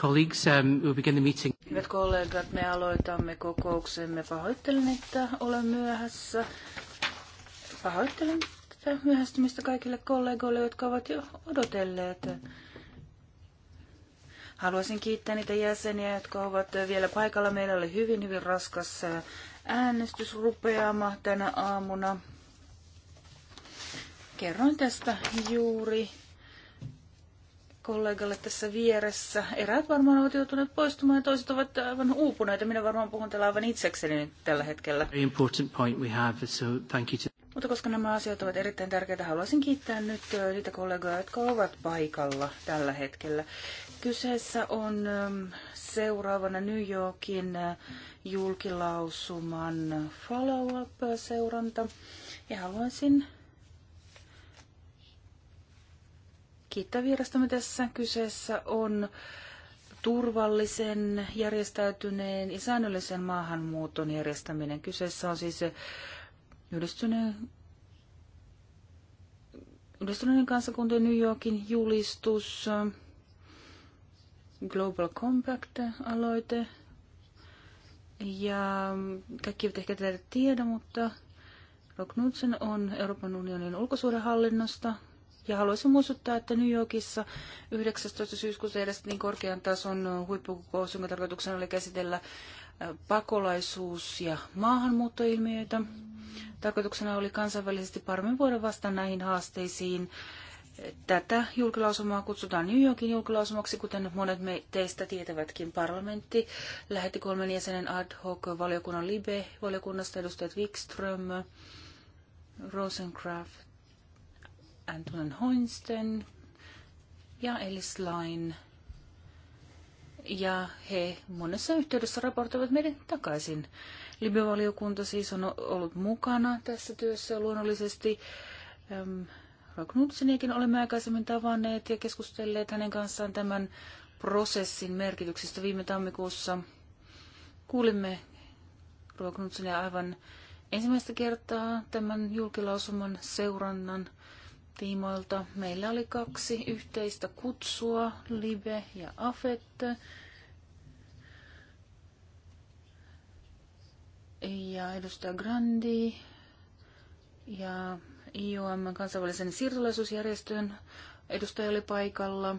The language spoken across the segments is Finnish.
colleagues, um, we'll begin the meeting. Hyvät kollegat, me aloitamme kokouksemme. Pahoittelen, että olen myöhässä. Pahoittelen tätä myöhästymistä kaikille kollegoille, jotka ovat jo odotelleet. Haluaisin kiittää niitä jäseniä, jotka ovat vielä paikalla. Meillä oli hyvin, hyvin raskas rupeama tänä aamuna. Kerroin tästä juuri kollegalle tässä vieressä. Eräät varmaan ovat joutuneet poistumaan ja toiset ovat aivan uupuneita. Minä varmaan puhun täällä aivan itsekseni nyt tällä hetkellä. Mutta koska nämä asiat ovat erittäin tärkeitä, haluaisin kiittää nyt niitä kollegoja, jotka ovat paikalla tällä hetkellä. Kyseessä on seuraavana New Yorkin julkilausuman follow-up-seuranta. Ja haluaisin kiittää vierastamme tässä. Kyseessä on turvallisen, järjestäytyneen ja säännöllisen maahanmuuton järjestäminen. Kyseessä on siis yhdistyneen kansakuntien New Yorkin julistus, Global Compact-aloite. Ja kaikki eivät ehkä tätä tiedä, mutta Rock Knudsen on Euroopan unionin ulkosuudenhallinnosta ja haluaisin muistuttaa, että New Yorkissa 19. syyskuuta järjestettiin niin korkean tason huippukokous, jonka tarkoituksena oli käsitellä pakolaisuus- ja maahanmuuttoilmiöitä. Tarkoituksena oli kansainvälisesti paremmin voida vastata näihin haasteisiin. Tätä julkilausumaa kutsutaan New Yorkin julkilausumaksi, kuten monet me teistä tietävätkin. Parlamentti lähetti kolmen jäsenen ad hoc valiokunnan Libe-valiokunnasta edustajat Wikström, Rosencraft Antonin Hoinsten ja Ellis Line. Ja he monessa yhteydessä raportoivat meidän takaisin. Libyvaliokunta siis on ollut mukana tässä työssä luonnollisesti. Ähm, Ragnudseniakin olemme aikaisemmin tavanneet ja keskustelleet hänen kanssaan tämän prosessin merkityksestä viime tammikuussa. Kuulimme Ragnudsenia aivan ensimmäistä kertaa tämän julkilausuman seurannan tiimoilta. Meillä oli kaksi yhteistä kutsua, Libe ja afette Ja edustaja Grandi ja IOM kansainvälisen siirtolaisuusjärjestön edustaja oli paikalla.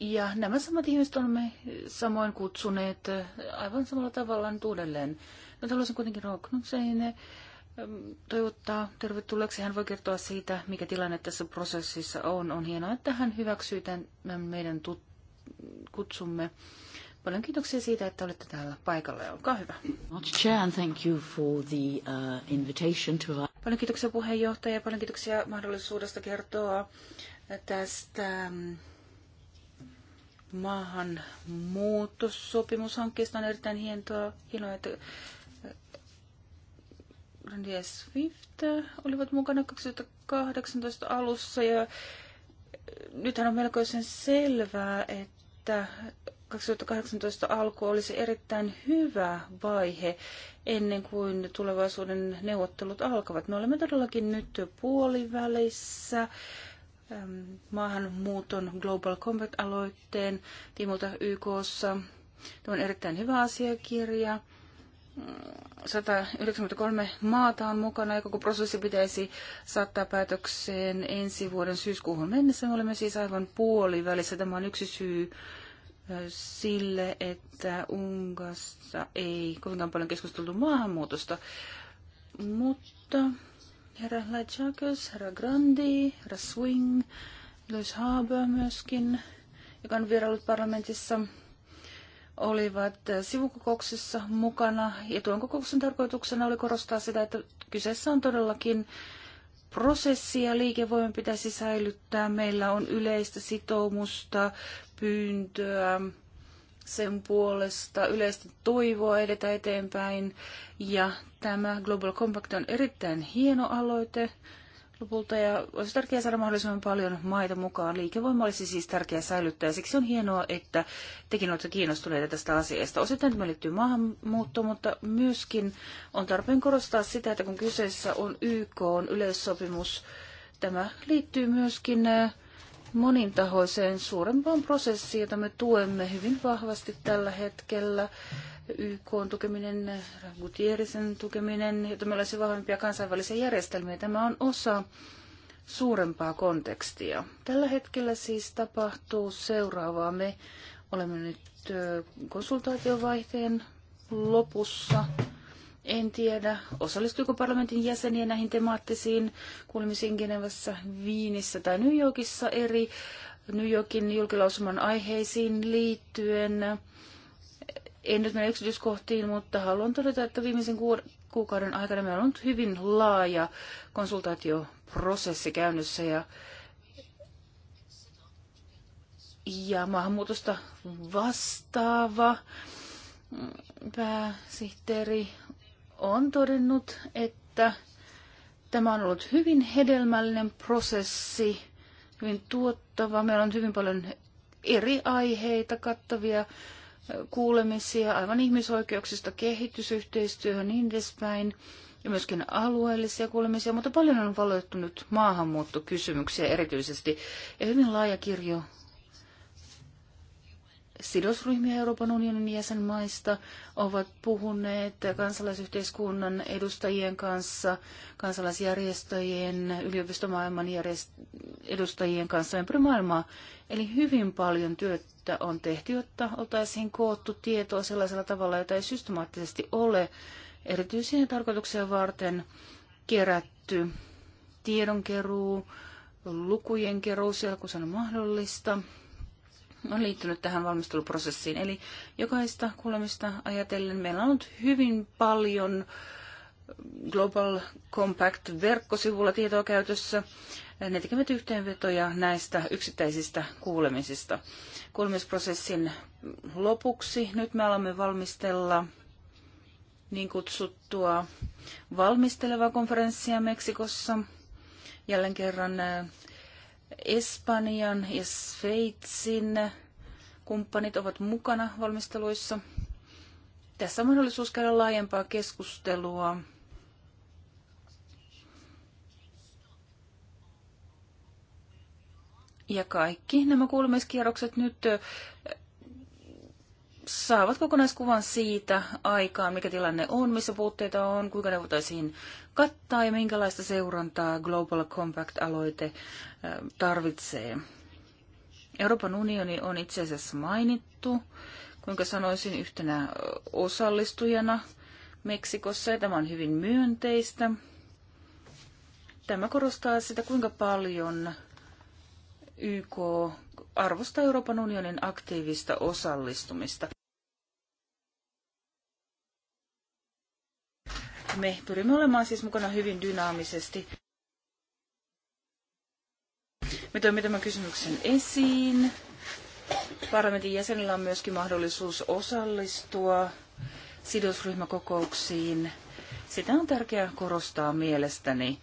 Ja nämä samat ihmiset olemme samoin kutsuneet aivan samalla tavalla nyt uudelleen. Nyt haluaisin kuitenkin Roknukseen toivottaa tervetulleeksi. Hän voi kertoa siitä, mikä tilanne tässä prosessissa on. On hienoa, että hän hyväksyy tämän meidän kutsumme. Paljon kiitoksia siitä, että olette täällä paikalla ja olkaa hyvä. thank you for the, uh, invitation to... Paljon kiitoksia puheenjohtaja ja paljon kiitoksia mahdollisuudesta kertoa tästä mm, maahanmuuttosopimushankkeesta. On erittäin hienoa, hienoa että Randy ja Swift olivat mukana 2018 alussa ja eh, nythän on melkoisen selvää, että 2018 alku olisi erittäin hyvä vaihe ennen kuin tulevaisuuden neuvottelut alkavat. Me olemme todellakin nyt puolivälissä ehm, maahanmuuton Global combat aloitteen tiimulta YKssa. Tämä on erittäin hyvä asiakirja. 193 maata on mukana ja koko prosessi pitäisi saattaa päätökseen ensi vuoden syyskuuhun mennessä. Me olemme siis aivan puolivälissä. Tämä on yksi syy sille, että Unkassa ei kovinkaan paljon keskusteltu maahanmuutosta. Mutta herra Lajakos, herra Grandi, herra Swing, Louis Haber myöskin, joka on vierailut parlamentissa – olivat sivukokouksessa mukana. Ja tuon kokouksen tarkoituksena oli korostaa sitä, että kyseessä on todellakin prosessi ja liikevoima pitäisi säilyttää. Meillä on yleistä sitoumusta, pyyntöä sen puolesta, yleistä toivoa edetä eteenpäin. Ja tämä Global Compact on erittäin hieno aloite lopulta ja olisi tärkeää saada mahdollisimman paljon maita mukaan. Liikevoima olisi siis tärkeää säilyttää ja siksi on hienoa, että tekin olette kiinnostuneita tästä asiasta. Osittain tämä liittyy maahanmuuttoon, mutta myöskin on tarpeen korostaa sitä, että kun kyseessä on YK on yleissopimus, tämä liittyy myöskin äh, monintahoiseen suurempaan prosessiin, jota me tuemme hyvin vahvasti tällä hetkellä. YK on tukeminen, Gutierrezin tukeminen, jota meillä olisi vahvempia kansainvälisiä järjestelmiä. Tämä on osa suurempaa kontekstia. Tällä hetkellä siis tapahtuu seuraavaa. Me olemme nyt konsultaatiovaihteen lopussa en tiedä, osallistuiko parlamentin jäseniä näihin temaattisiin kuulemisiin Genevassa, Viinissä tai New Yorkissa eri New Yorkin julkilausuman aiheisiin liittyen. En nyt mene yksityiskohtiin, mutta haluan todeta, että viimeisen kuukauden aikana meillä on ollut hyvin laaja konsultaatioprosessi käynnissä ja ja maahanmuutosta vastaava pääsihteeri on todennut, että tämä on ollut hyvin hedelmällinen prosessi, hyvin tuottava. Meillä on hyvin paljon eri aiheita kattavia kuulemisia aivan ihmisoikeuksista kehitysyhteistyöhön niin edespäin ja myöskin alueellisia kuulemisia, mutta paljon on valoittunut maahanmuuttokysymyksiä erityisesti ja hyvin laaja kirjo sidosryhmiä Euroopan unionin jäsenmaista ovat puhuneet kansalaisyhteiskunnan edustajien kanssa, kansalaisjärjestöjen, yliopistomaailman edustajien kanssa ympäri maailmaa. Eli hyvin paljon työtä on tehty, jotta oltaisiin koottu tietoa sellaisella tavalla, jota ei systemaattisesti ole erityisiä tarkoituksia varten kerätty. Tiedonkeruu, lukujen keruu siellä, kun se on mahdollista – on liittynyt tähän valmisteluprosessiin. Eli jokaista kuulemista ajatellen meillä on ollut hyvin paljon Global Compact-verkkosivulla tietoa käytössä. Ne tekevät yhteenvetoja näistä yksittäisistä kuulemisista. Kuulemisprosessin lopuksi nyt me alamme valmistella niin kutsuttua valmistelevaa konferenssia Meksikossa. Jälleen kerran Espanjan ja Sveitsin kumppanit ovat mukana valmisteluissa. Tässä on mahdollisuus käydä laajempaa keskustelua Ja kaikki nämä kuulemiskierrokset nyt saavat kokonaiskuvan siitä aikaan, mikä tilanne on, missä puutteita on, kuinka ne voitaisiin kattaa ja minkälaista seurantaa Global Compact-aloite äh, tarvitsee. Euroopan unioni on itse asiassa mainittu, kuinka sanoisin, yhtenä osallistujana Meksikossa, ja tämä on hyvin myönteistä. Tämä korostaa sitä, kuinka paljon YK arvostaa Euroopan unionin aktiivista osallistumista. Me pyrimme olemaan siis mukana hyvin dynaamisesti. Me toimme tämän kysymyksen esiin. Parlamentin jäsenillä on myöskin mahdollisuus osallistua sidosryhmäkokouksiin. Sitä on tärkeää korostaa mielestäni.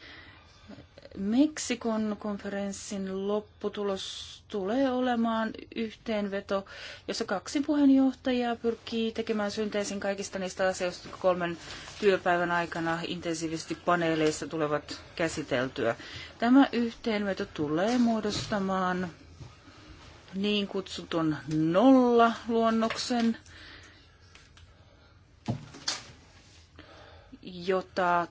Meksikon konferenssin lopputulos tulee olemaan yhteenveto, jossa kaksi puheenjohtajaa pyrkii tekemään synteesin kaikista niistä asioista, jotka kolmen työpäivän aikana intensiivisesti paneeleissa tulevat käsiteltyä. Tämä yhteenveto tulee muodostamaan niin kutsutun nolla-luonnoksen, jota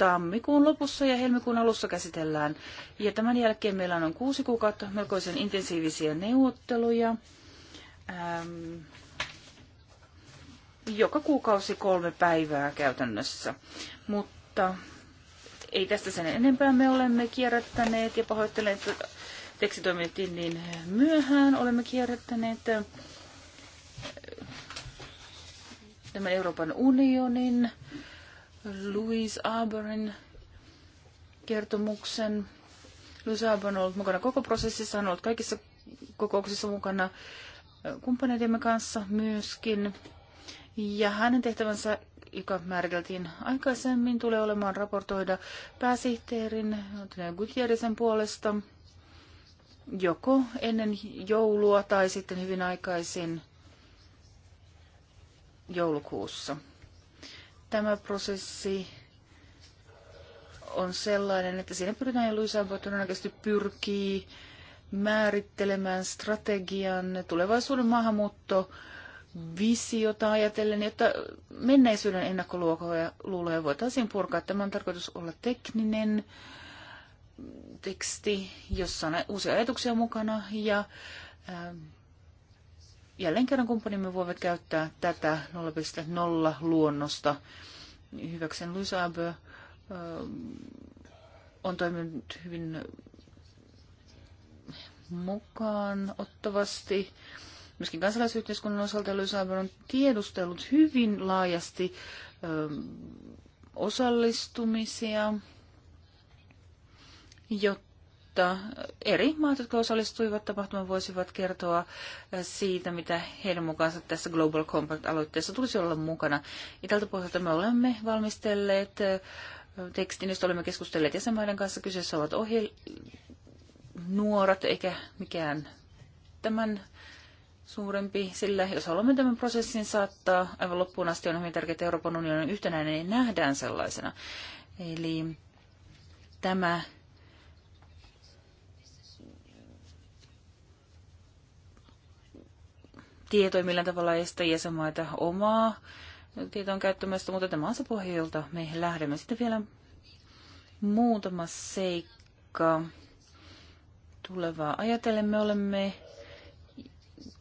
tammikuun lopussa ja helmikuun alussa käsitellään. Ja tämän jälkeen meillä on kuusi kuukautta melkoisen intensiivisiä neuvotteluja. Ähm, joka kuukausi kolme päivää käytännössä. Mutta ei tästä sen enempää. Me olemme kierrättäneet ja pahoittelen, että teksti niin myöhään. Olemme kierrättäneet äh, tämän Euroopan unionin Louise Aberin kertomuksen. Louise Aber on ollut mukana koko prosessissa, on ollut kaikissa kokouksissa mukana kumppaneidemme kanssa myöskin. Ja hänen tehtävänsä, joka määriteltiin aikaisemmin, tulee olemaan raportoida pääsihteerin Gutierrezen puolesta joko ennen joulua tai sitten hyvin aikaisin joulukuussa. Tämä prosessi on sellainen, että siinä pyritään ja Luisabo todennäköisesti pyrkii määrittelemään strategian tulevaisuuden maahanmuutto visiota ajatellen, jotta menneisyyden luuloja voitaisiin purkaa. Tämä on tarkoitus olla tekninen teksti, jossa on uusia ajatuksia mukana ja ähm, jälleen kerran kumppanimme voivat käyttää tätä 0.0 luonnosta. Hyväksen Louis Abbe on toiminut hyvin mukaan ottavasti. Myöskin kansalaisyhteiskunnan osalta Louis Abbe on tiedustellut hyvin laajasti osallistumisia, jotta mutta eri maat, jotka osallistuivat tapahtumaan, voisivat kertoa äh, siitä, mitä heidän mukaansa tässä Global Compact-aloitteessa tulisi olla mukana. Ja tältä pohjalta me olemme valmistelleet äh, tekstin, josta olemme keskustelleet jäsenmaiden kanssa. Kyseessä ovat ohje nuorat eikä mikään tämän suurempi, sillä jos haluamme tämän prosessin saattaa aivan loppuun asti, on hyvin tärkeää, että Euroopan unionin yhtenäinen ei nähdään sellaisena. Eli tämä tietoja millään tavalla estä jäsenmaita omaa tietoon käyttämästä, mutta tämä on se pohja, jolta me lähdemme. Sitten vielä muutama seikka tulevaa ajatellen. Me olemme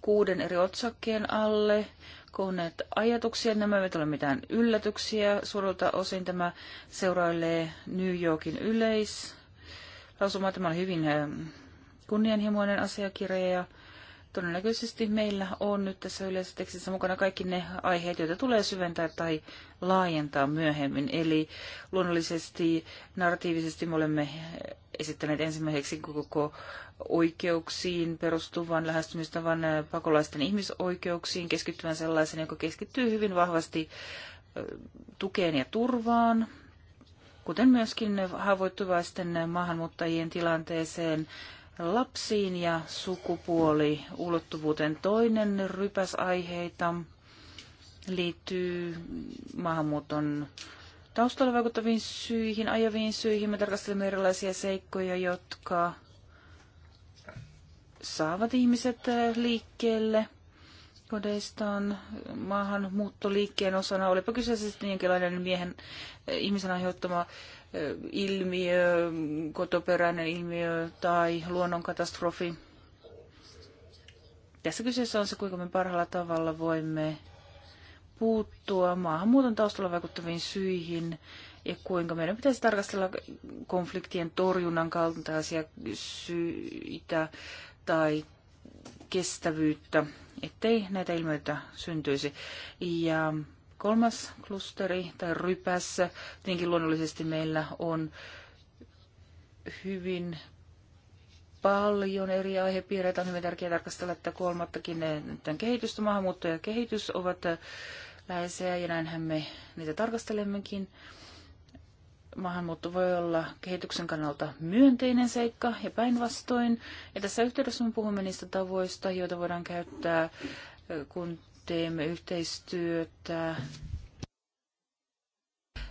kuuden eri otsakkeen alle kohonneet ajatuksia. Nämä eivät ole mitään yllätyksiä. Suurelta osin tämä seurailee New Yorkin yleis. Lausuma tämä on hyvin eh, kunnianhimoinen asiakirja ja Todennäköisesti meillä on nyt tässä yleisessä tekstissä mukana kaikki ne aiheet, joita tulee syventää tai laajentaa myöhemmin. Eli luonnollisesti, narratiivisesti me olemme esittäneet ensimmäiseksi koko oikeuksiin perustuvan lähestymistavan äh, pakolaisten ihmisoikeuksiin keskittyvän sellaisen, joka keskittyy hyvin vahvasti äh, tukeen ja turvaan, kuten myöskin haavoittuvaisten maahanmuuttajien tilanteeseen, lapsiin ja sukupuoliulottuvuuteen. Toinen rypäs aiheita liittyy maahanmuuton taustalla vaikuttaviin syihin, ajaviin syihin. Me tarkastelemme erilaisia seikkoja, jotka saavat ihmiset liikkeelle kodeistaan maahanmuuttoliikkeen osana. Olipa kyseessä sitten jonkinlainen miehen, ihmisen aiheuttama ilmiö, kotoperäinen ilmiö tai luonnonkatastrofi. Tässä kyseessä on se, kuinka me parhaalla tavalla voimme puuttua maahanmuuton taustalla vaikuttaviin syihin ja kuinka meidän pitäisi tarkastella konfliktien torjunnan kaltaisia syitä tai kestävyyttä, ettei näitä ilmiöitä syntyisi. Ja Kolmas klusteri tai rypäs, tietenkin luonnollisesti meillä on hyvin paljon eri aihepiireitä. On hyvin tärkeää tarkastella, että kolmattakin tämän kehitystä, maahanmuutto ja kehitys ovat läheisiä ja näinhän me niitä tarkastelemmekin. Maahanmuutto voi olla kehityksen kannalta myönteinen seikka ja päinvastoin. Ja tässä yhteydessä me puhumme niistä tavoista, joita voidaan käyttää, kun teemme yhteistyötä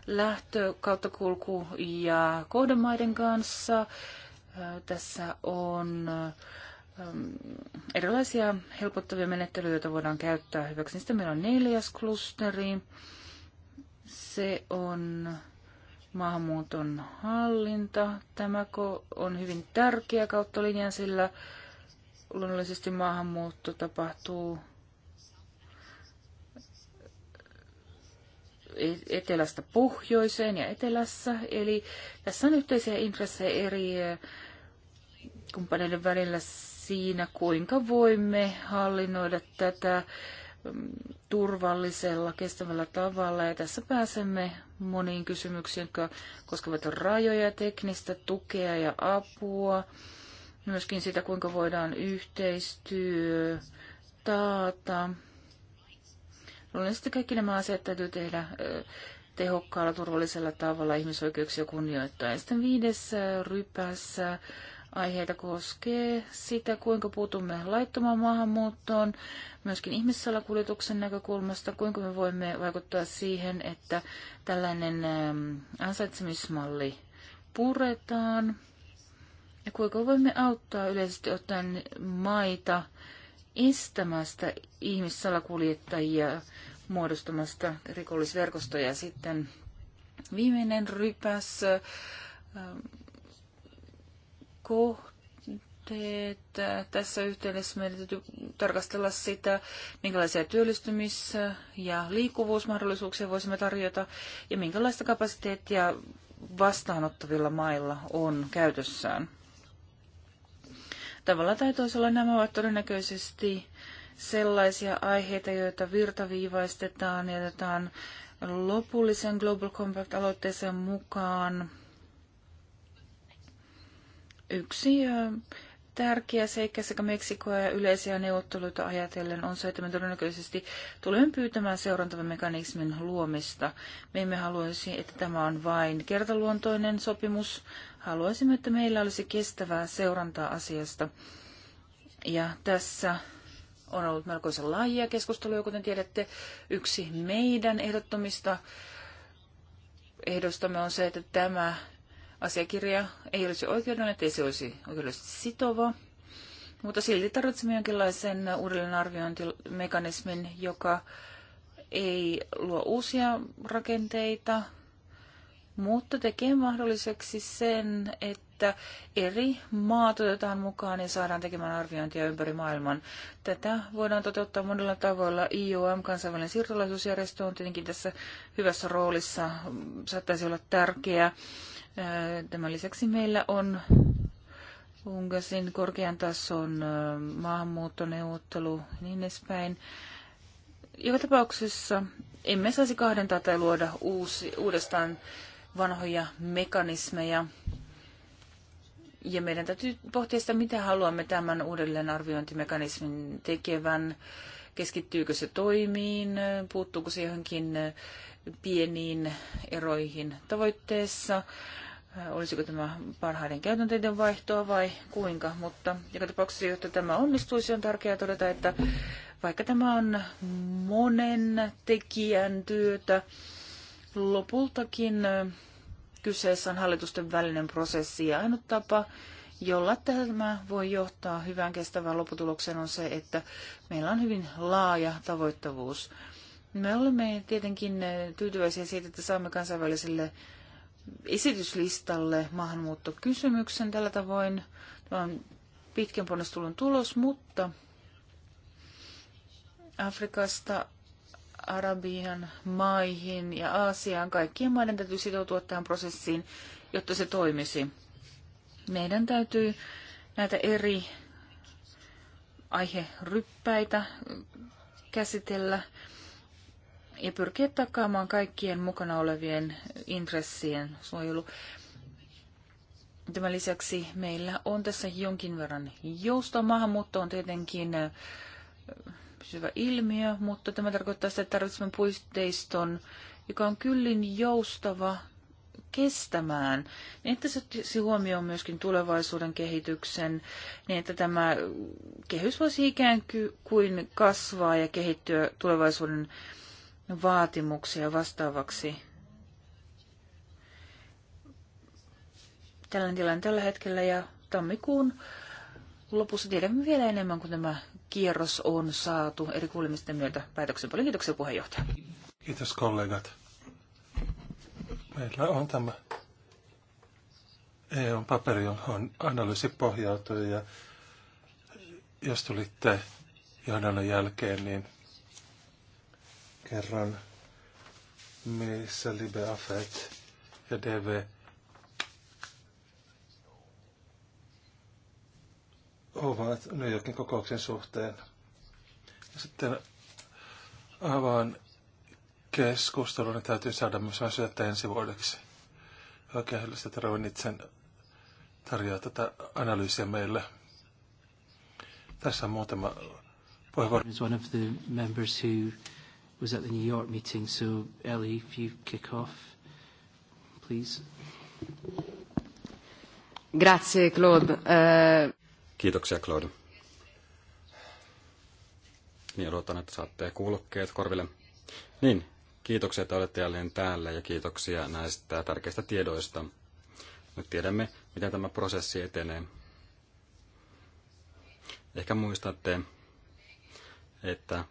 lähtö, kauttakulku ja kohdemaiden kanssa. Äh, tässä on ähm, erilaisia helpottavia menettelyjä, joita voidaan käyttää hyväksi. Sitten meillä on neljäs klusteri. Se on maahanmuuton hallinta. Tämä on hyvin tärkeä kautta linjan, sillä luonnollisesti maahanmuutto tapahtuu E- etelästä pohjoiseen ja etelässä. Eli tässä on yhteisiä intressejä eri e, kumppaneiden välillä siinä, kuinka voimme hallinnoida tätä mm, turvallisella, kestävällä tavalla. Ja tässä pääsemme moniin kysymyksiin, jotka koskevat rajoja, teknistä tukea ja apua. Myöskin sitä, kuinka voidaan yhteistyö taata. Luonnollisesti kaikki nämä asiat täytyy tehdä tehokkaalla, turvallisella tavalla ihmisoikeuksia kunnioittaa. sitten viides rypäs aiheita koskee sitä, kuinka puutumme laittomaan maahanmuuttoon, myöskin ihmissalakuljetuksen näkökulmasta, kuinka me voimme vaikuttaa siihen, että tällainen ansaitsemismalli puretaan ja kuinka voimme auttaa yleisesti ottaen maita estämästä ihmissalakuljettajia muodostumasta rikollisverkostoja. Sitten viimeinen rypäs, ähm, kohteet. Tässä yhteydessä meidän täytyy tarkastella sitä, minkälaisia työllistymis- ja liikkuvuusmahdollisuuksia voisimme tarjota ja minkälaista kapasiteettia vastaanottavilla mailla on käytössään. Tavalla tai toisella nämä ovat todennäköisesti sellaisia aiheita, joita virtaviivaistetaan ja jätetään lopullisen Global Compact-aloitteeseen mukaan. Yksi tärkeä seikka sekä Meksikoa ja yleisiä neuvotteluita ajatellen on se, että me todennäköisesti tulemme pyytämään seurantamekanismin luomista. Me emme haluaisi, että tämä on vain kertaluontoinen sopimus. Haluaisimme, että meillä olisi kestävää seurantaa asiasta. Ja tässä on ollut melkoisen laajia keskusteluja, kuten tiedätte. Yksi meidän ehdottomista ehdostamme on se, että tämä asiakirja ei olisi oikeudellinen, että se olisi oikeudellisesti sitova, mutta silti tarvitsemme jonkinlaisen uudelleenarviointimekanismin, joka ei luo uusia rakenteita, mutta tekee mahdolliseksi sen, että eri maat otetaan mukaan ja saadaan tekemään arviointia ympäri maailman. Tätä voidaan toteuttaa monilla tavoilla. IOM, kansainvälinen siirtolaisuusjärjestö, on tietenkin tässä hyvässä roolissa, saattaisi olla tärkeä. Tämän lisäksi meillä on Unkasin korkean tason maahanmuuttoneuvottelu ja niin edespäin. Joka tapauksessa emme saisi kahdentaa tai luoda uusi, uudestaan vanhoja mekanismeja. Ja meidän täytyy pohtia sitä, mitä haluamme tämän uudelleenarviointimekanismin tekevän. Keskittyykö se toimiin? Puuttuuko se johonkin pieniin eroihin tavoitteessa? Olisiko tämä parhaiden käytänteiden vaihtoa vai kuinka? Mutta joka tapauksessa, jotta tämä onnistuisi, on tärkeää todeta, että vaikka tämä on monen tekijän työtä, lopultakin Kyseessä on hallitusten välinen prosessi ja ainut tapa, jolla tämä voi johtaa hyvään kestävään lopputulokseen on se, että meillä on hyvin laaja tavoittavuus. Me olemme tietenkin tyytyväisiä siitä, että saamme kansainväliselle esityslistalle maahanmuuttokysymyksen tällä tavoin. Tämä on pitkän ponnistulun tulos, mutta Afrikasta Arabian maihin ja Aasiaan. Kaikkien maiden täytyy sitoutua tähän prosessiin, jotta se toimisi. Meidän täytyy näitä eri aiheryppäitä käsitellä ja pyrkiä takaamaan kaikkien mukana olevien intressien suojelu. Tämän lisäksi meillä on tässä jonkin verran joustoa. Maahanmuutto on tietenkin pysyvä ilmiö, mutta tämä tarkoittaa sitä, että tarvitsemme puisteiston, joka on kyllin joustava kestämään, niin että se ottaisi huomioon myöskin tulevaisuuden kehityksen, niin että tämä kehys voisi ikään kuin kasvaa ja kehittyä tulevaisuuden vaatimuksia vastaavaksi. Tällainen tilanne tällä hetkellä ja tammikuun lopussa tiedämme vielä enemmän, kun tämä kierros on saatu eri kuulemisten myötä päätöksen paljon. Kiitoksia puheenjohtaja. Kiitos kollegat. Meillä on tämä eu paperi, johon analyysi pohjautui ja jos tulitte johdannon jälkeen, niin kerron missä Libe Afet ja DV ovat New Yorkin kokouksen suhteen. Ja sitten avaan keskustelun, niin täytyy saada myös asioita ensi vuodeksi. Oikein hyllistä Ravnitsen tarjoaa tätä analyysiä meille. Tässä on muutama puheenvuoro. one of the members who was at the New York meeting, so Ellie, if you kick off, please. Grazie, Claude. Uh... Kiitoksia, Claude. Niin, odotan, että saatte kuulokkeet korville. Niin, kiitoksia, että olette jälleen täällä ja kiitoksia näistä tärkeistä tiedoista. Nyt tiedämme, miten tämä prosessi etenee. Ehkä muistatte, että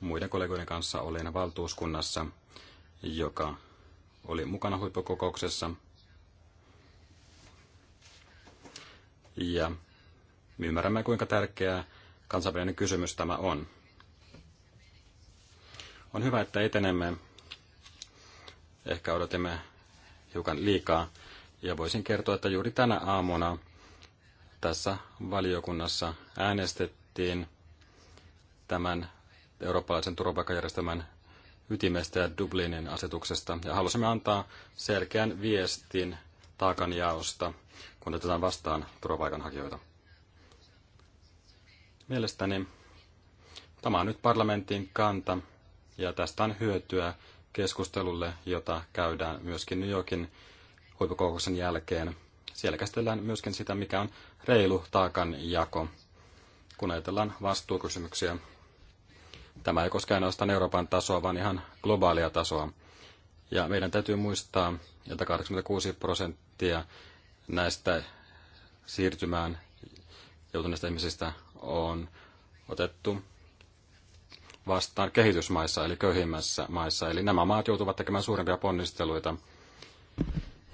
muiden kollegoiden kanssa olin valtuuskunnassa, joka oli mukana huippukokouksessa. Ja me ymmärrämme, kuinka tärkeää kansainvälinen kysymys tämä on. On hyvä, että etenemme. Ehkä odotimme hiukan liikaa. Ja voisin kertoa, että juuri tänä aamuna tässä valiokunnassa äänestettiin tämän eurooppalaisen turvapaikkajärjestelmän ytimestä ja Dublinin asetuksesta. Ja halusimme antaa selkeän viestin taakanjaosta, kun otetaan vastaan turvapaikanhakijoita. Mielestäni tämä on nyt parlamentin kanta ja tästä on hyötyä keskustelulle, jota käydään myöskin New Yorkin huippukokouksen jälkeen. Siellä käsitellään myöskin sitä, mikä on reilu taakanjako, kun ajatellaan vastuukysymyksiä. Tämä ei koske ainoastaan Euroopan tasoa, vaan ihan globaalia tasoa. Ja meidän täytyy muistaa, että 86 prosenttia näistä siirtymään joutuneista ihmisistä on otettu vastaan kehitysmaissa, eli köyhimmässä maissa. Eli nämä maat joutuvat tekemään suurempia ponnisteluita.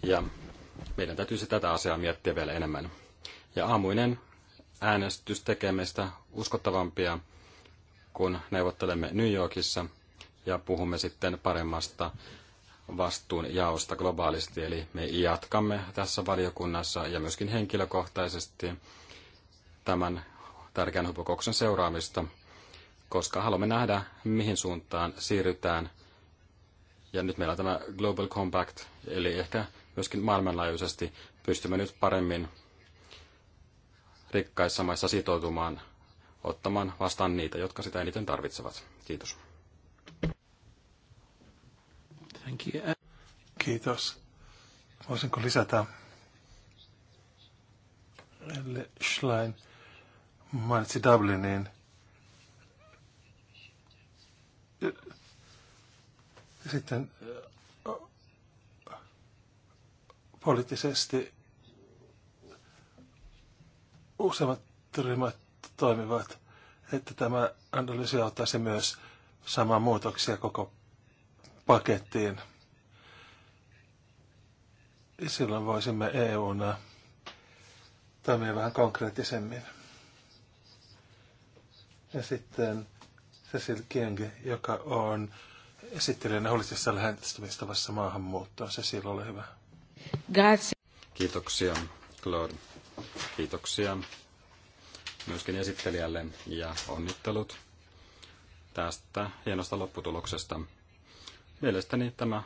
Ja meidän täytyisi tätä asiaa miettiä vielä enemmän. Ja aamuinen äänestys tekee meistä uskottavampia, kun neuvottelemme New Yorkissa ja puhumme sitten paremmasta vastuunjaosta globaalisti. Eli me jatkamme tässä valiokunnassa ja myöskin henkilökohtaisesti tämän tärkeän huippukokouksen seuraamista, koska haluamme nähdä, mihin suuntaan siirrytään. Ja nyt meillä on tämä Global Compact, eli ehkä myöskin maailmanlaajuisesti pystymme nyt paremmin rikkaissa maissa sitoutumaan ottamaan vastaan niitä, jotka sitä eniten tarvitsevat. Kiitos. Thank you. Kiitos. Voisinko lisätä Schlein mainitsi Dublinin. Sitten poliittisesti useimmat ryhmät toimivat, että tämä analyysi ottaisi myös samaa muutoksia koko pakettiin. Silloin voisimme EUna toimia vähän konkreettisemmin ja sitten Cecil Kienge, joka on esittelijänä holistisessa lähentämistavassa maahanmuuttoon. Cecil, ole hyvä. Grazie. Kiitoksia, Claude. Kiitoksia myöskin esittelijälle ja onnittelut tästä hienosta lopputuloksesta. Mielestäni tämä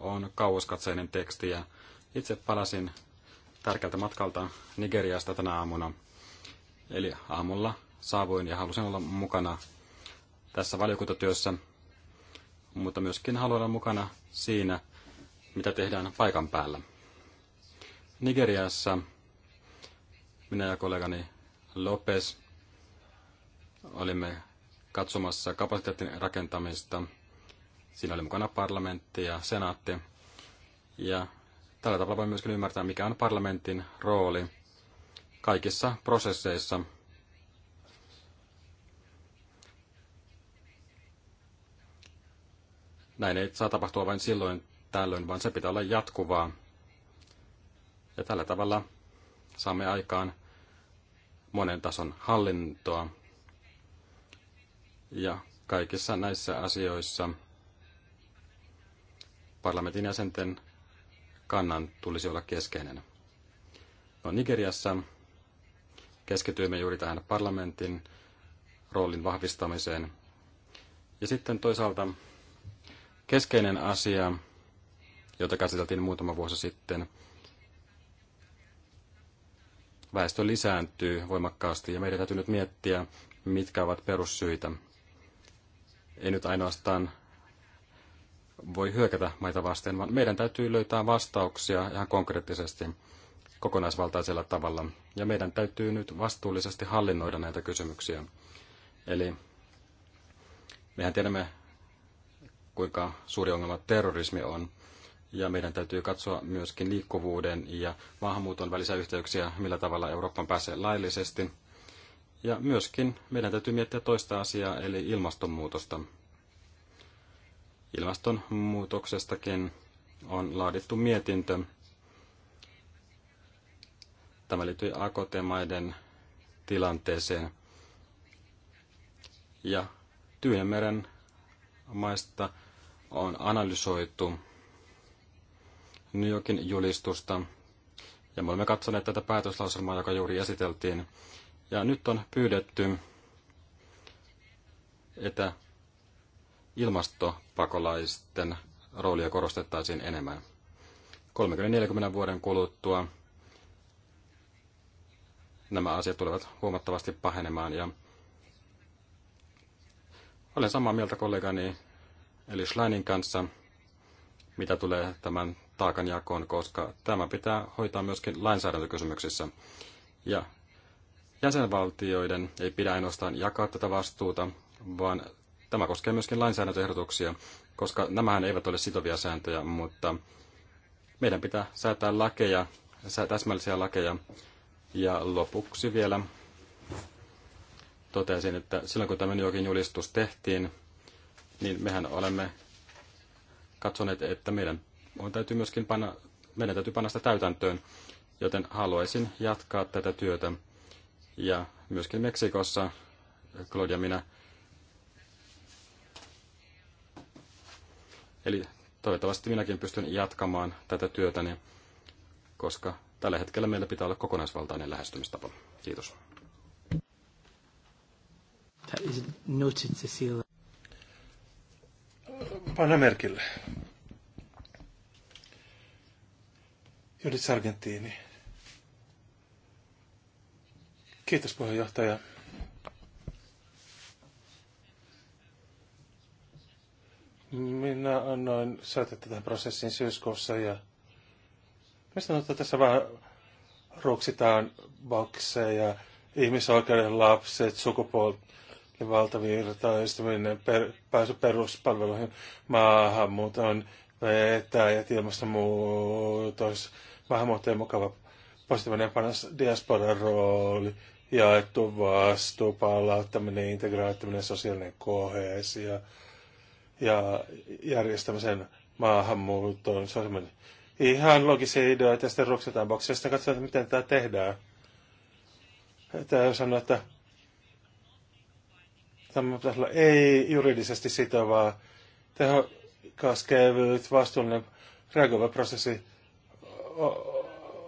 on kauaskatseinen teksti ja itse palasin tärkeältä matkalta Nigeriasta tänä aamuna. Eli aamulla saavuin ja halusin olla mukana tässä valiokuntatyössä, mutta myöskin haluan olla mukana siinä, mitä tehdään paikan päällä. Nigeriassa minä ja kollegani Lopes olimme katsomassa kapasiteetin rakentamista. Siinä oli mukana parlamentti ja senaatti. Ja tällä tavalla voi myöskin ymmärtää, mikä on parlamentin rooli kaikissa prosesseissa – Näin ei saa tapahtua vain silloin tällöin, vaan se pitää olla jatkuvaa. Ja tällä tavalla saamme aikaan monen tason hallintoa. Ja kaikissa näissä asioissa parlamentin jäsenten kannan tulisi olla keskeinen. No Nigeriassa keskityimme juuri tähän parlamentin roolin vahvistamiseen. Ja sitten toisaalta Keskeinen asia, jota käsiteltiin muutama vuosi sitten, väestö lisääntyy voimakkaasti ja meidän täytyy nyt miettiä, mitkä ovat perussyitä. Ei nyt ainoastaan voi hyökätä maita vasten, vaan meidän täytyy löytää vastauksia ihan konkreettisesti kokonaisvaltaisella tavalla. Ja meidän täytyy nyt vastuullisesti hallinnoida näitä kysymyksiä. Eli mehän tiedämme kuinka suuri ongelma terrorismi on. Ja meidän täytyy katsoa myöskin liikkuvuuden ja maahanmuuton välisiä yhteyksiä, millä tavalla Eurooppaan pääsee laillisesti. Ja myöskin meidän täytyy miettiä toista asiaa, eli ilmastonmuutosta. Ilmastonmuutoksestakin on laadittu mietintö. Tämä liittyy AKT-maiden tilanteeseen. Ja Tyynemeren maista on analysoitu New Yorkin julistusta, ja me olemme katsoneet tätä päätöslauselmaa, joka juuri esiteltiin. Ja nyt on pyydetty, että ilmastopakolaisten roolia korostettaisiin enemmän. 30-40 vuoden kuluttua nämä asiat tulevat huomattavasti pahenemaan. Ja olen samaa mieltä kollegani eli Schleinin kanssa, mitä tulee tämän taakanjakoon, koska tämä pitää hoitaa myöskin lainsäädäntökysymyksissä. Ja jäsenvaltioiden ei pidä ainoastaan jakaa tätä vastuuta, vaan tämä koskee myöskin lainsäädäntöehdotuksia, koska nämähän eivät ole sitovia sääntöjä, mutta meidän pitää säätää lakeja, täsmällisiä lakeja. Ja lopuksi vielä totesin, että silloin kun tämä jokin julistus tehtiin, niin mehän olemme katsoneet, että meidän on täytyy myöskin panna, meidän täytyy panna sitä täytäntöön, joten haluaisin jatkaa tätä työtä. Ja myöskin Meksikossa, Claudia minä, Eli toivottavasti minäkin pystyn jatkamaan tätä työtäni, koska tällä hetkellä meillä pitää olla kokonaisvaltainen lähestymistapa. Kiitos. That is noted, Cecilia. Panna merkille. Judith Sargentini. Kiitos puheenjohtaja. Minä annoin säätettä tähän prosessiin syyskuussa ja mistä että tässä vähän ruoksitaan bokseja, ihmisoikeuden lapset, sukupuolta ja valtavirtaistuminen, per, pääsy peruspalveluihin, maahanmuuton vetäjät, ilmastonmuutos, maahanmuuttajien mukava positiivinen panos, diasporan rooli, jaettu vastuu, palauttaminen, integraattiminen sosiaalinen koheesio ja järjestämisen maahanmuuton, sosiaalinen ihan logisia ideoita ja sitten ruksataan boksia ja katsotaan, miten tämä tehdään. Tämä sanoo, että Tämä pitäisi olla ei juridisesti sitovaa. Tehokas, kevyt, vastuullinen, reagoiva prosessi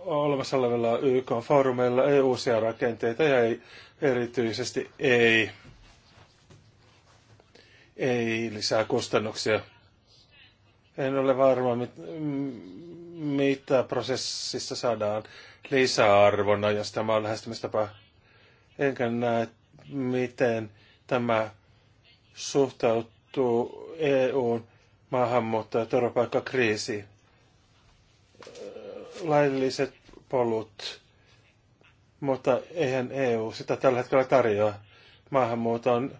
olemassa olevilla YK-foorumeilla ei uusia rakenteita ja ei, erityisesti ei, ei lisää kustannuksia. En ole varma, mit, mitä prosessissa saadaan lisäarvona, jos tämä on lähestymistapa. Enkä näe, miten tämä suhtautuu EUn maahanmuutto- ja turvapaikkakriisiin. Lailliset polut, mutta eihän EU sitä tällä hetkellä tarjoa. Maahanmuuton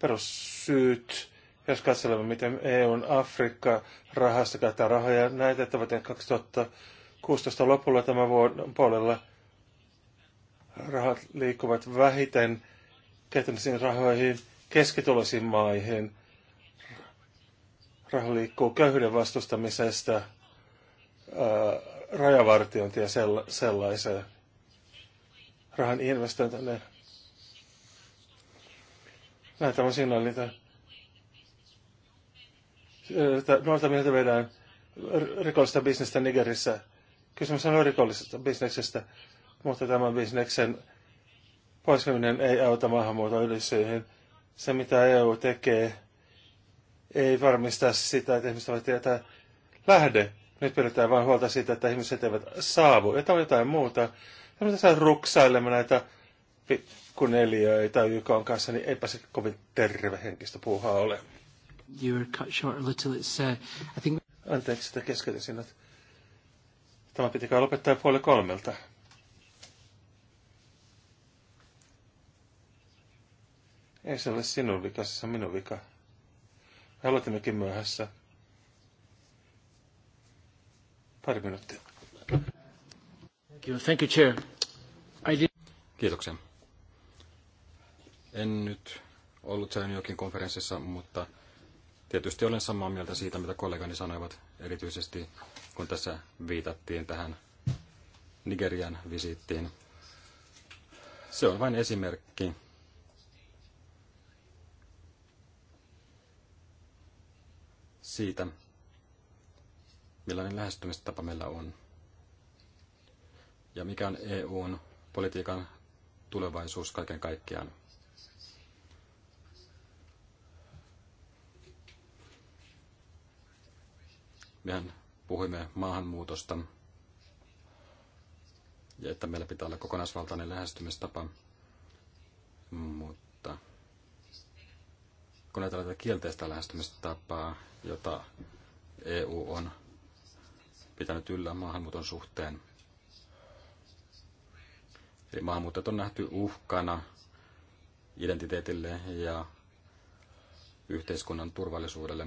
perussyyt, jos katselemme, miten EUn Afrikka-rahasta käyttää rahoja, näytettävät 2016 lopulla tämän vuoden puolella rahat liikkuvat vähiten – käytännöllisiin rahoihin keskituloisiin maihin. Raha liikkuu köyhyyden vastustamisesta rajavartiointia ja sellaiseen. Rahan investointineen. Näitä on niitä. Nuorta mieltä vedään rikollista bisnestä Nigerissä. Kysymys on rikollisesta bisneksestä, mutta tämän bisneksen Poistaminen ei auta maahanmuuton ylisyihin. Se, mitä EU tekee, ei varmista sitä, että ihmiset ovat tietää lähde. Nyt pidetään vain huolta siitä, että ihmiset eivät saavu. Ja tämä on jotain muuta. Ja mitä saa ruksailemme näitä pikkuneliöitä YK on kanssa, niin eipä se kovin henkistä puuhaa ole. You were cut short a little. It's, uh, I think... Anteeksi, että keskeytin sinut. Tämä pitikään lopettaa puoli kolmelta. Ei se ole sinun vika, se on minun vika. Me aloitimmekin myöhässä. Pari minuuttia. Thank you, Chair. I did... Kiitoksia. En nyt ollut jokin konferenssissa, mutta tietysti olen samaa mieltä siitä, mitä kollegani sanoivat, erityisesti kun tässä viitattiin tähän Nigerian visiittiin. Se on vain esimerkki siitä, millainen lähestymistapa meillä on ja mikä on EUn politiikan tulevaisuus kaiken kaikkiaan. Mehän puhuimme maahanmuutosta ja että meillä pitää olla kokonaisvaltainen lähestymistapa, mutta kun ajatellaan tätä kielteistä lähestymistapaa, jota EU on pitänyt yllä maahanmuuton suhteen. Eli maahanmuuttajat on nähty uhkana identiteetille ja yhteiskunnan turvallisuudelle.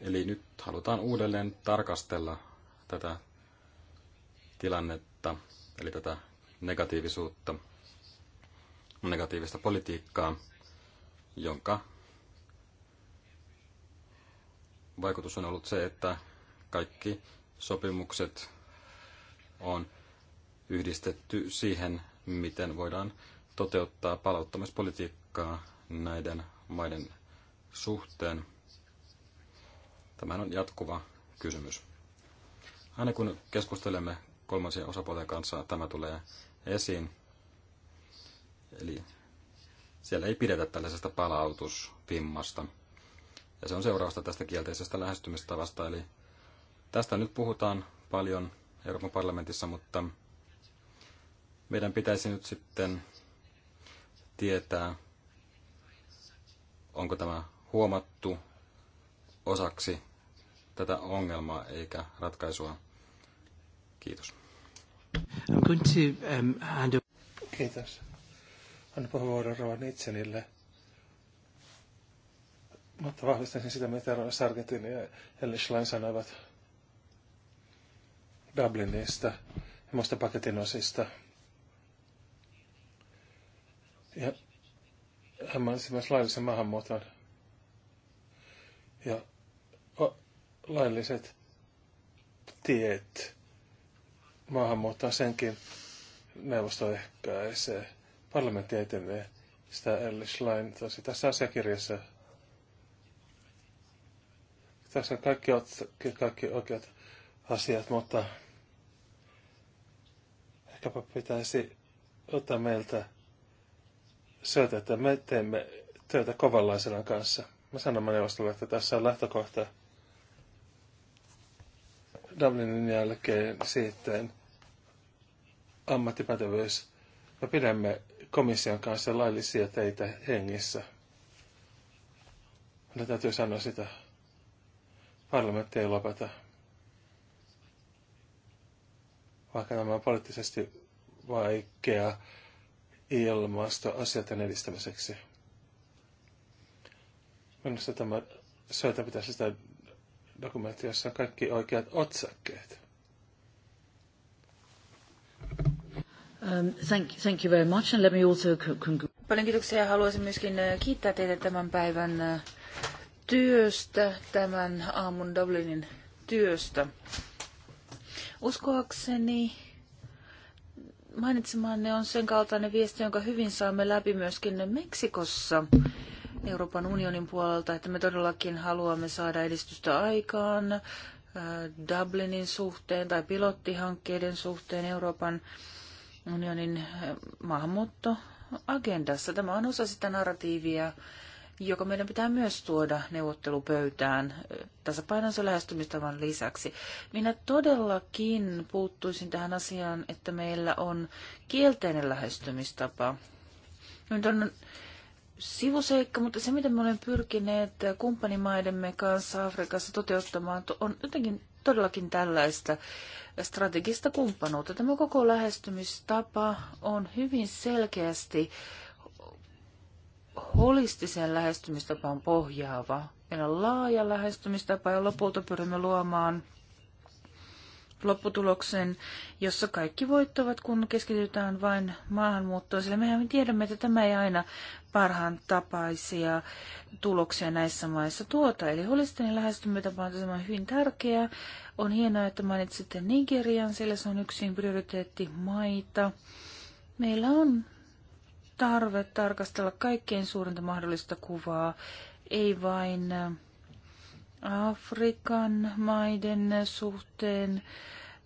Eli nyt halutaan uudelleen tarkastella tätä tilannetta, eli tätä negatiivisuutta, negatiivista politiikkaa, jonka vaikutus on ollut se, että kaikki sopimukset on yhdistetty siihen, miten voidaan toteuttaa palauttamispolitiikkaa näiden maiden suhteen. Tämä on jatkuva kysymys. Aina kun keskustelemme kolmansien osapuolten kanssa, tämä tulee esiin. Eli siellä ei pidetä tällaisesta palautusvimmasta. Ja se on seurausta tästä kielteisestä lähestymistavasta. Eli tästä nyt puhutaan paljon Euroopan parlamentissa, mutta meidän pitäisi nyt sitten tietää, onko tämä huomattu osaksi tätä ongelmaa eikä ratkaisua. Kiitos. I'm going to, um, hand Kiitos. Anna puheenvuoron Rovan Itselille. Mutta vahvistaisin sitä, mitä Ron Sargentin ja Elli Schlein sanoivat Dublinista ja muista paketin osista. Ja hän mainitsi myös laillisen maahanmuuton. Ja o, lailliset tiet maahanmuuttoa senkin neuvosto ehkäisee. Parlamentti etenee sitä Ellislain tosi tässä asiakirjassa. Tässä on kaikki, kaikki oikeat asiat, mutta ehkäpä pitäisi ottaa meiltä syötä, että me teemme työtä kovanlaisena kanssa. Mä sanon neuvostolle, että tässä on lähtökohta Dublinin jälkeen sitten ammattipätevyys. Me pidämme komission kanssa laillisia teitä hengissä. Mutta täytyy sanoa sitä. Parlamentti ei lopeta. Vaikka nämä on poliittisesti vaikea asioiden edistämiseksi. Minusta tämä syötä pitäisi sitä dokumenttia, jossa on kaikki oikeat otsakkeet. Um, thank, thank you very much and let me also Paljon kiitoksia. Haluaisin myöskin äh, kiittää teitä tämän päivän äh, työstä, tämän aamun Dublinin työstä. Uskoakseni mainitsemanne on sen kaltainen viesti, jonka hyvin saamme läpi myöskin Meksikossa Euroopan unionin puolelta, että me todellakin haluamme saada edistystä aikaan äh, Dublinin suhteen tai pilottihankkeiden suhteen Euroopan unionin äh, maahanmuuttoagendassa. Tämä on osa sitä narratiivia, joka meidän pitää myös tuoda neuvottelupöytään äh, tasapainonsa lähestymistavan lisäksi. Minä todellakin puuttuisin tähän asiaan, että meillä on kielteinen lähestymistapa. Nyt on sivuseikka, mutta se mitä me olemme pyrkineet kumppanimaidemme kanssa Afrikassa toteuttamaan on jotenkin todellakin tällaista strategista kumppanuutta. Tämä koko lähestymistapa on hyvin selkeästi holistisen lähestymistapaan pohjaava. Meillä on laaja lähestymistapa ja lopulta pyrimme luomaan lopputuloksen, jossa kaikki voittavat, kun keskitytään vain maahanmuuttoon, sillä mehän tiedämme, että tämä ei aina parhaan tapaisia tuloksia näissä maissa tuota. Eli holistinen lähestymätapa on hyvin tärkeä. On hienoa, että mainitsitte Nigerian, sillä se on yksi prioriteetti maita. Meillä on tarve tarkastella kaikkein suurinta mahdollista kuvaa, ei vain Afrikan maiden suhteen.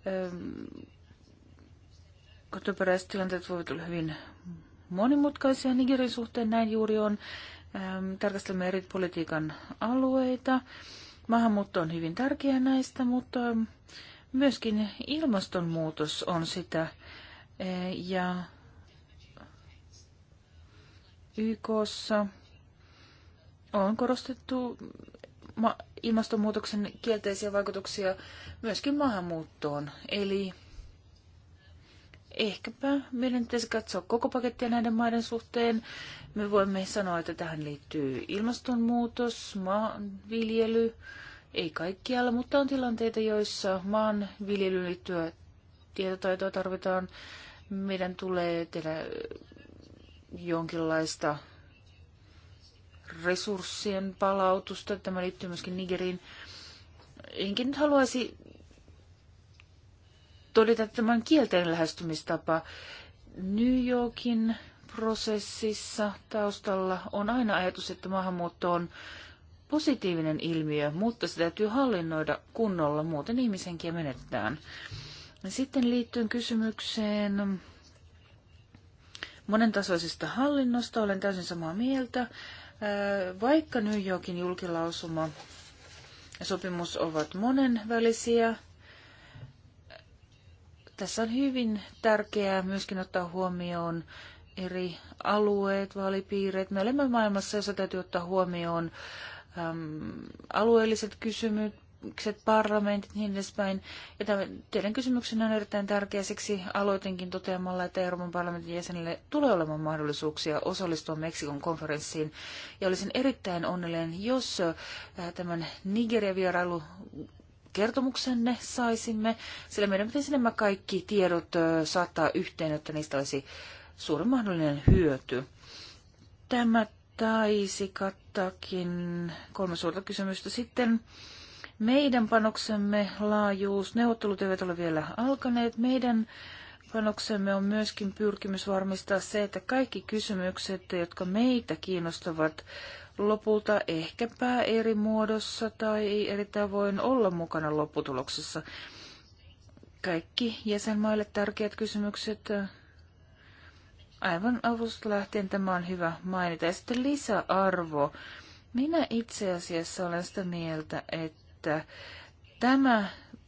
Ähm, Kotoperäiset tilanteet voivat olla hyvin monimutkaisia. Nigerin suhteen näin juuri on. Ähm, tarkastelemme eri politiikan alueita. Maahanmuutto on hyvin tärkeä näistä, mutta ähm, myöskin ilmastonmuutos on sitä. Äh, ja YKssa on korostettu ilmastonmuutoksen kielteisiä vaikutuksia myöskin maahanmuuttoon. Eli ehkäpä meidän pitäisi katsoa koko pakettia näiden maiden suhteen. Me voimme sanoa, että tähän liittyy ilmastonmuutos, maanviljely, ei kaikkialla, mutta on tilanteita, joissa maanviljelyyn liittyvää tietotaitoa tarvitaan. Meidän tulee tehdä jonkinlaista resurssien palautusta. Tämä liittyy myöskin Nigeriin. Enkä nyt haluaisi todeta, tämän tämä kielteinen lähestymistapa. New Yorkin prosessissa taustalla on aina ajatus, että maahanmuutto on positiivinen ilmiö, mutta se täytyy hallinnoida kunnolla, muuten ihmisenkin menetetään. Sitten liittyen kysymykseen monentasoisesta hallinnosta, olen täysin samaa mieltä. Vaikka New Yorkin julkilausuma ja sopimus ovat monenvälisiä, tässä on hyvin tärkeää myöskin ottaa huomioon eri alueet, vaalipiireet. Me olemme maailmassa, jossa täytyy ottaa huomioon äm, alueelliset kysymykset, alueelliset parlamentit niin edespäin. Ja tämän, teidän kysymyksenne on erittäin tärkeä, siksi aloitinkin toteamalla, että Euroopan parlamentin jäsenille tulee olemaan mahdollisuuksia osallistua Meksikon konferenssiin. Ja olisin erittäin onnellinen, jos äh, tämän Nigeria-vierailu kertomuksenne saisimme, sillä meidän pitäisi nämä kaikki tiedot äh, saattaa yhteen, jotta niistä olisi suurin mahdollinen hyöty. Tämä taisi kattaakin kolme suurta kysymystä sitten. Meidän panoksemme laajuus, neuvottelut eivät ole vielä alkaneet. Meidän panoksemme on myöskin pyrkimys varmistaa se, että kaikki kysymykset, jotka meitä kiinnostavat, lopulta ehkäpä eri muodossa tai ei eri tavoin olla mukana lopputuloksessa. Kaikki jäsenmaille tärkeät kysymykset aivan avusta lähtien tämä on hyvä mainita. Ja sitten lisäarvo. Minä itse asiassa olen sitä mieltä, että että tämä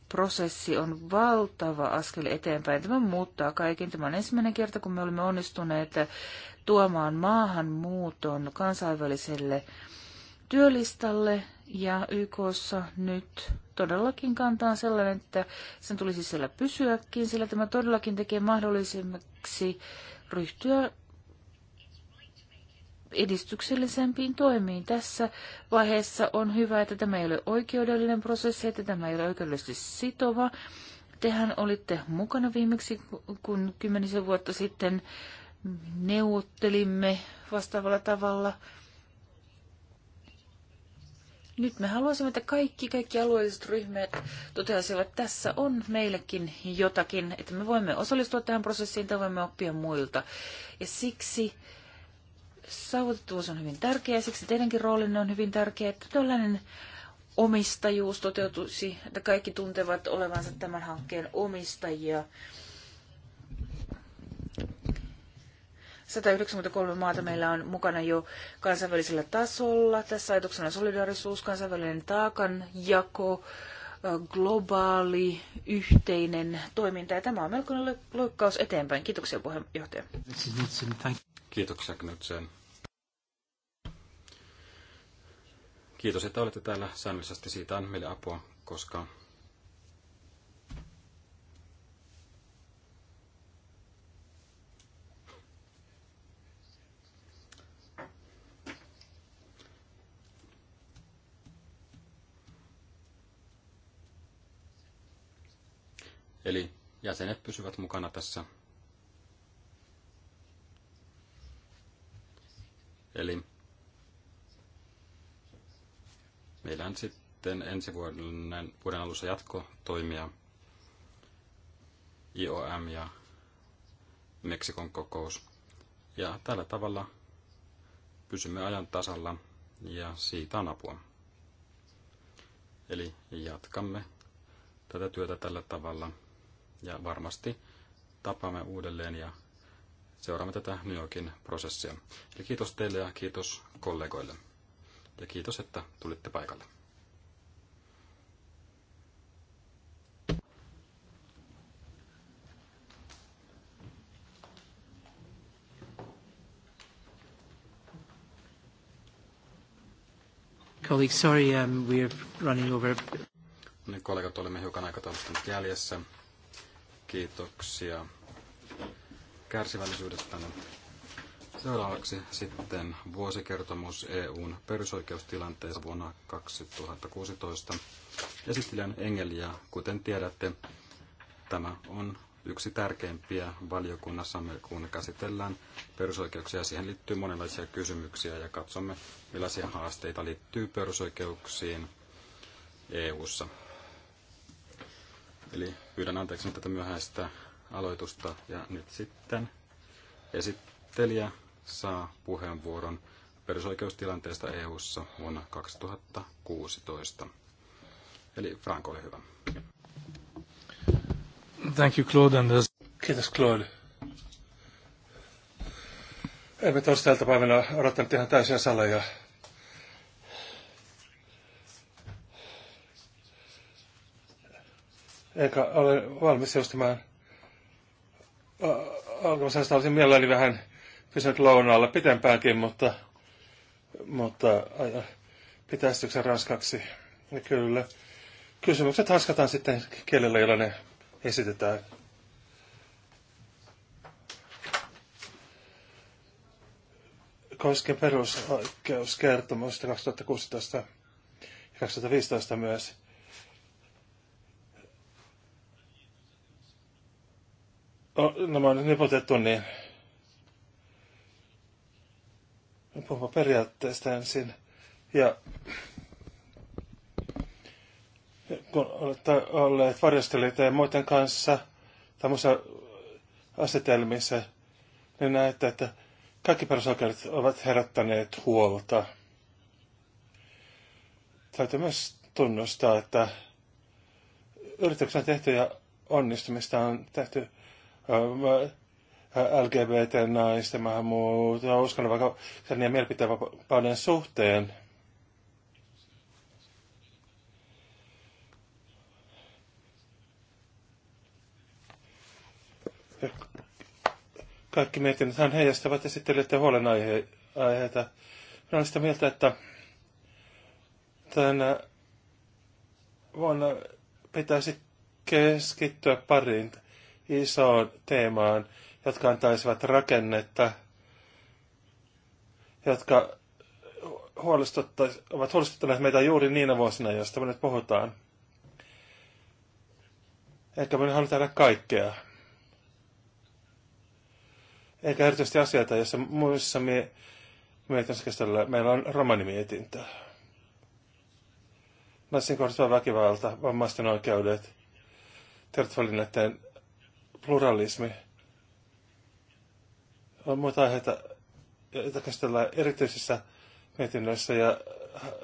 prosessi on valtava askel eteenpäin. Tämä muuttaa kaiken. Tämä on ensimmäinen kerta, kun me olemme onnistuneet tuomaan maahanmuuton kansainväliselle työlistalle ja YKssa nyt todellakin kantaa sellainen, että sen tulisi siellä pysyäkin, sillä tämä todellakin tekee mahdollisimmaksi ryhtyä edistyksellisempiin toimiin. Tässä vaiheessa on hyvä, että tämä ei ole oikeudellinen prosessi, että tämä ei ole oikeudellisesti sitova. Tehän olitte mukana viimeksi, kun kymmenisen vuotta sitten neuvottelimme vastaavalla tavalla. Nyt me haluaisimme, että kaikki, kaikki alueelliset ryhmät toteaisivat, että tässä on meillekin jotakin, että me voimme osallistua tähän prosessiin tai voimme oppia muilta. Ja siksi saavutettavuus on hyvin tärkeä, siksi teidänkin roolinne on hyvin tärkeä, että tällainen omistajuus toteutuisi, että kaikki tuntevat olevansa tämän hankkeen omistajia. 193 maata meillä on mukana jo kansainvälisellä tasolla. Tässä ajatuksena solidaarisuus, kansainvälinen taakanjako, globaali, yhteinen toiminta. Ja tämä on melkoinen loikkaus eteenpäin. Kiitoksia puheenjohtaja. Kiitoksia Knutsen. Kiitos, että olette täällä säännöllisesti. Siitä on meille apua, koska Eli jäsenet pysyvät mukana tässä. Eli Meillä on sitten ensi vuoden, vuoden alussa jatkotoimia. IOM ja Meksikon kokous. Ja tällä tavalla pysymme ajan tasalla ja siitä on apua. Eli jatkamme tätä työtä tällä tavalla ja varmasti tapaamme uudelleen ja seuraamme tätä New Yorkin prosessia. Eli kiitos teille ja kiitos kollegoille ja kiitos, että tulitte paikalle. Colleagues, sorry, um, we're running over. No niin, kollegat, olemme hiukan aikataulusta nyt jäljessä. Kiitoksia kärsivällisyydestä. Seuraavaksi sitten vuosikertomus EUn perusoikeustilanteessa vuonna 2016. Esittelijän Engeliä, kuten tiedätte, tämä on yksi tärkeimpiä valiokunnassamme, kun käsitellään perusoikeuksia. Siihen liittyy monenlaisia kysymyksiä ja katsomme, millaisia haasteita liittyy perusoikeuksiin EU:ssa. Eli pyydän anteeksi tätä myöhäistä aloitusta ja nyt sitten esittelijä saa puheenvuoron perusoikeustilanteesta EU:ssa vuonna 2016. Eli Frank, ole hyvä. Thank you, Claude. And Kiitos, Claude. Emme tosi tältä päivänä odottanut ihan täysiä saleja. Eikä ole valmis joustamaan alkamisesta olisin mielelläni vähän pysynyt lounaalla pitempäänkin, mutta, mutta pitäisikö se ranskaksi? Ja kyllä. Kysymykset haskataan sitten kielellä, jolla ne esitetään. Koskien perusoikeuskertomus 2016 ja 2015 myös. No, nämä on niputettu, niin Me periaatteesta ensin. Ja kun olette olleet varjostelijoita ja muiden kanssa tämmöisissä asetelmissa, niin näette, että kaikki perusoikeudet ovat herättäneet huolta. Täytyy myös tunnustaa, että yrityksen tehtyjä onnistumista on tehty LGBT-naisten maahanmuuton ja vaikka ja mielipiteenvapauden suhteen. Ja kaikki hän heijastavat esittelijöiden huolenaiheita. Minä olen sitä mieltä, että tänä vuonna pitäisi keskittyä pariin isoon teemaan – jotka antaisivat rakennetta, jotka ovat huolestuttaneet meitä juuri niinä vuosina, joista me nyt puhutaan. Eikä me haluta tehdä kaikkea. Eikä erityisesti asioita, joissa muissa mie- mietinnössä Meillä on romanimietintö. Naisiin kohdistuva väkivalta, vammaisten oikeudet, tertvälineiden pluralismi – on muita aiheita, joita käsitellään erityisissä mietinnöissä ja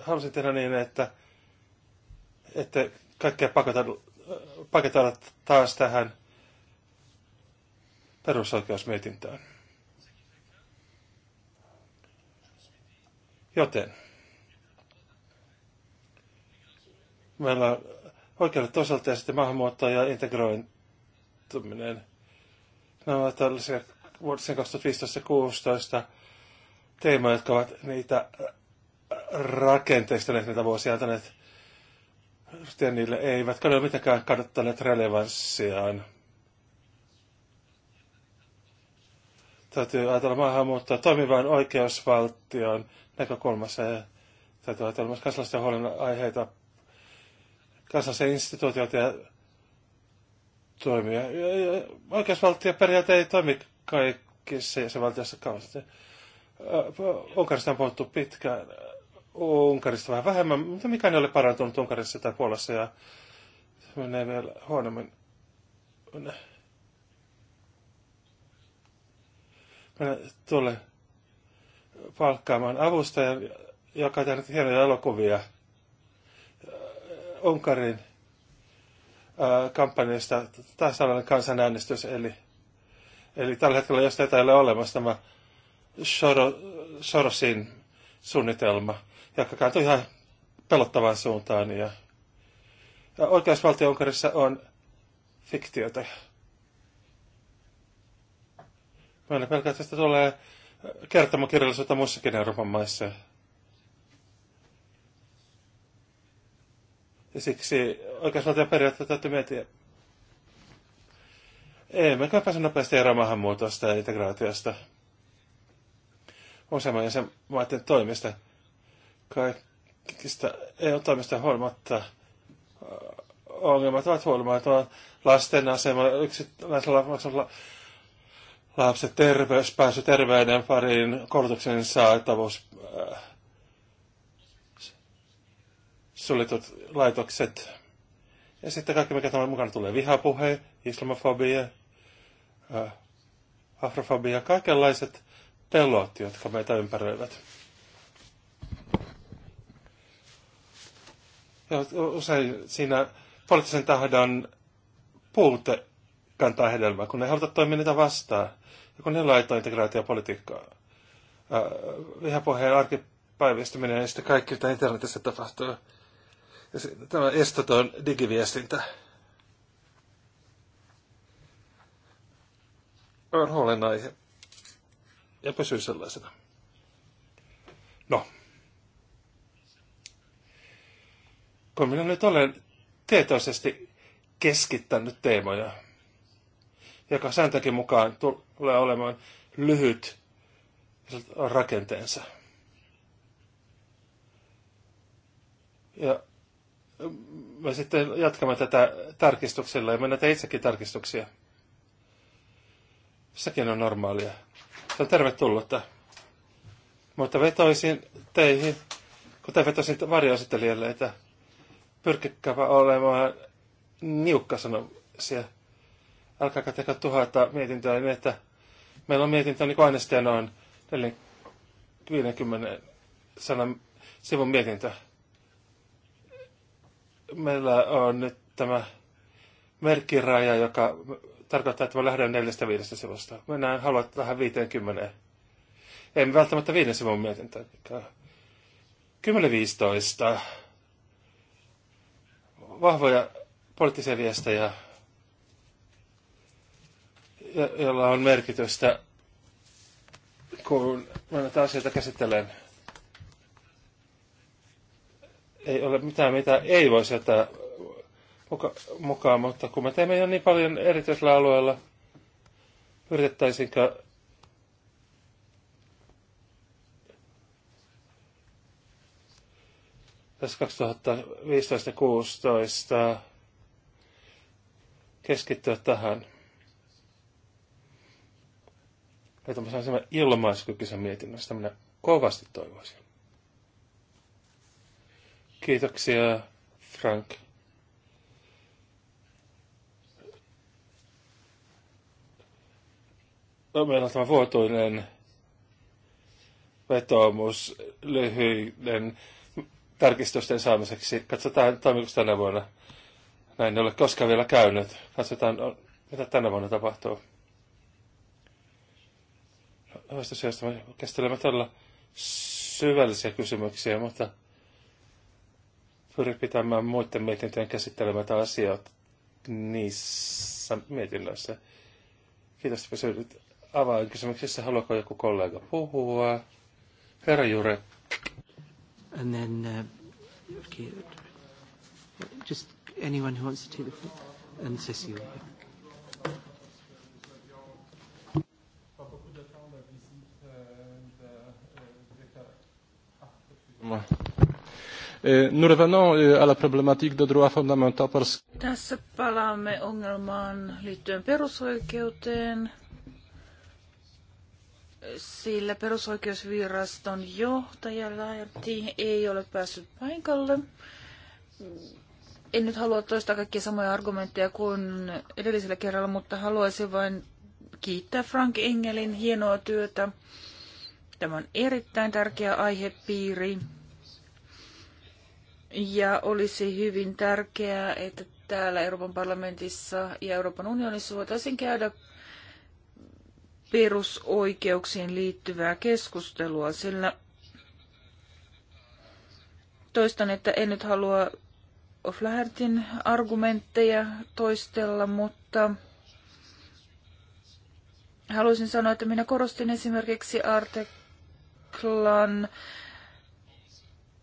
halusin tehdä niin, että, että kaikkea pakotan, taas tähän perusoikeusmietintöön. Joten meillä on oikeudet toisaalta ja sitten maahanmuutto ja integrointuminen. Nämä ovat tällaisia vuodesta 2015-2016 teemoja, jotka ovat niitä äh, rakenteista niitä vuosia antaneet niille eivätkä ole mitenkään kadottaneet relevanssiaan. Täytyy ajatella maahanmuuttoa toimivaan oikeusvaltion näkökulmassa ja täytyy ajatella myös kansalaisten huolen aiheita, kansallisia instituutioita ja toimia. Oikeusvaltioperiaate ei toimi kaikissa jäsenvaltioissa kauheasti. Unkarista on puhuttu pitkään, Unkarista vähän vähemmän, mutta mikään ei ole parantunut Unkarissa tai Puolassa ja menee vielä huonommin. Mä tuolle palkkaamaan avustajan, joka on tehnyt hienoja elokuvia Unkarin kampanjasta tällainen kansanäänestys, eli Eli tällä hetkellä, jos tätä ei ole olemassa, tämä Soro, Sorosin suunnitelma, joka kääntyy ihan pelottavaan suuntaan. Ja, ja oikeusvaltio Unkarissa on fiktiota. Meillä pelkää tästä tulee kertomakirjallisuutta muissakin Euroopan maissa. Ja siksi oikeusvaltion periaatteita täytyy miettiä Emmekä pääse nopeasti eroon maahanmuutosta ja integraatiosta. Useamman maiden toimista kaikista EU-toimista huolimatta ongelmat ovat huolimatta lasten asema, maksulla lapset, terveys, pääsy terveyden pariin, koulutuksen saatavuus, suljetut laitokset. Ja sitten kaikki, mikä tämän mukana tulee, vihapuhe, islamofobia, Äh, afrofobia, kaikenlaiset pelot, jotka meitä ympäröivät. Ja usein siinä poliittisen tahdon puute kantaa hedelmää, kun ne haluta toimia niitä vastaan. Ja kun ne laittaa integraatiopolitiikkaa. Äh, vihapuheen arkipäivistyminen ja sitten kaikki, mitä internetissä tapahtuu. Ja tämä estoton digiviestintä. on huolenaihe ja pysyy sellaisena. No. Kun minä nyt olen tietoisesti keskittänyt teemoja, joka sääntökin mukaan tulee olemaan lyhyt rakenteensa. Ja me sitten jatkamme tätä tarkistuksella ja mennään itsekin tarkistuksia. Sekin on normaalia. Se on tervetullutta. Mutta vetoisin teihin, kuten vetoisin varjoesittelijälle, että pyrkikääpä olemaan niukka sanomisia. Älkääkä tehdä tuhatta mietintöä niin, että meillä on mietintö niin kuin aineistia noin 50 sanan sivun mietintö. Meillä on nyt tämä merkkiraja, joka tarkoittaa, että mä lähden neljästä viidestä sivusta. Mennään, haluat vähän kymmeneen. En välttämättä viiden sivun mietintä. Kymmenen 15 Vahvoja poliittisia viestejä, jolla on merkitystä, kun mä näitä asioita käsittelen. Ei ole mitään, mitä ei voisi jättää muka, mukaan, mutta kun me teemme jo niin paljon erityisellä alueella, yritettäisinkö tässä 2015-2016 keskittyä tähän. Että mä saan semmoinen ilmaiskykyisen mietinnön, sitä minä kovasti toivoisin. Kiitoksia, Frank. meillä on tämä vuotuinen vetoomus lyhyiden tarkistusten saamiseksi. Katsotaan, toimiko tänä vuonna. Näin ei ole koskaan vielä käynyt. Katsotaan, mitä tänä vuonna tapahtuu. Vastusjärjestelmä käsittelemme todella syvällisiä kysymyksiä, mutta pyrin pitämään muiden mietintöjen käsittelemätä asiat niissä mietinnöissä. Kiitos, että pysyit avainkysymyksessä. Haluaako joku kollega puhua? Herra Jure. And then, uh, okay, just anyone who wants to take the floor. And Cecile. E, nous revenons e, à la problématique des droits fondamentaux parce Tässä palaamme ongelmaan liittyen perusoikeuteen sillä perusoikeusviraston johtaja Laerti ei ole päässyt paikalle. En nyt halua toistaa kaikkia samoja argumentteja kuin edellisellä kerralla, mutta haluaisin vain kiittää Frank Engelin hienoa työtä. Tämä on erittäin tärkeä aihepiiri. Ja olisi hyvin tärkeää, että täällä Euroopan parlamentissa ja Euroopan unionissa voitaisiin käydä perusoikeuksiin liittyvää keskustelua, sillä toistan, että en nyt halua Oflahertin argumentteja toistella, mutta haluaisin sanoa, että minä korostin esimerkiksi artiklan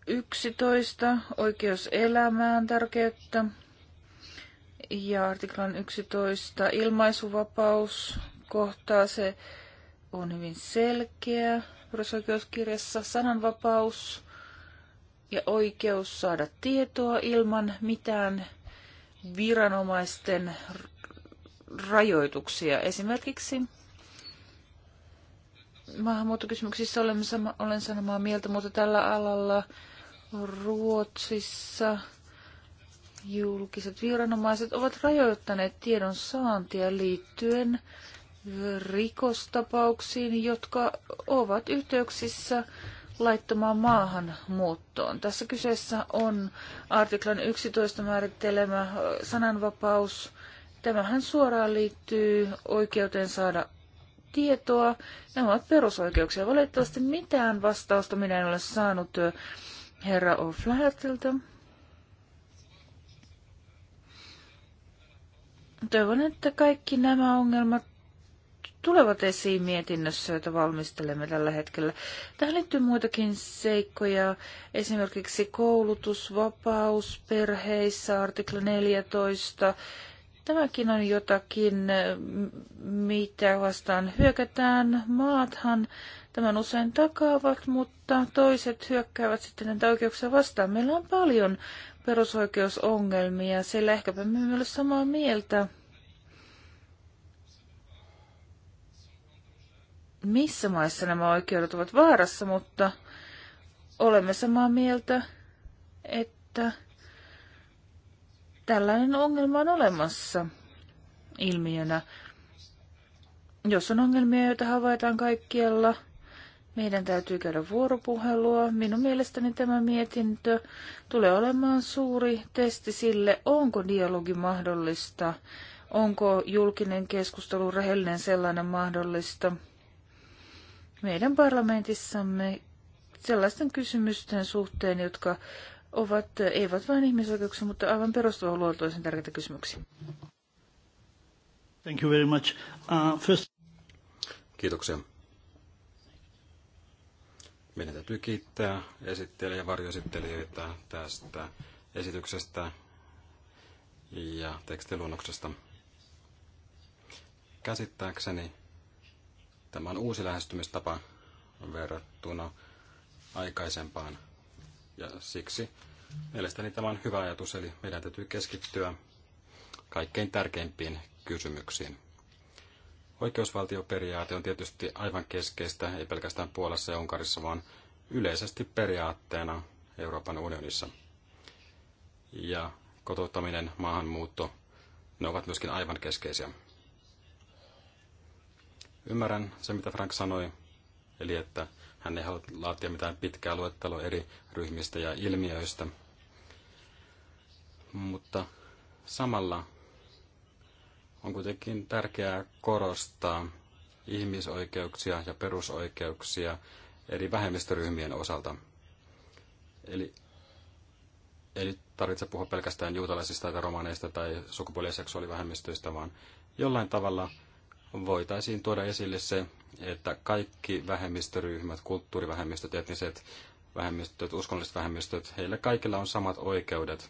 11 oikeus elämään tärkeyttä ja artiklan 11 ilmaisuvapaus kohtaa. Se on hyvin selkeä perusoikeuskirjassa. Sananvapaus ja oikeus saada tietoa ilman mitään viranomaisten rajoituksia. Esimerkiksi maahanmuuttokysymyksissä olen sama, olen samaa mieltä, mutta tällä alalla Ruotsissa julkiset viranomaiset ovat rajoittaneet tiedon saantia liittyen rikostapauksiin, jotka ovat yhteyksissä laittomaan maahanmuuttoon. Tässä kyseessä on artiklan 11 määrittelemä sananvapaus. Tämähän suoraan liittyy oikeuteen saada tietoa. Nämä ovat perusoikeuksia. Valitettavasti mitään vastausta minä en ole saanut herra O'Flahertilta. Toivon, että kaikki nämä ongelmat tulevat esiin mietinnössä, jota valmistelemme tällä hetkellä. Tähän liittyy muitakin seikkoja, esimerkiksi koulutusvapaus perheissä, artikla 14. Tämäkin on jotakin, mitä vastaan hyökätään. Maathan tämän usein takaavat, mutta toiset hyökkäävät sitten näitä oikeuksia vastaan. Meillä on paljon perusoikeusongelmia, sillä ehkäpä me ei ole samaa mieltä missä maissa nämä oikeudet ovat vaarassa, mutta olemme samaa mieltä, että tällainen ongelma on olemassa ilmiönä. Jos on ongelmia, joita havaitaan kaikkialla, meidän täytyy käydä vuoropuhelua. Minun mielestäni tämä mietintö tulee olemaan suuri testi sille, onko dialogi mahdollista, onko julkinen keskustelu rehellinen sellainen mahdollista meidän parlamentissamme sellaisten kysymysten suhteen, jotka ovat, eivät vain ihmisoikeuksia, mutta aivan perustuvan luontoisen tärkeitä kysymyksiä. Thank you very much. Uh, first... Kiitoksia. Meidän täytyy kiittää esittelijä ja varjoesittelijöitä tästä esityksestä ja tekstiluonnoksesta. Käsittääkseni Tämä on uusi lähestymistapa verrattuna aikaisempaan ja siksi mielestäni tämä on hyvä ajatus, eli meidän täytyy keskittyä kaikkein tärkeimpiin kysymyksiin. Oikeusvaltioperiaate on tietysti aivan keskeistä, ei pelkästään Puolassa ja Unkarissa, vaan yleisesti periaatteena Euroopan unionissa. Ja kotouttaminen, maahanmuutto, ne ovat myöskin aivan keskeisiä. Ymmärrän se, mitä Frank sanoi, eli että hän ei halua laatia mitään pitkää luetteloa eri ryhmistä ja ilmiöistä. Mutta samalla on kuitenkin tärkeää korostaa ihmisoikeuksia ja perusoikeuksia eri vähemmistöryhmien osalta. Eli ei nyt tarvitse puhua pelkästään juutalaisista tai romaneista tai sukupuoli- ja seksuaalivähemmistöistä, vaan jollain tavalla – voitaisiin tuoda esille se, että kaikki vähemmistöryhmät, kulttuurivähemmistöt, etniset vähemmistöt, uskonnolliset vähemmistöt, heillä kaikilla on samat oikeudet.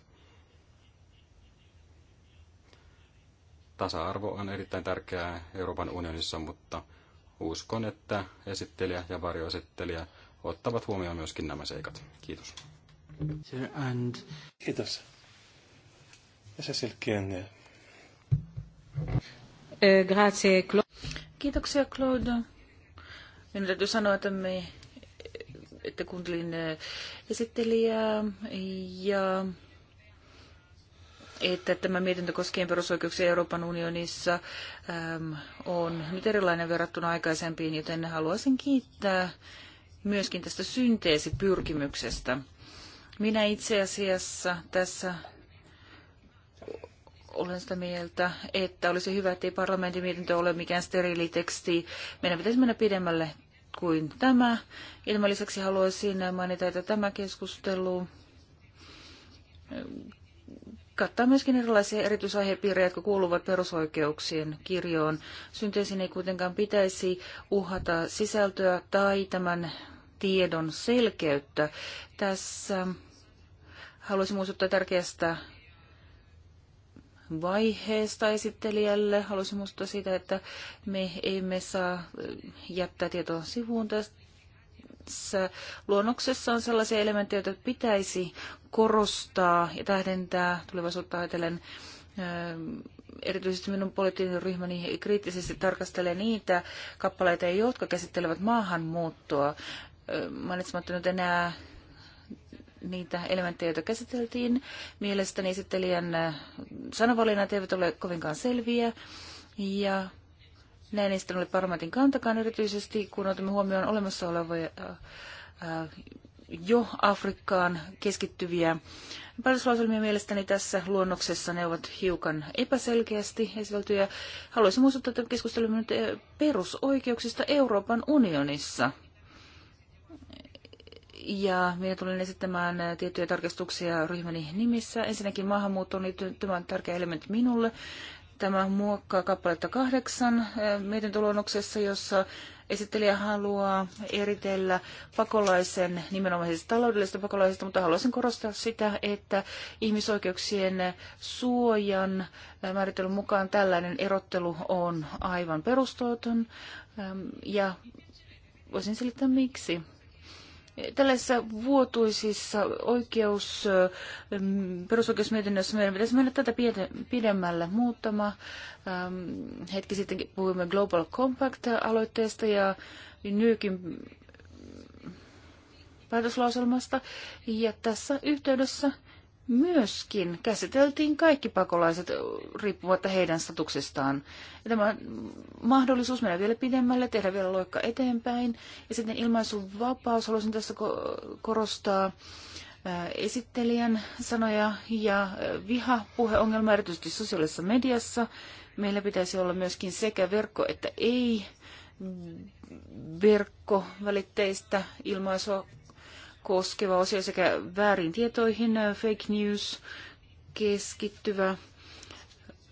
Tasa-arvo on erittäin tärkeää Euroopan unionissa, mutta uskon, että esittelijä ja varjoesittelijä ottavat huomioon myöskin nämä seikat. Kiitos. And... Kiitos. Ja se selkeä Eh, Kiitoksia, Claude. Minun täytyy sanoa, että, me, että kuuntelin eh, esittelijää ja että tämä mietintö koskien perusoikeuksia Euroopan unionissa äm, ehm, on nyt erilainen verrattuna aikaisempiin, joten haluaisin kiittää myöskin tästä synteesipyrkimyksestä. Minä itse asiassa tässä olen sitä mieltä, että olisi hyvä, ettei parlamentin mietintö ole mikään steriiliteksti. Meidän pitäisi mennä pidemmälle kuin tämä. Ilman lisäksi haluaisin mainita, että tämä keskustelu eh, kattaa myöskin erilaisia erityisaihepiirejä, jotka kuuluvat perusoikeuksien kirjoon. Synteesin ei kuitenkaan pitäisi uhata sisältöä tai tämän tiedon selkeyttä. Tässä haluaisin muistuttaa tärkeästä vaiheesta esittelijälle. Haluaisin muistuttaa siitä, että me emme saa eh, jättää tietoa sivuun tässä luonnoksessa on sellaisia elementtejä, joita pitäisi korostaa ja tähdentää tulevaisuutta ajatellen eh, erityisesti minun poliittinen ryhmäni kriittisesti tarkastelee niitä kappaleita, jotka käsittelevät maahanmuuttoa. Eh, Mainitsematta nyt enää niitä elementtejä, joita käsiteltiin. Mielestäni esittelijän äh, sanavalinnat eivät ole kovinkaan selviä. Ja näin niistä ole parlamentin kantakaan erityisesti, kun otamme huomioon olemassa olevia äh, äh, jo Afrikkaan keskittyviä päätöslauselmia mielestäni tässä luonnoksessa ne ovat hiukan epäselkeästi esiteltyjä. Haluaisin muistuttaa, että keskustelemme nyt perusoikeuksista Euroopan unionissa ja minä tulen esittämään tiettyjä tarkistuksia ryhmäni nimissä. Ensinnäkin tämä on tärkeä elementti minulle. Tämä muokkaa kappaletta kahdeksan eh, mietintöluonnoksessa, jossa esittelijä haluaa eritellä pakolaisen nimenomaisesti taloudellisesta pakolaisesta, mutta haluaisin korostaa sitä, että ihmisoikeuksien suojan eh, määrittelyn mukaan tällainen erottelu on aivan perustoton ja voisin selittää miksi. Tällaisissa vuotuisissa oikeus, ähm, perusoikeusmietinnössä meidän pitäisi mennä tätä pidemmälle muuttama. Ähm, hetki sitten puhuimme Global Compact-aloitteesta ja Nykin päätöslauselmasta. Ja tässä yhteydessä myöskin käsiteltiin kaikki pakolaiset riippumatta heidän statuksestaan. Ja tämä mahdollisuus mennä vielä pidemmälle, tehdä vielä loikka eteenpäin. Ja sitten ilmaisun vapaus, haluaisin tässä korostaa äh, esittelijän sanoja ja äh, vihapuheongelma erityisesti sosiaalisessa mediassa. Meillä pitäisi olla myöskin sekä verkko että ei verkkovälitteistä ilmaisua koskeva osio sekä väärin tietoihin, äh, fake news keskittyvä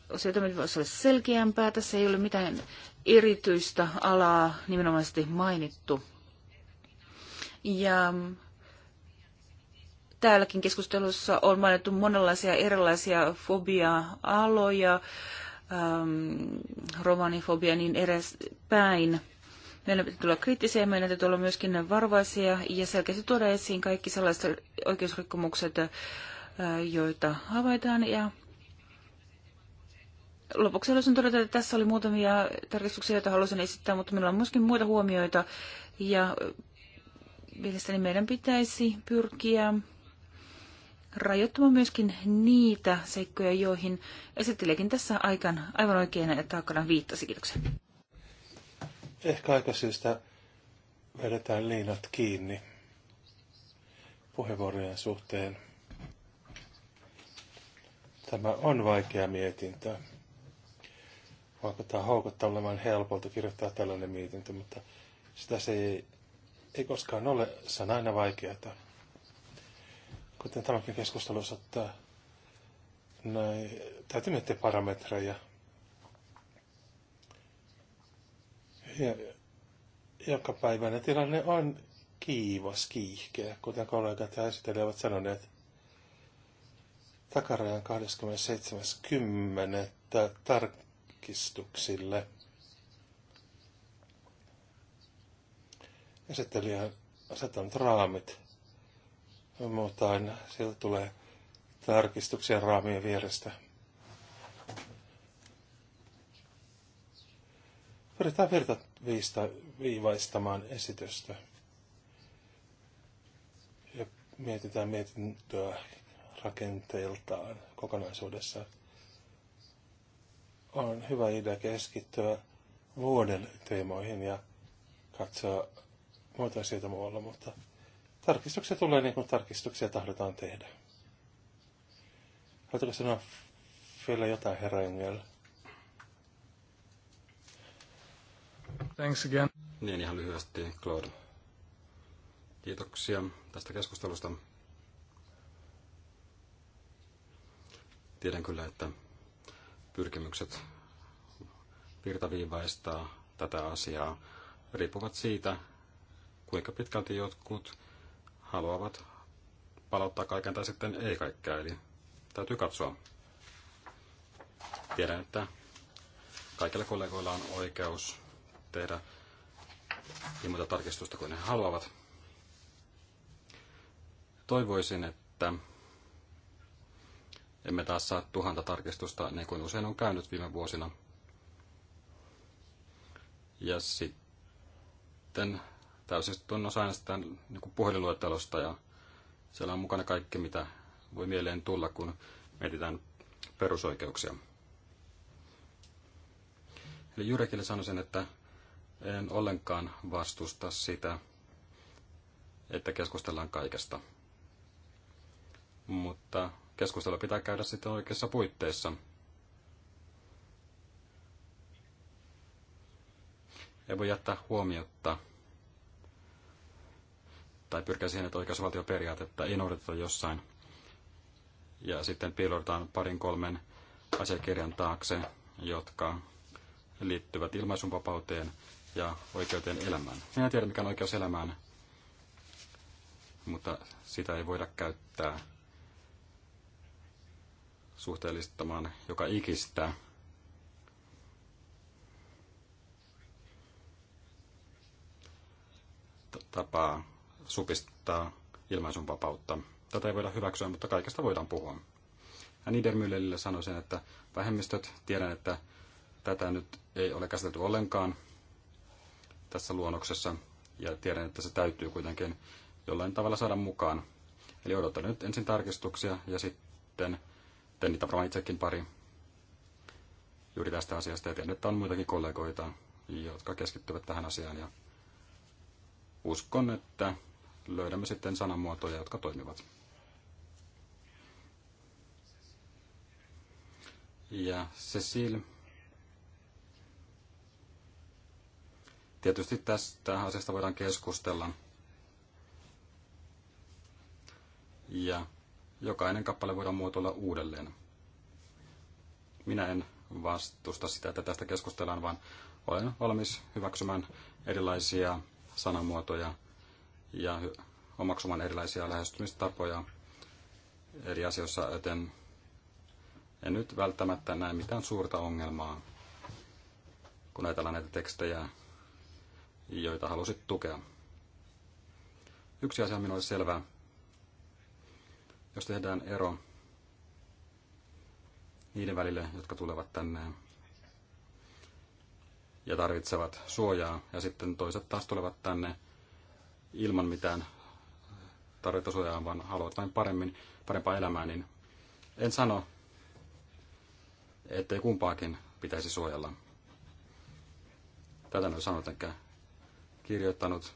osio. Tämä voisi olla selkeämpää. Tässä ei ole mitään erityistä alaa nimenomaisesti mainittu. Ja mm, täälläkin keskustelussa on mainittu monenlaisia erilaisia fobia-aloja, romanifobia niin edespäin. päin. Meidän pitää tulla kriittisiä, meidän pitää olla myöskin varovaisia ja selkeästi tuoda esiin kaikki sellaiset oikeusrikkomukset, joita havaitaan. Ja lopuksi haluaisin todeta, että tässä oli muutamia tarkistuksia, joita haluaisin esittää, mutta meillä on myöskin muita huomioita. Ja mielestäni meidän pitäisi pyrkiä rajoittamaan myöskin niitä seikkoja, joihin esittelekin tässä aikaan aivan oikein taakkana viittasi. Kiitoksia ehkä syystä vedetään liinat kiinni puheenvuorojen suhteen. Tämä on vaikea mietintö. Vaikuttaa houkuttelemaan helpolta kirjoittaa tällainen mietintö, mutta sitä se ei, ei koskaan ole. Se on aina vaikeaa. Kuten tämäkin keskustelu osoittaa, näin, täytyy miettiä parametreja – Ja jokapäiväinen tilanne on kiivas, kiihkeä, kuten kollegat ja esittelijät ovat sanoneet. Takarajan 27.10. tarkistuksille. Esittelijä on asettanut raamit, mutta aina sieltä tulee tarkistuksia raamien vierestä. Pyritään virta viista, viivaistamaan esitystä. Ja mietitään mietintöä rakenteeltaan kokonaisuudessaan. On hyvä idea keskittyä vuoden teemoihin ja katsoa muita asioita muualla, mutta tarkistuksia tulee niin kuin tarkistuksia tahdotaan tehdä. Haluatko sanoa vielä jotain, herra Engel? Thanks again. Niin ihan lyhyesti, Claude. Kiitoksia tästä keskustelusta. Tiedän kyllä, että pyrkimykset virtaviivaistaa tätä asiaa riippuvat siitä, kuinka pitkälti jotkut haluavat palauttaa kaiken tai sitten ei kaikkea. Eli täytyy katsoa. Tiedän, että kaikilla kollegoilla on oikeus tehdä niin monta tarkistusta kuin he haluavat. Toivoisin, että emme taas saa tuhanta tarkistusta, niin kuin usein on käynyt viime vuosina. Ja sitten täysistunnossa äänestetään niin puhelinluettelosta ja siellä on mukana kaikki, mitä voi mieleen tulla, kun mietitään perusoikeuksia. Eli Jurekille sanoisin, että en ollenkaan vastusta sitä, että keskustellaan kaikesta. Mutta keskustelu pitää käydä sitten oikeissa puitteissa. Ei voi jättää huomiota tai pyrkää siihen, että oikeusvaltioperiaatetta ei noudateta jossain. Ja sitten piilotetaan parin kolmen asiakirjan taakse, jotka liittyvät ilmaisunvapauteen ja oikeuteen elämään. Minä en tiedä, mikä on oikeus elämään, mutta sitä ei voida käyttää suhteellistamaan joka ikistä tapaa supistaa ilmaisun vapautta. Tätä ei voida hyväksyä, mutta kaikesta voidaan puhua. Ja Niedermüllerille sanoisin, että vähemmistöt, tiedän, että tätä nyt ei ole käsitelty ollenkaan tässä luonnoksessa, ja tiedän, että se täytyy kuitenkin jollain tavalla saada mukaan. Eli odotan nyt ensin tarkistuksia, ja sitten teen niitä varmaan itsekin pari juuri tästä asiasta, ja tiedän, että on muitakin kollegoita, jotka keskittyvät tähän asiaan, ja uskon, että löydämme sitten sanamuotoja, jotka toimivat. Ja Cecile Tietysti tästä asiasta voidaan keskustella. Ja jokainen kappale voidaan muotoilla uudelleen. Minä en vastusta sitä, että tästä keskustellaan, vaan olen valmis hyväksymään erilaisia sanamuotoja ja omaksumaan erilaisia lähestymistapoja eri asioissa, joten en nyt välttämättä näe mitään suurta ongelmaa, kun ajatellaan näitä tekstejä joita halusit tukea. Yksi asia minulle selvää. Jos tehdään ero niiden välille, jotka tulevat tänne ja tarvitsevat suojaa, ja sitten toiset taas tulevat tänne ilman mitään tarvetta suojaa, vaan haluavat vain paremmin, parempaa elämää, niin en sano, ettei kumpaakin pitäisi suojella. Tätä en ole sanonut kirjoittanut.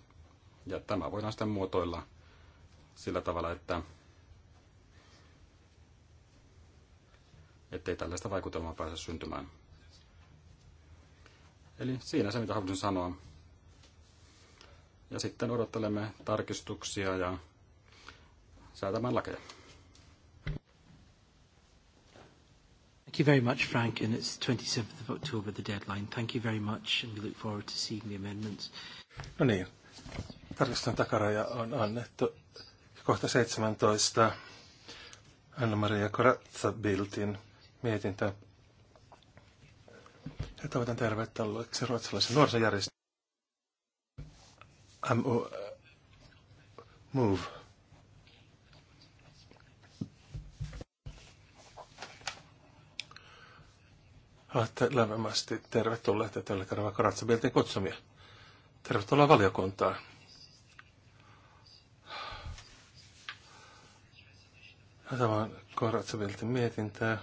Ja tämä voidaan sitten muotoilla sillä tavalla, että ettei tällaista vaikutelmaa pääse syntymään. Eli siinä se, mitä halusin sanoa. Ja sitten odottelemme tarkistuksia ja säätämään lakeja. Thank you very much, Frank, and it's the 27th of October, the deadline. Thank you very much, and we look forward to seeing the amendments. No niin. Tarkistan takaraja on annettu kohta 17. Anna-Maria koratsa bildtin mietintö. Ja toivotan tervetulleeksi ruotsalaisen nuorisojärjestön MU Move. olette lämpimästi tervetulleita tälle olette Rava Karatsabiltin kutsumia. Tervetuloa valiokuntaan. Tämä on Karatsabiltin mietintää.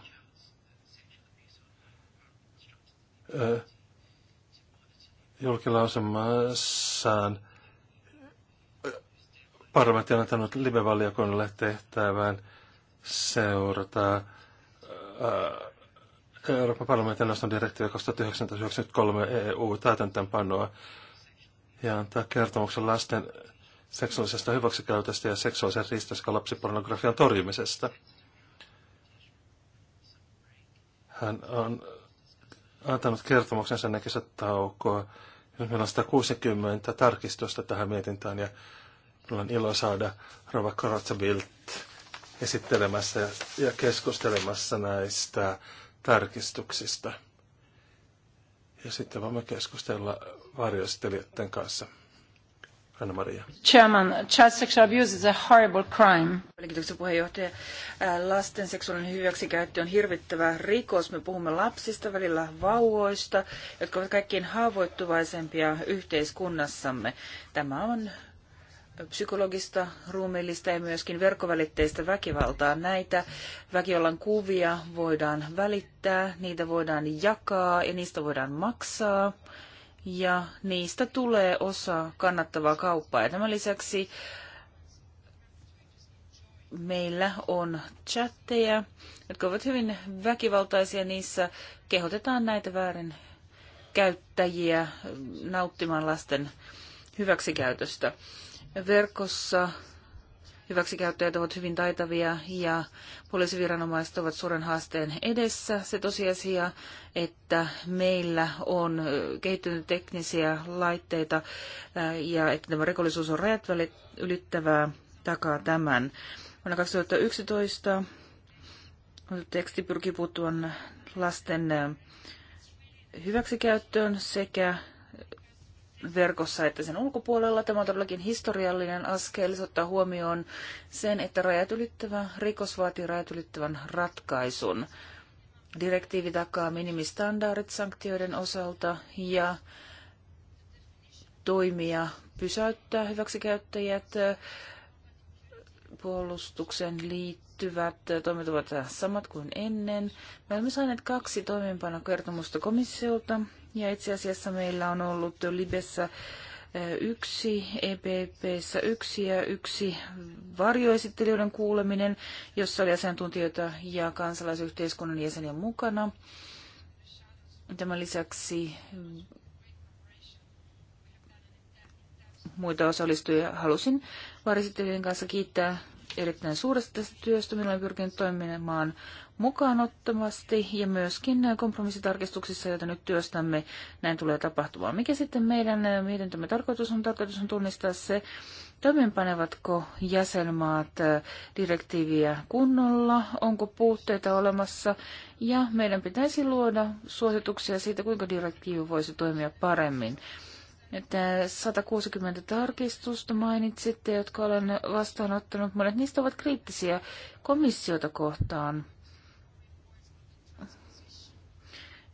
Julkilausemassaan parlamentti on antanut live-valiokunnalle tehtävän seurata ää, Euroopan parlamentin neuvoston direktiivi 2093 EU täytäntöönpanoa ja antaa kertomuksen lasten seksuaalisesta hyväksikäytöstä ja seksuaalisen riistosta lapsipornografian torjumisesta. Hän on antanut kertomuksensa näkisä taukoa. Nyt meillä on 160 tarkistusta tähän mietintään ja minulla on ilo saada Rova Karatsabilt esittelemässä ja keskustelemassa näistä tarkistuksista. Ja sitten voimme keskustella varjostelijoiden kanssa. Anna-Maria. Chairman, child sexual abuse is a horrible crime. Kiitoksia puheenjohtaja. Lasten seksuaalinen hyväksikäyttö on hirvittävä rikos. Me puhumme lapsista, välillä vauvoista, jotka ovat kaikkein haavoittuvaisempia yhteiskunnassamme. Tämä on psykologista, ruumiillista ja myöskin verkkovälitteistä väkivaltaa. Näitä väkivallan kuvia voidaan välittää, niitä voidaan jakaa ja niistä voidaan maksaa. Ja niistä tulee osa kannattavaa kauppaa. Ja tämän lisäksi meillä on chatteja, jotka ovat hyvin väkivaltaisia. Niissä kehotetaan näitä väärin käyttäjiä nauttimaan lasten hyväksikäytöstä. Verkossa hyväksikäyttäjät ovat hyvin taitavia ja poliisiviranomaiset ovat suuren haasteen edessä. Se tosiasia, että meillä on kehittynyt teknisiä laitteita ja että tämä rikollisuus on rajat ylittävää, takaa tämän. Vuonna 2011 teksti pyrkii puuttumaan lasten hyväksikäyttöön sekä verkossa että sen ulkopuolella. Tämä on todellakin historiallinen askel. Se ottaa huomioon sen, että rajat ylittävä rikos vaatii rajat ylittävän ratkaisun. Direktiivi takaa minimistandardit sanktioiden osalta ja toimia pysäyttää hyväksikäyttäjät. Puolustuksen liittyvät toimet ovat samat kuin ennen. Me olemme saaneet kaksi toimeenpanokertomusta komissiolta ja itse asiassa meillä on ollut Libessä eh, yksi, EPPssä yksi ja yksi varjoesittelijöiden kuuleminen, jossa oli asiantuntijoita ja kansalaisyhteiskunnan jäseniä mukana. Tämän lisäksi muita osallistujia halusin varjoesittelijöiden kanssa kiittää erittäin suuresti tästä työstä. Minä olen pyrkinyt toimimaan mukaanottomasti ja myöskin kompromissitarkistuksissa, joita nyt työstämme, näin tulee tapahtumaan. Mikä sitten meidän mietintömme tarkoitus on? Tarkoitus on tunnistaa se, toimeenpanevatko jäsenmaat direktiiviä kunnolla, onko puutteita olemassa ja meidän pitäisi luoda suosituksia siitä, kuinka direktiivi voisi toimia paremmin. Äh, Että 160 tarkistusta mainitsitte, jotka olen vastaanottanut. Monet niistä ovat kriittisiä komissiota kohtaan.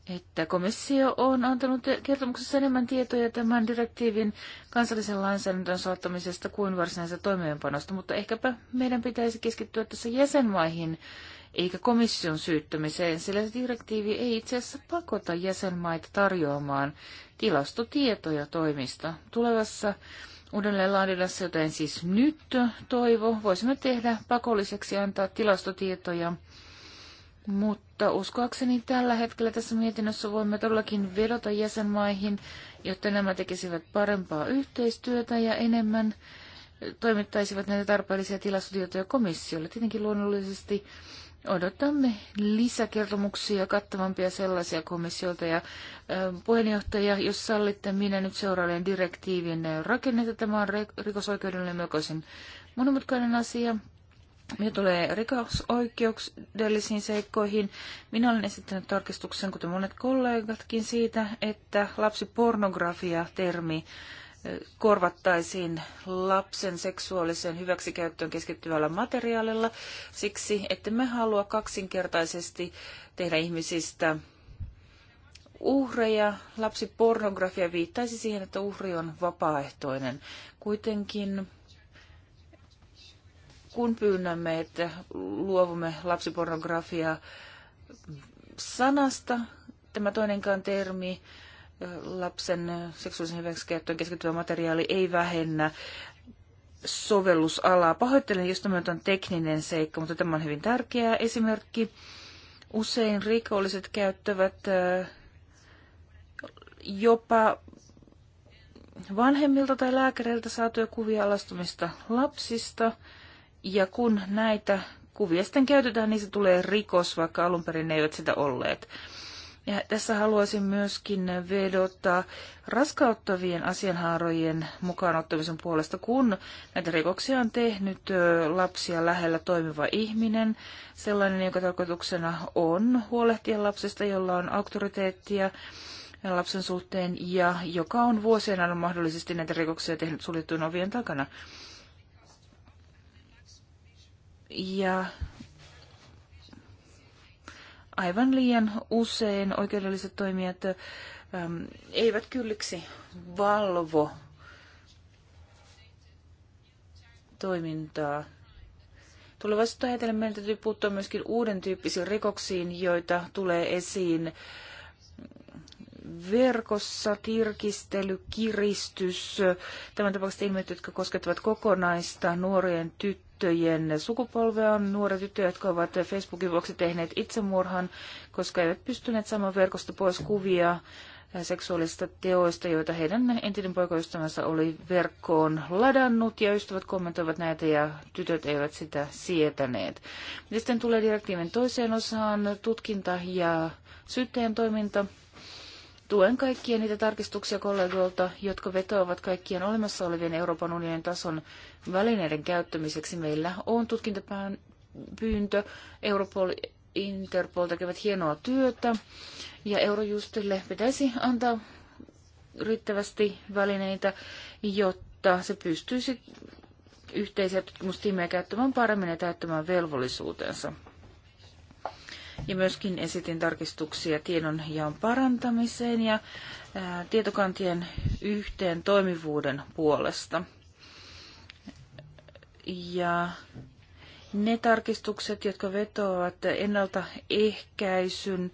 Että komissio on antanut kertomuksessa enemmän tietoja tämän direktiivin kansallisen lainsäädännön saattamisesta kuin varsinaisesta toimeenpanosta, mutta ehkäpä meidän pitäisi keskittyä tässä jäsenmaihin eikä komission syyttämiseen, sillä direktiivi ei itse asiassa pakota jäsenmaita tarjoamaan tilastotietoja toimista. Tulevassa uudelleenlaadinnassa, joten siis nyt toivo, voisimme tehdä pakolliseksi antaa tilastotietoja, mutta uskoakseni tällä hetkellä tässä mietinnössä voimme todellakin vedota jäsenmaihin, jotta nämä tekisivät parempaa yhteistyötä ja enemmän toimittaisivat näitä tarpeellisia tilastotietoja komissiolle. Tietenkin luonnollisesti odotamme lisäkertomuksia, kattavampia sellaisia komissiolta. Ja puheenjohtaja, jos sallitte, minä nyt seuraavien direktiivin rakennetta. Tämä on rikosoikeudellinen melkoisen monimutkainen asia. Mitä tulee rikosoikeudellisiin seikkoihin, minä olen esittänyt tarkistuksen, kuten monet kollegatkin, siitä, että lapsipornografia-termi korvattaisiin lapsen seksuaaliseen hyväksikäyttöön keskittyvällä materiaalilla siksi, että me halua kaksinkertaisesti tehdä ihmisistä uhreja. Lapsipornografia viittaisi siihen, että uhri on vapaaehtoinen. Kuitenkin kun pyynnämme, että luovumme lapsipornografia sanasta, tämä toinenkaan termi lapsen seksuaalisen hyväksikäyttöön keskittyvä materiaali ei vähennä sovellusalaa. Pahoittelen, jos tämä on tekninen seikka, mutta tämä on hyvin tärkeä esimerkki. Usein rikolliset käyttävät jopa vanhemmilta tai lääkäreiltä saatuja kuvia alastumista lapsista. Ja kun näitä kuvia sitten käytetään, niin se tulee rikos, vaikka alun perin ne eivät sitä olleet. Ja tässä haluaisin myöskin vedota raskauttavien asianhaarojen mukaan ottamisen puolesta, kun näitä rikoksia on tehnyt lapsia lähellä toimiva ihminen, sellainen, jonka tarkoituksena on huolehtia lapsesta, jolla on auktoriteettia lapsen suhteen ja joka on vuosien ajan mahdollisesti näitä rikoksia tehnyt suljettujen ovien takana. Ja aivan liian usein oikeudelliset toimijat äm, eivät kylliksi valvo toimintaa. Tulevaisuutta ajatellen meidän täytyy puuttua myöskin uuden tyyppisiin rikoksiin, joita tulee esiin verkossa, tirkistely, kiristys, tämän tapauksessa ilmiöt, jotka koskettavat kokonaista nuorien tyttöjen tyttöjen sukupolvea on nuoret tyttöjä, jotka ovat Facebookin vuoksi tehneet itsemurhan, koska eivät pystyneet saamaan verkosta pois kuvia eh, seksuaalista teoista, joita heidän entinen poikaystävänsä oli verkkoon ladannut, ja ystävät kommentoivat näitä, ja tytöt eivät sitä sietäneet. Ja sitten tulee direktiivin toiseen osaan tutkinta ja syytteen toiminta. Tuen kaikkia niitä tarkistuksia kollegoilta, jotka vetoavat kaikkien olemassa olevien Euroopan unionin tason välineiden käyttämiseksi. Meillä on tutkintapyyntö. Europol Interpol tekevät hienoa työtä ja Eurojustille pitäisi antaa riittävästi välineitä, jotta se pystyisi yhteisiä tutkimustiimejä käyttämään paremmin ja täyttämään velvollisuutensa ja myöskin esitin tarkistuksia tiedonjaon parantamiseen ja tietokantien yhteen toimivuuden puolesta. Ja ne tarkistukset, jotka vetoavat ennaltaehkäisyn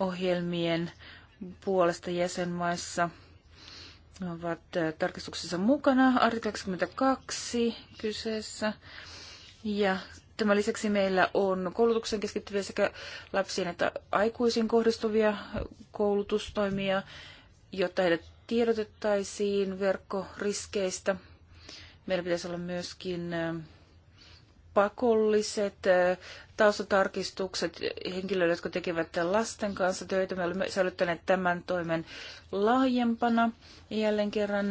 ohjelmien puolesta jäsenmaissa, ovat tarkistuksessa mukana. Artikla 22 kyseessä ja Tämän lisäksi meillä on koulutuksen keskittyviä sekä lapsiin että aikuisiin kohdistuvia koulutustoimia, jotta heidät tiedotettaisiin verkkoriskeistä. Meillä pitäisi olla myöskin pakolliset taustatarkistukset henkilöille, jotka tekevät lasten kanssa töitä. Me olemme säilyttäneet tämän toimen laajempana. Jälleen kerran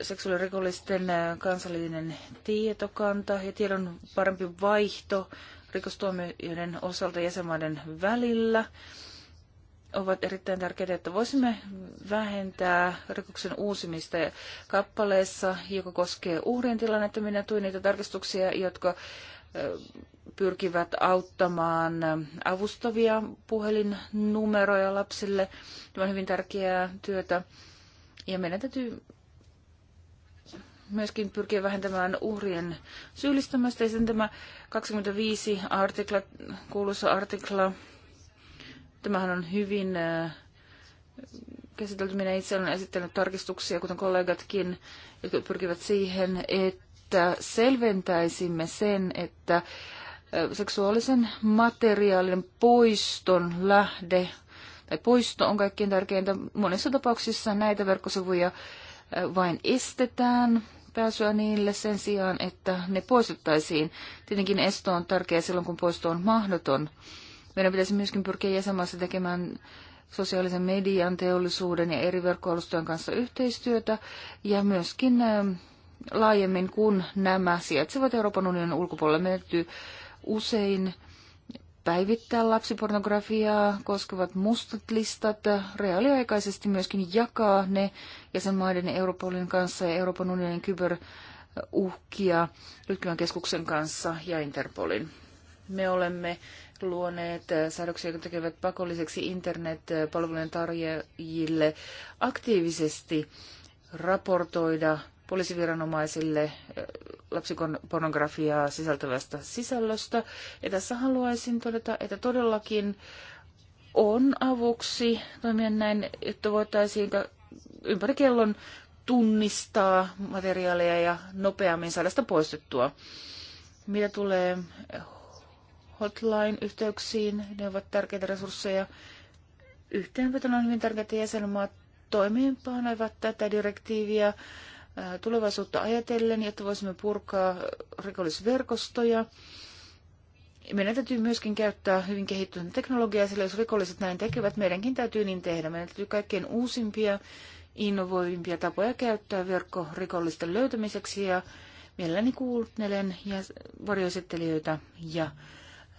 seksuaalirikollisten äh, kansallinen tietokanta ja tiedon parempi vaihto rikostuomioiden osalta jäsenmaiden välillä ovat erittäin tärkeitä, että voisimme vähentää rikoksen uusimista kappaleessa, joka koskee uhrien tilannetta. Minä tuin niitä tarkistuksia, jotka äh, pyrkivät auttamaan äh, avustavia puhelinnumeroja lapsille. Tämä on hyvin tärkeää työtä. Ja meidän täytyy myöskin pyrkiä vähentämään uhrien syyllistämästä. Ja sen tämä 25 artikla, kuuluisa artikla, tämähän on hyvin äh, käsitelty. Minä itse olen esittänyt tarkistuksia, kuten kollegatkin, jotka pyrkivät siihen, että selventäisimme sen, että äh, seksuaalisen materiaalin poiston lähde tai poisto on kaikkein tärkeintä. Monissa tapauksissa näitä verkkosivuja äh, vain estetään pääsyä niille sen sijaan, että ne poistettaisiin. Tietenkin esto on tärkeä silloin, kun poisto on mahdoton. Meidän pitäisi myöskin pyrkiä jäsenmaassa tekemään sosiaalisen median, teollisuuden ja eri verkkoalustojen kanssa yhteistyötä ja myöskin laajemmin, kun nämä sijaitsevat Euroopan unionin ulkopuolella. Meidän usein päivittää lapsipornografiaa koskevat mustat listat, reaaliaikaisesti myöskin jakaa ne jäsenmaiden Europolin kanssa ja Euroopan unionin kyberuhkia Lytkylän keskuksen kanssa ja Interpolin. Me olemme luoneet säädöksiä, jotka tekevät pakolliseksi internet-palvelujen tarjoajille aktiivisesti raportoida poliisiviranomaisille äh, lapsipornografiaa sisältävästä sisällöstä. Ja tässä haluaisin todeta, että todellakin on avuksi toimia näin, että voitaisiin ympäri kellon tunnistaa materiaaleja ja nopeammin saada sitä poistettua. Mitä tulee hotline-yhteyksiin, ne ovat tärkeitä resursseja. Yhteenvetona on hyvin että jäsenmaat toimeenpanevat tätä direktiiviä tulevaisuutta ajatellen, jotta voisimme purkaa rikollisverkostoja. Meidän täytyy myöskin käyttää hyvin kehittynyt teknologiaa, sillä jos rikolliset näin tekevät, meidänkin täytyy niin tehdä. Meidän täytyy kaikkein uusimpia, innovoivimpia tapoja käyttää verkkorikollisten löytämiseksi ja mielelläni kuuntelen varjoesittelijöitä ja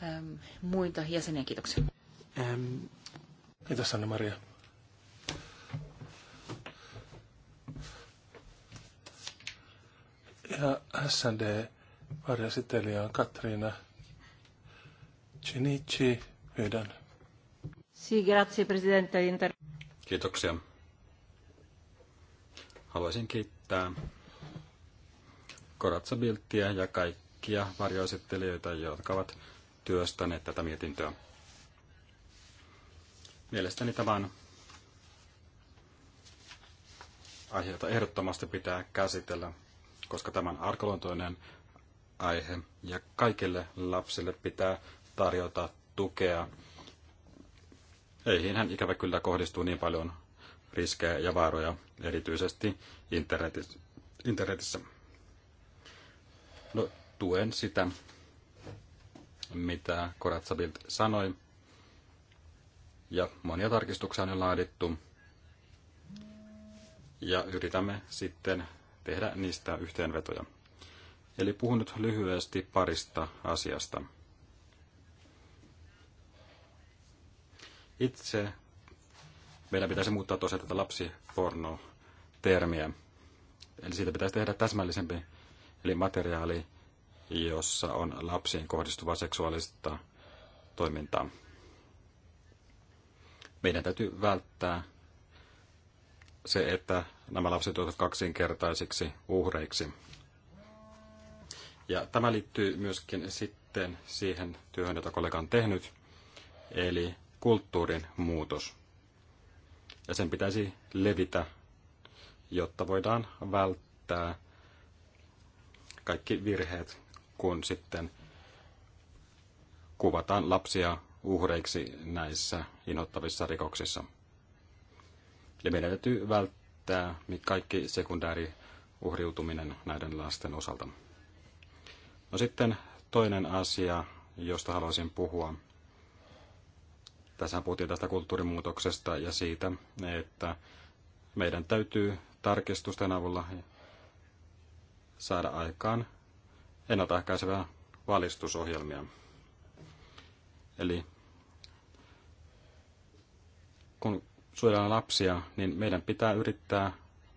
äm, muita jäseniä. Kiitoksia. Ähm, Kiitos Anna-Maria. Ja SND varjasitelija on Katriina Cinici. Pyydän. Si, grazie, Presidente. Kiitoksia. Haluaisin kiittää Koratsa biltia ja kaikkia varjoesittelijöitä, jotka ovat työstäneet tätä mietintöä. Mielestäni tämä on aiheita ehdottomasti pitää käsitellä koska tämä on arkaluontoinen aihe ja kaikille lapsille pitää tarjota tukea. Eihin hän ikävä kyllä kohdistuu niin paljon riskejä ja vaaroja, erityisesti internetissä. No, tuen sitä, mitä Koratsabilt sanoi. Ja monia tarkistuksia on jo laadittu. Ja yritämme sitten tehdä niistä yhteenvetoja. Eli puhun nyt lyhyesti parista asiasta. Itse meidän pitäisi muuttaa tosiaan tätä lapsiporno-termiä. Eli siitä pitäisi tehdä täsmällisempi, eli materiaali, jossa on lapsiin kohdistuvaa seksuaalista toimintaa. Meidän täytyy välttää se, että nämä lapset joutuvat kaksinkertaisiksi uhreiksi. Ja tämä liittyy myöskin sitten siihen työhön, jota kollega on tehnyt, eli kulttuurin muutos. Ja sen pitäisi levitä, jotta voidaan välttää kaikki virheet, kun sitten kuvataan lapsia uhreiksi näissä inhottavissa rikoksissa. Eli meidän täytyy välttää kaikki sekundääri uhriutuminen näiden lasten osalta. No sitten toinen asia, josta haluaisin puhua. Tässä puhuttiin tästä kulttuurimuutoksesta ja siitä, että meidän täytyy tarkistusten avulla saada aikaan ennaltaehkäisevää valistusohjelmia. Eli kun suojellaan lapsia, niin meidän pitää yrittää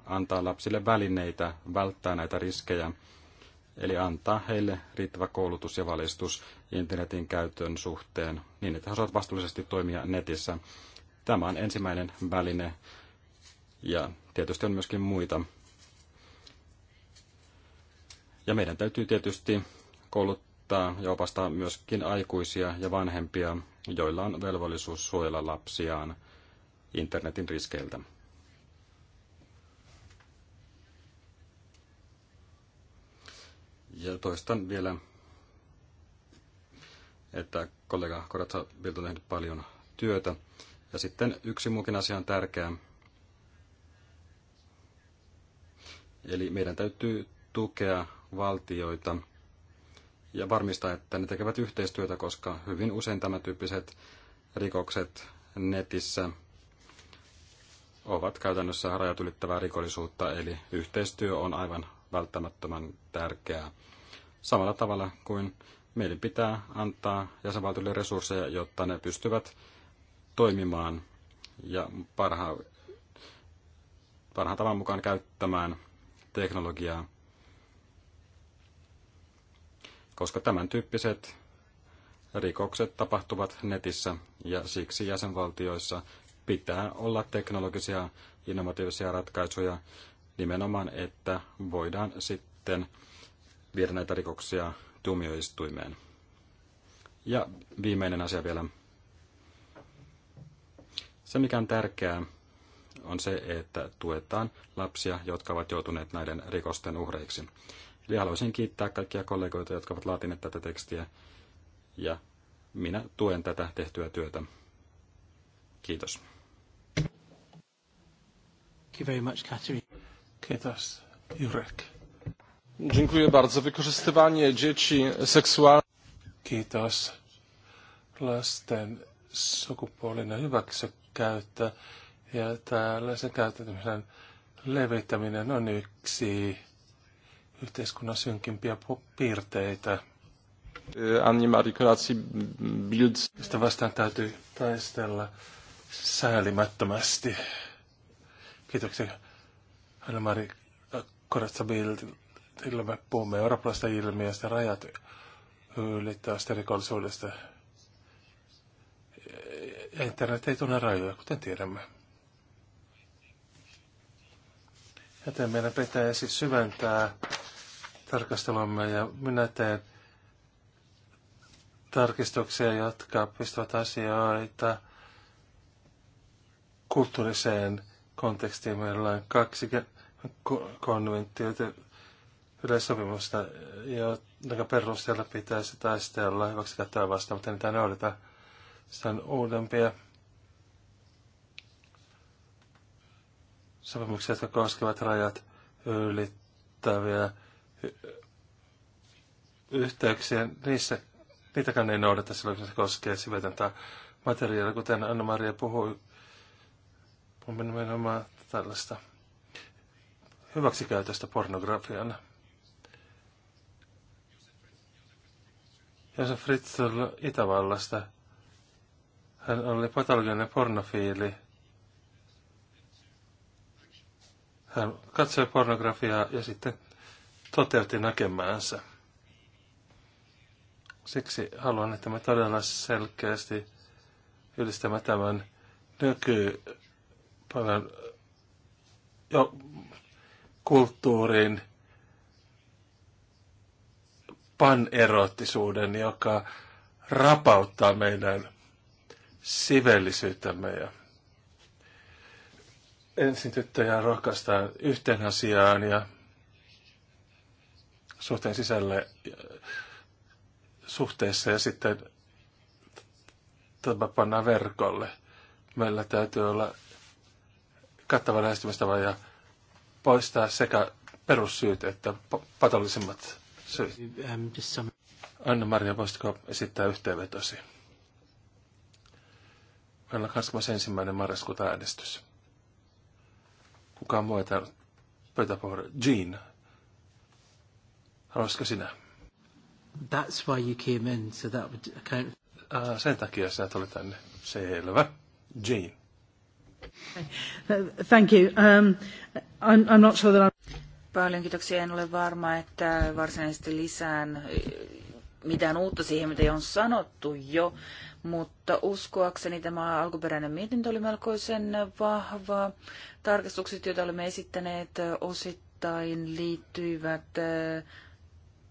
antaa lapsille välineitä välttää näitä riskejä, eli antaa heille riittävä koulutus ja valistus internetin käytön suhteen, niin että he osaavat vastuullisesti toimia netissä. Tämä on ensimmäinen väline, ja tietysti on myöskin muita. Ja meidän täytyy tietysti kouluttaa ja opastaa myöskin aikuisia ja vanhempia, joilla on velvollisuus suojella lapsiaan – internetin riskeiltä. Ja toistan vielä, että kollega Koratsa Bild on tehnyt paljon työtä. Ja sitten yksi muukin asia on tärkeä. Eli meidän täytyy tukea valtioita ja varmistaa, että ne tekevät yhteistyötä, koska hyvin usein tämä tyyppiset rikokset netissä – ovat käytännössä rajat ylittävää rikollisuutta, eli yhteistyö on aivan välttämättömän tärkeää. Samalla tavalla kuin meidän pitää antaa jäsenvaltioille resursseja, jotta ne pystyvät toimimaan ja parha, parhaan tavan mukaan käyttämään teknologiaa, koska tämän tyyppiset rikokset tapahtuvat netissä ja siksi jäsenvaltioissa pitää olla teknologisia innovatiivisia ratkaisuja nimenomaan, että voidaan sitten viedä näitä rikoksia tuomioistuimeen. Ja viimeinen asia vielä. Se, mikä on tärkeää, on se, että tuetaan lapsia, jotka ovat joutuneet näiden rikosten uhreiksi. Eli haluaisin kiittää kaikkia kollegoita, jotka ovat laatineet tätä tekstiä, ja minä tuen tätä tehtyä työtä. Kiitos. Thank you very much, Katarzyna. Kiitos, Jurek. Dziękuję bardzo. Wykorzystywanie dzieci seksualne. Kiitos. Lasten sukupuolinen hyväksikäyttö ja tällaisen käyttämisen levittäminen on yksi yhteiskunnan synkimpiä piirteitä. Animarikulaatsi Bild. Sitä vastaan täytyy taistella säälimättömästi. Kiitoksia Anna-Mari Koratsabiltillä. Me puhumme eurooppalaisesta ilmiöstä, rajat ylittävästä rikollisuudesta. Internet ei tunne rajoja, kuten tiedämme. Joten meidän siis syventää tarkastelumme ja minä teen tarkistuksia, jotka pistävät asioita kulttuuriseen kontekstia Meillä on kaksi konventtiota yleissopimusta, jonka perusteella pitäisi taistella hyväksi käyttää vastaan, mutta niitä noudata. Sitä on uudempia sopimuksia, jotka koskevat rajat ylittäviä yhteyksiä. Niissä, niitäkään ei noudata silloin, kun se koskee sivetöntä materiaalia, kuten Anna-Maria puhui on nimenomaan tällaista hyväksikäytöstä pornografiana. Josef Fritzl Itävallasta. Hän oli patologinen pornofiili. Hän katsoi pornografiaa ja sitten toteutti näkemäänsä. Siksi haluan, että me todella selkeästi ylistämme tämän nyky paljon jo kulttuurin paneroottisuuden, joka rapauttaa meidän sivellisyyttämme. Ja ensin tyttöjä rohkaistaan yhteen asiaan ja suhteen sisälle suhteessa ja sitten tämä pannaan verkolle. Meillä täytyy olla kattava lähestymistapa ja poistaa sekä perussyyt että patollisemmat syyt. Anna-Maria, voisitko esittää yhteenvetosi? Meillä on 21. marraskuuta äänestys. Kukaan muu ei pöytäpohjalla? Jean, haluaisitko sinä? That's why you came in, so that would account... Uh, sen takia sinä tulit tänne. Selvä. Jean. Thank you. Um, I'm, not sure that Paljon kiitoksia. En ole varma, että varsinaisesti lisään eh, mitään uutta siihen, mitä on sanottu jo, mutta uskoakseni tämä alkuperäinen mietintö oli melkoisen vahva. Tarkastukset, joita olemme esittäneet eh, osittain liittyivät eh,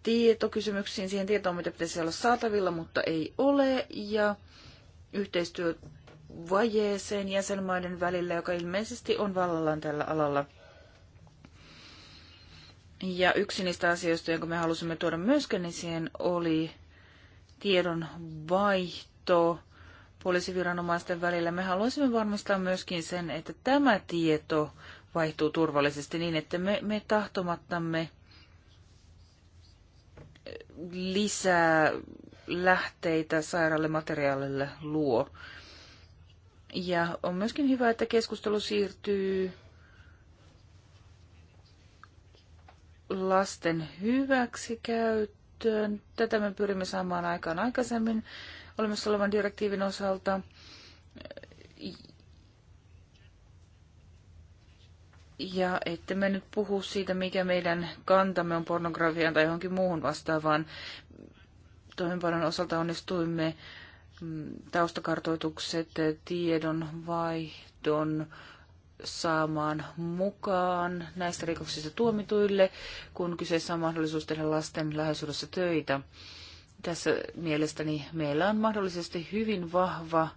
tietokysymyksiin, siihen tietoon, mitä pitäisi olla saatavilla, mutta ei ole, ja yhteistyö vajeeseen jäsenmaiden välillä, joka ilmeisesti on vallallaan tällä alalla. Ja yksi niistä asioista, jonka me halusimme tuoda myöskin siihen, oli tiedon vaihto poliisiviranomaisten välillä. Me haluaisimme varmistaa myöskin sen, että tämä tieto vaihtuu turvallisesti niin, että me, me tahtomattamme lisää lähteitä sairaalle materiaalille luo. Ja on myöskin hyvä, että keskustelu siirtyy lasten hyväksikäyttöön. Tätä me pyrimme saamaan aikaan aikaisemmin olemassa olevan direktiivin osalta. Ja että me nyt puhu siitä, mikä meidän kantamme on pornografiaan tai johonkin muuhun vastaavaan. Toimenpanon osalta onnistuimme taustakartoitukset tiedon vaihdon saamaan mukaan näistä rikoksista tuomituille, kun kyseessä on mahdollisuus tehdä lasten läheisyydessä töitä. Tässä mielestäni meillä on mahdollisesti hyvin vahva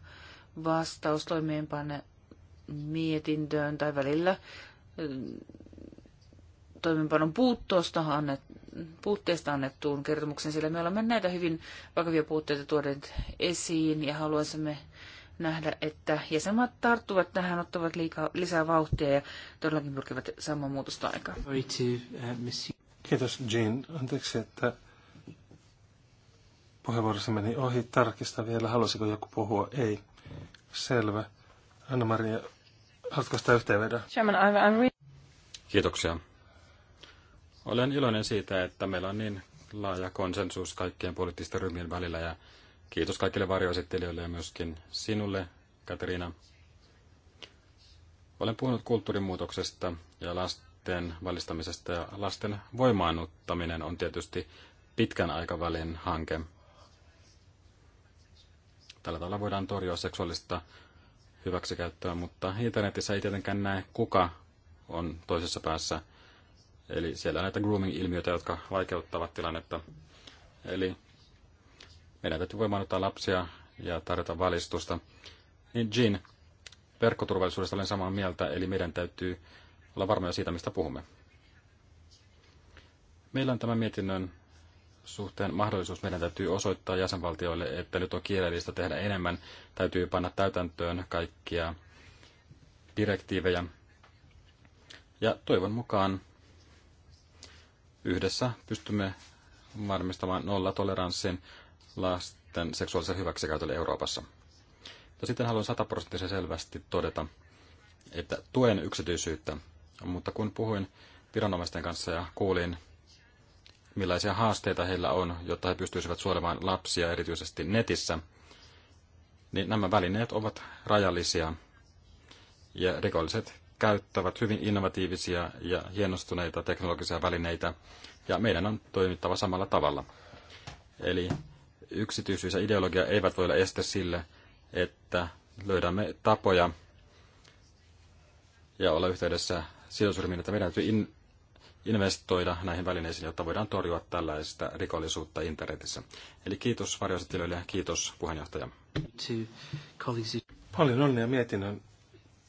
vastaus toimeenpanne mietintöön tai välillä toimenpanon puutteesta, annettuun kertomukseen, sillä me olemme näitä hyvin vakavia puutteita tuoneet esiin ja haluaisimme nähdä, että jäsenmaat tarttuvat tähän, ottavat liikaa, lisää vauhtia ja todellakin pyrkivät saamaan muutosta aikaan. Uh, Kiitos Jean. Anteeksi, että puheenvuorossa meni ohi. Tarkista vielä, halusiko joku puhua? Ei. Selvä. Anna-Maria, haluatko sitä yhteenvedon? Kiitoksia. Olen iloinen siitä, että meillä on niin laaja konsensus kaikkien poliittisten ryhmien välillä ja kiitos kaikille varjoesittelijöille ja myöskin sinulle, Katriina. Olen puhunut kulttuurimuutoksesta ja lasten valistamisesta ja lasten voimaannuttaminen on tietysti pitkän aikavälin hanke. Tällä tavalla voidaan torjua seksuaalista hyväksikäyttöä, mutta internetissä ei tietenkään näe, kuka on toisessa päässä – Eli siellä on näitä grooming-ilmiöitä, jotka vaikeuttavat tilannetta. Eli meidän täytyy voimaannuttaa lapsia ja tarjota valistusta. Niin Jean, verkkoturvallisuudesta olen samaa mieltä, eli meidän täytyy olla varmoja siitä, mistä puhumme. Meillä on tämän mietinnön suhteen mahdollisuus. Meidän täytyy osoittaa jäsenvaltioille, että nyt on kiireellistä tehdä enemmän. Täytyy panna täytäntöön kaikkia direktiivejä. Ja toivon mukaan yhdessä pystymme varmistamaan nollatoleranssin lasten seksuaalisen hyväksikäytölle Euroopassa. Ja sitten haluan sataprosenttisen selvästi todeta, että tuen yksityisyyttä, mutta kun puhuin viranomaisten kanssa ja kuulin, millaisia haasteita heillä on, jotta he pystyisivät suojelemaan lapsia erityisesti netissä, niin nämä välineet ovat rajallisia ja rikolliset käyttävät hyvin innovatiivisia ja hienostuneita teknologisia välineitä, ja meidän on toimittava samalla tavalla. Eli yksityisyys ja ideologia eivät voi olla este sille, että löydämme tapoja ja olla yhteydessä sijoitusryhmiin, että meidän täytyy in- investoida näihin välineisiin, jotta voidaan torjua tällaista rikollisuutta internetissä. Eli kiitos varjoesittelijöille ja kiitos puheenjohtaja. Paljon onnea mietinnön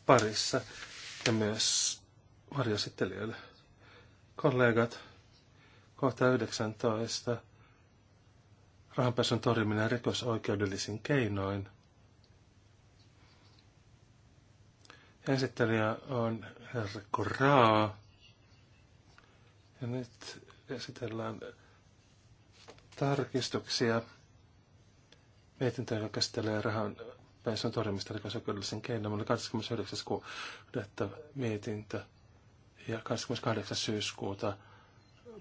parissa ja myös varjosittelijöille. Kollegat, kohta 19. Rahanpesun torjuminen rikosoikeudellisin keinoin. Ja esittelijä on herra Koraa. Ja nyt esitellään tarkistuksia Mietintö, joka käsittelee rahan pääsyn torjumista rikosoikeudellisen keinoin. Meillä oli 29. kuudetta mietintö ja 28. syyskuuta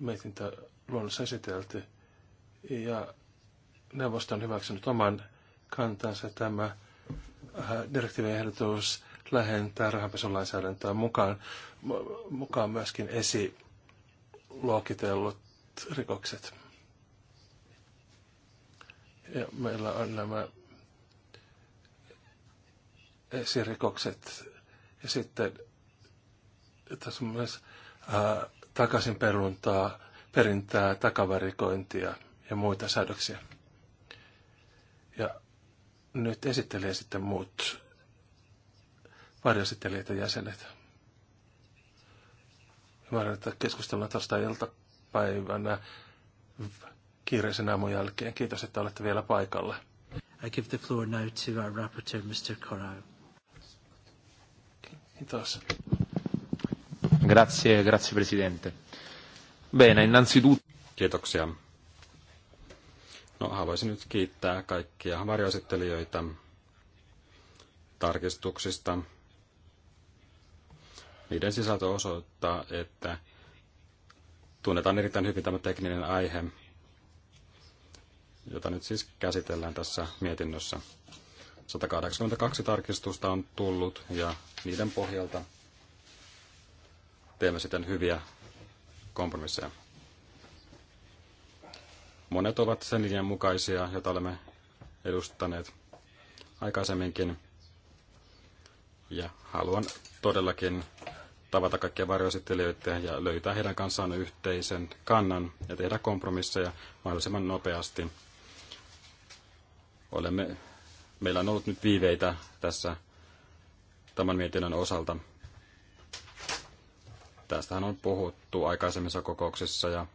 mietintö luonnossa esitelty. Ja neuvosto on hyväksynyt oman kantansa tämä äh, ehdotus lähentää rahanpesun lainsäädäntöä mukaan, mukaan myöskin esiluokitellut rikokset. Ja meillä on nämä esirikokset ja sitten tässä on myös ää, takaisinperuntaa, perintää, takavarikointia ja muita säädöksiä. Ja nyt esittelee sitten muut varjoesittelijät ja jäsenet. Ymmärrän, että keskustellaan torstai-iltapäivänä kiireisen aamun jälkeen. Kiitos, että olette vielä paikalla. I give the floor now to our rapporteur, Mr. Corral. Kiitos. Grazie, grazie presidente. Bene, innanzitutto... Kiitoksia. No, haluaisin nyt kiittää kaikkia varjoesittelijöitä tarkistuksista. Niiden sisältö osoittaa, että tunnetaan erittäin hyvin tämä tekninen aihe, jota nyt siis käsitellään tässä mietinnössä. 182 tarkistusta on tullut ja niiden pohjalta teemme sitten hyviä kompromisseja. Monet ovat sen linjan mukaisia, joita olemme edustaneet aikaisemminkin. Ja haluan todellakin tavata kaikkia varjoesittelijöitä ja löytää heidän kanssaan yhteisen kannan ja tehdä kompromisseja mahdollisimman nopeasti. Olemme Meillä on ollut nyt viiveitä tässä tämän mietinnön osalta. Tästähän on puhuttu aikaisemmissa kokouksissa ja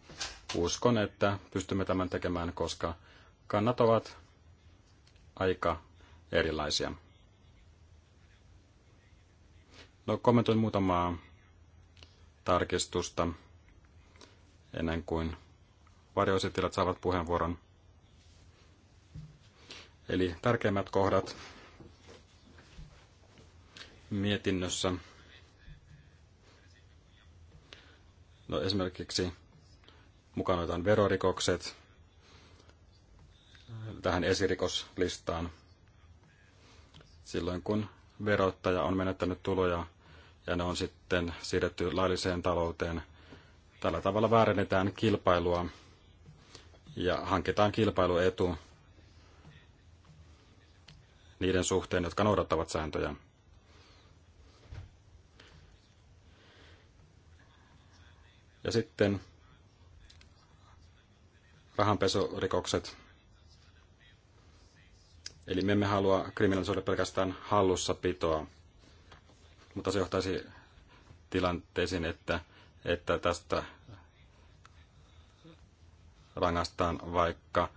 uskon, että pystymme tämän tekemään, koska kannat ovat aika erilaisia. No, kommentoin muutamaa tarkistusta ennen kuin varjoesittelijät saavat puheenvuoron. Eli tärkeimmät kohdat mietinnössä. No esimerkiksi mukana otetaan verorikokset tähän esirikoslistaan. Silloin kun verottaja on menettänyt tuloja ja ne on sitten siirretty lailliseen talouteen, tällä tavalla väärennetään kilpailua ja hankitaan kilpailuetu niiden suhteen, jotka noudattavat sääntöjä. Ja sitten rahanpesurikokset. Eli me emme halua kriminalisoida pelkästään hallussapitoa, mutta se johtaisi tilanteisiin, että, että tästä rangaistaan vaikka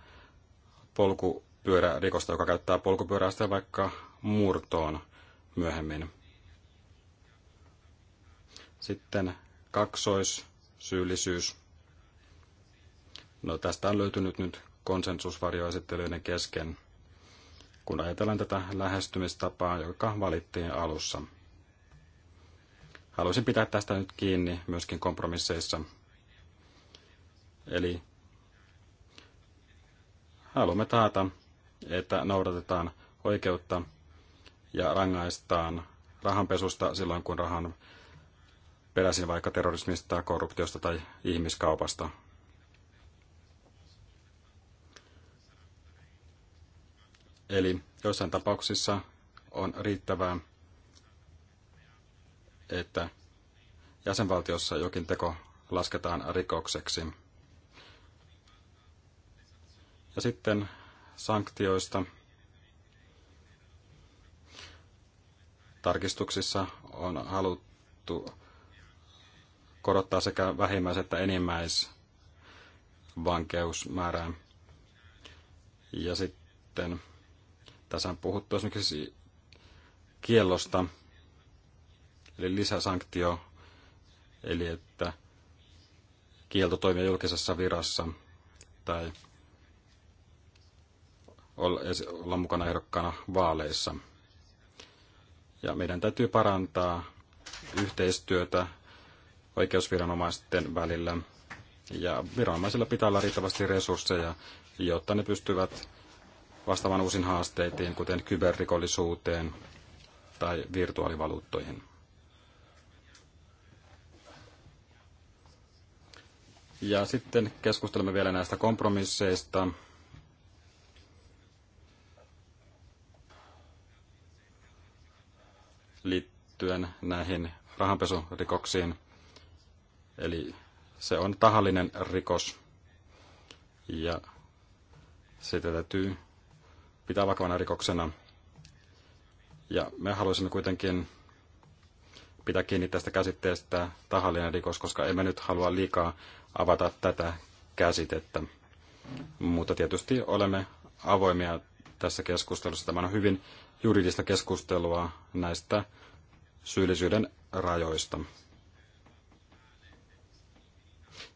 polku pyörärikosta, joka käyttää polkupyörästä vaikka murtoon myöhemmin. Sitten kaksoissyyllisyys. No tästä on löytynyt nyt konsensusvarjoesittelyiden kesken, kun ajatellaan tätä lähestymistapaa, joka valittiin alussa. Haluaisin pitää tästä nyt kiinni myöskin kompromisseissa. Eli haluamme taata, että noudatetaan oikeutta ja rangaistaan rahanpesusta silloin, kun rahan peräisin vaikka terrorismista, korruptiosta tai ihmiskaupasta. Eli joissain tapauksissa on riittävää, että jäsenvaltiossa jokin teko lasketaan rikokseksi. Ja sitten sanktioista. Tarkistuksissa on haluttu korottaa sekä vähimmäis- että enimmäisvankeusmäärää. Ja sitten tässä on puhuttu esimerkiksi kiellosta, eli lisäsanktio, eli että kielto toimia julkisessa virassa tai olla mukana ehdokkaana vaaleissa. Ja meidän täytyy parantaa yhteistyötä oikeusviranomaisten välillä. Ja viranomaisilla pitää olla riittävästi resursseja, jotta ne pystyvät vastaamaan uusiin haasteisiin, kuten kyberrikollisuuteen tai virtuaalivaluuttoihin. Ja sitten keskustelemme vielä näistä kompromisseista liittyen näihin rahanpesurikoksiin. Eli se on tahallinen rikos ja sitä täytyy pitää vakavana rikoksena. Ja me haluaisimme kuitenkin pitää kiinni tästä käsitteestä tahallinen rikos, koska emme nyt halua liikaa avata tätä käsitettä. Mutta tietysti olemme avoimia tässä keskustelussa. Tämä on hyvin juridista keskustelua näistä syyllisyyden rajoista.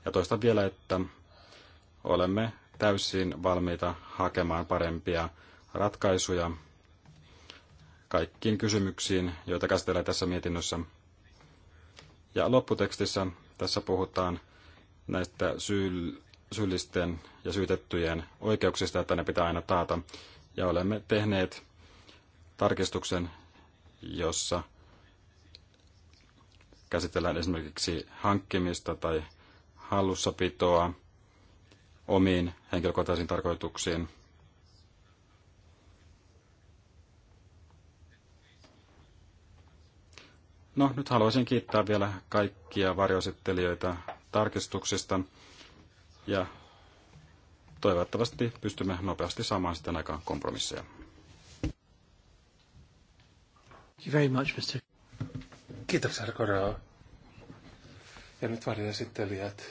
Ja toista vielä, että olemme täysin valmiita hakemaan parempia ratkaisuja kaikkiin kysymyksiin, joita käsitellään tässä mietinnössä. Ja lopputekstissä tässä puhutaan näistä syyl- syyllisten ja syytettyjen oikeuksista, että ne pitää aina taata. Ja olemme tehneet tarkistuksen, jossa käsitellään esimerkiksi hankkimista tai hallussapitoa omiin henkilökohtaisiin tarkoituksiin. No, nyt haluaisin kiittää vielä kaikkia varjoesittelijöitä tarkistuksista ja toivottavasti pystymme nopeasti saamaan sitten aikaan kompromisseja. Thank you very much, Mr. Kiitoksia, Harko Ja nyt varjoesittelijät.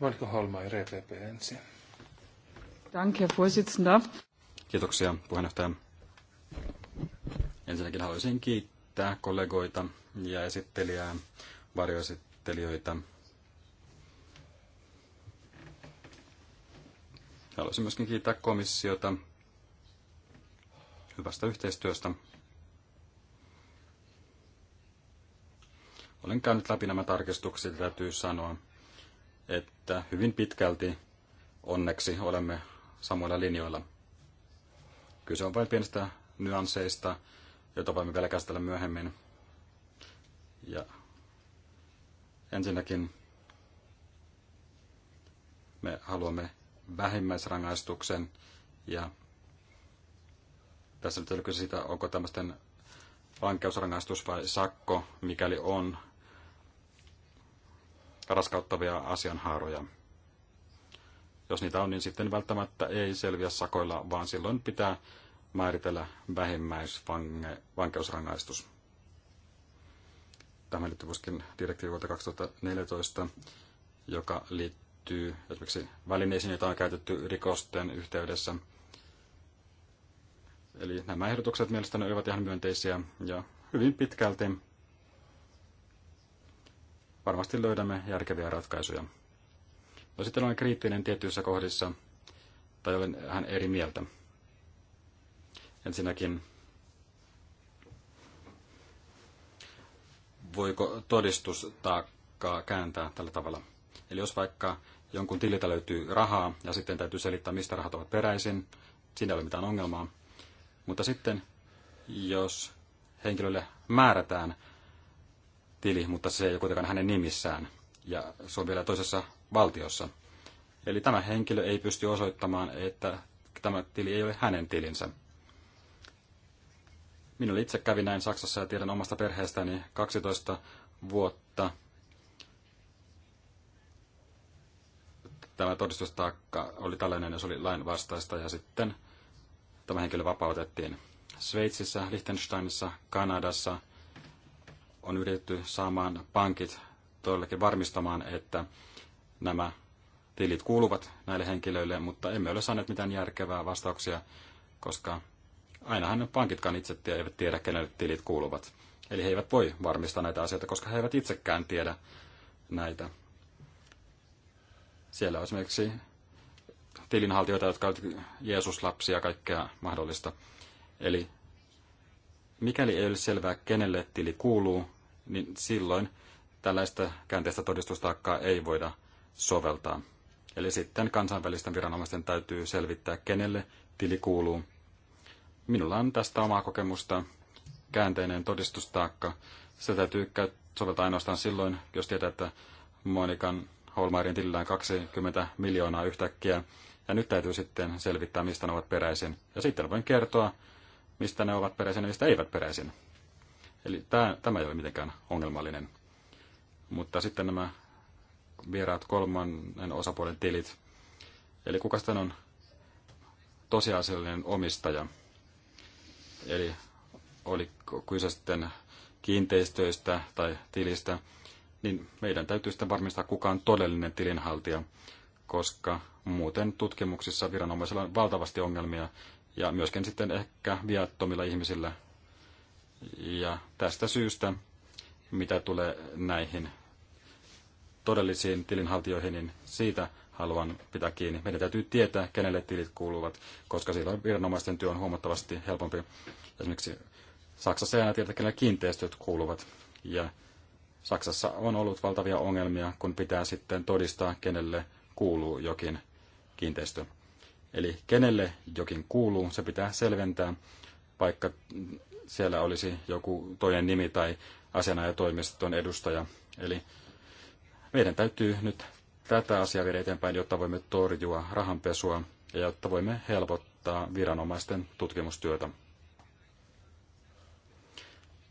Marko Holmair, RPP ensin. Danke, Herr Vorsitzender. Kiitoksia, puheenjohtaja. Ensinnäkin haluaisin kiittää kollegoita ja esittelijää, varjoesittelijöitä. Haluaisin myöskin kiittää komissiota hyvästä yhteistyöstä. Olen käynyt läpi nämä tarkistukset ja täytyy sanoa, että hyvin pitkälti onneksi olemme samoilla linjoilla. Kyse on vain pienistä nyansseista, joita voimme vielä käsitellä myöhemmin. Ja ensinnäkin me haluamme vähimmäisrangaistuksen ja tässä nyt ei kyse siitä, onko tämmöisten vankeusrangaistus vai sakko, mikäli on raskauttavia asianhaaroja. Jos niitä on, niin sitten välttämättä ei selviä sakoilla, vaan silloin pitää määritellä vähimmäisvankeusrangaistus. Tämä liittyy myöskin direktiivi vuotta 2014, joka liittyy esimerkiksi välineisiin, joita on käytetty rikosten yhteydessä – Eli nämä ehdotukset mielestäni olivat ihan myönteisiä ja hyvin pitkälti varmasti löydämme järkeviä ratkaisuja. No sitten olen kriittinen tietyissä kohdissa, tai olen vähän eri mieltä. Ensinnäkin, voiko todistustaakkaa kääntää tällä tavalla? Eli jos vaikka jonkun tililtä löytyy rahaa ja sitten täytyy selittää, mistä rahat ovat peräisin, siinä ei ole mitään ongelmaa. Mutta sitten, jos henkilölle määrätään tili, mutta se ei ole kuitenkaan hänen nimissään, ja se on vielä toisessa valtiossa. Eli tämä henkilö ei pysty osoittamaan, että tämä tili ei ole hänen tilinsä. Minulla itse kävi näin Saksassa ja tiedän omasta perheestäni 12 vuotta. Tämä todistustaakka oli tällainen jos se oli lainvastaista ja sitten muutama henkilö vapautettiin. Sveitsissä, Liechtensteinissa, Kanadassa on yritetty saamaan pankit todellakin varmistamaan, että nämä tilit kuuluvat näille henkilöille, mutta emme ole saaneet mitään järkevää vastauksia, koska ainahan pankitkaan itse eivät tiedä, kenelle tilit kuuluvat. Eli he eivät voi varmistaa näitä asioita, koska he eivät itsekään tiedä näitä. Siellä on esimerkiksi tilinhaltijoita, jotka ovat Jeesuslapsia ja kaikkea mahdollista. Eli mikäli ei ole selvää, kenelle tili kuuluu, niin silloin tällaista käänteistä todistustaakkaa ei voida soveltaa. Eli sitten kansainvälisten viranomaisten täytyy selvittää, kenelle tili kuuluu. Minulla on tästä omaa kokemusta. Käänteinen todistustaakka. Se täytyy soveltaa ainoastaan silloin, jos tietää, että Monikan Holmairin tilillään 20 miljoonaa yhtäkkiä, ja nyt täytyy sitten selvittää, mistä ne ovat peräisin. Ja sitten voin kertoa, mistä ne ovat peräisin ja mistä eivät peräisin. Eli tämä, tämä ei ole mitenkään ongelmallinen. Mutta sitten nämä vieraat kolmannen osapuolen tilit. Eli kuka sitten on tosiasiallinen omistaja? Eli oli kyse sitten kiinteistöistä tai tilistä, niin meidän täytyy sitten varmistaa, kuka on todellinen tilinhaltija, koska muuten tutkimuksissa viranomaisilla on valtavasti ongelmia ja myöskin sitten ehkä viattomilla ihmisillä. Ja tästä syystä, mitä tulee näihin todellisiin tilinhaltijoihin, niin siitä haluan pitää kiinni. Meidän täytyy tietää, kenelle tilit kuuluvat, koska silloin viranomaisten työ on huomattavasti helpompi. Esimerkiksi Saksassa ei aina tiedetä, kenelle kiinteistöt kuuluvat. Ja Saksassa on ollut valtavia ongelmia, kun pitää sitten todistaa, kenelle kuuluu jokin kiinteistö. Eli kenelle jokin kuuluu, se pitää selventää, vaikka siellä olisi joku toinen nimi tai asiana ja toimiston edustaja. Eli meidän täytyy nyt tätä asiaa viedä eteenpäin, jotta voimme torjua rahanpesua ja jotta voimme helpottaa viranomaisten tutkimustyötä.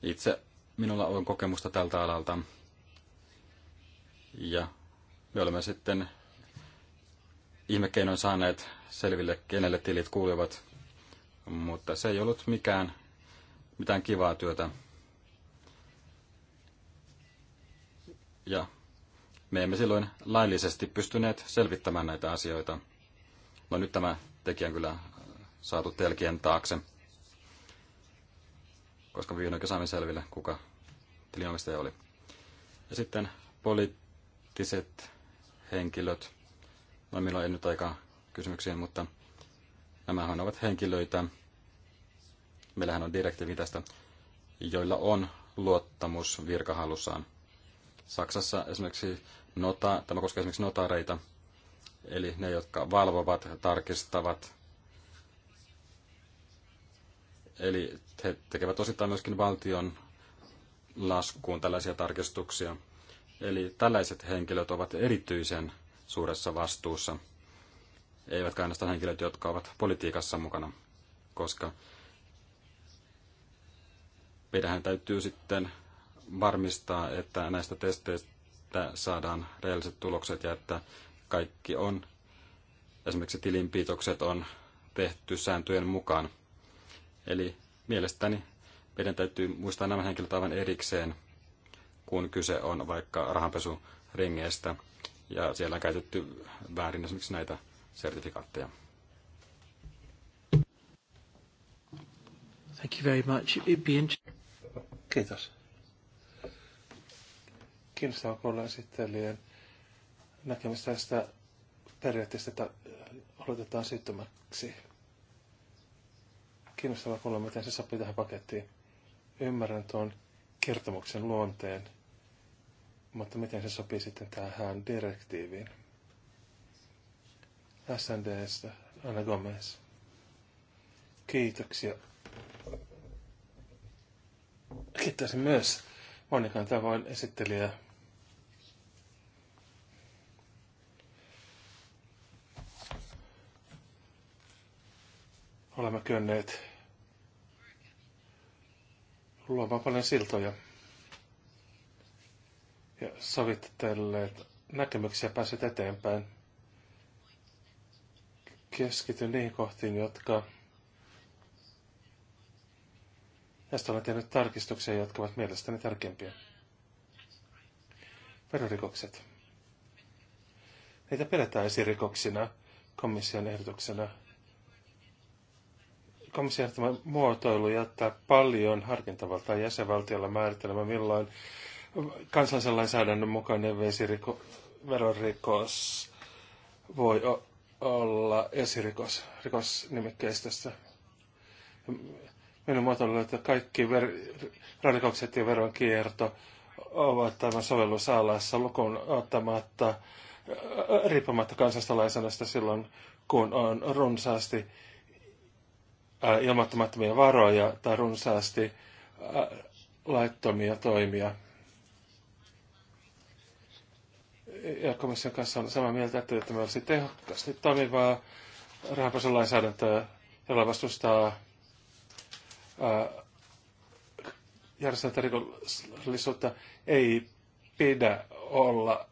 Itse Minulla on kokemusta tältä alalta. Ja me olemme sitten ihmekeinoin saaneet selville, kenelle tilit kuuluvat. Mutta se ei ollut mikään, mitään kivaa työtä. Ja me emme silloin laillisesti pystyneet selvittämään näitä asioita. No nyt tämä tekijä on kyllä saatu telkien taakse koska vihdoinkin saimme selville, kuka tilinomistaja oli. Ja sitten poliittiset henkilöt. No minulla ei nyt aikaa kysymyksiin, mutta nämä ovat henkilöitä. Meillähän on direktiivi tästä, joilla on luottamus virkahalussaan. Saksassa esimerkiksi nota, tämä koskee esimerkiksi notareita, eli ne, jotka valvovat, tarkistavat Eli he tekevät osittain myöskin valtion laskuun tällaisia tarkistuksia. Eli tällaiset henkilöt ovat erityisen suuressa vastuussa, eivätkä ainoastaan henkilöt, jotka ovat politiikassa mukana, koska meidän täytyy sitten varmistaa, että näistä testeistä saadaan reelliset tulokset ja että kaikki on, esimerkiksi tilinpiitokset on tehty sääntöjen mukaan. Eli mielestäni meidän täytyy muistaa nämä henkilöt aivan erikseen, kun kyse on vaikka rahanpesuringeistä, ja siellä on käytetty väärin esimerkiksi näitä sertifikaatteja. Thank you very much. be Kiitos. Kiinnostaa kuulla esittelijän näkemys tästä periaatteesta, että aloitetaan syyttömäksi kiinnostavaa kuulla, miten se sopii tähän pakettiin. Ymmärrän tuon kertomuksen luonteen, mutta miten se sopii sitten tähän direktiiviin. SNDstä Anna Gomez. Kiitoksia. Kiittäisin myös Monikan tavoin esittelijä. Olemme kyenneet luomaan paljon siltoja ja sovittelleet näkemyksiä pääset eteenpäin. Keskity niihin kohtiin, jotka... Tästä olen tehnyt tarkistuksia, jotka ovat mielestäni tärkeimpiä. Verorikokset. Niitä pidetään esirikoksina komission ehdotuksena – komission muotoilu jättää paljon harkintavaltaa jäsenvaltiolla määritelmä, milloin kansallisen lainsäädännön mukainen vesiriko, verorikos voi o- olla esirikos rikosnimikkeistössä. Minun muotoilu, että kaikki ver- rikokset ja veronkierto ovat tämän sovellusalassa lukuun ottamatta riippumatta kansasta lainsäädännöstä silloin, kun on runsaasti ilmoittamattomia varoja tai runsaasti laittomia toimia. Ja komission kanssa on samaa mieltä, että tämä olisi tehokkaasti toimivaa lainsäädäntöä, jolla vastustaa järjestäytynyttä rikollisuutta, ei pidä olla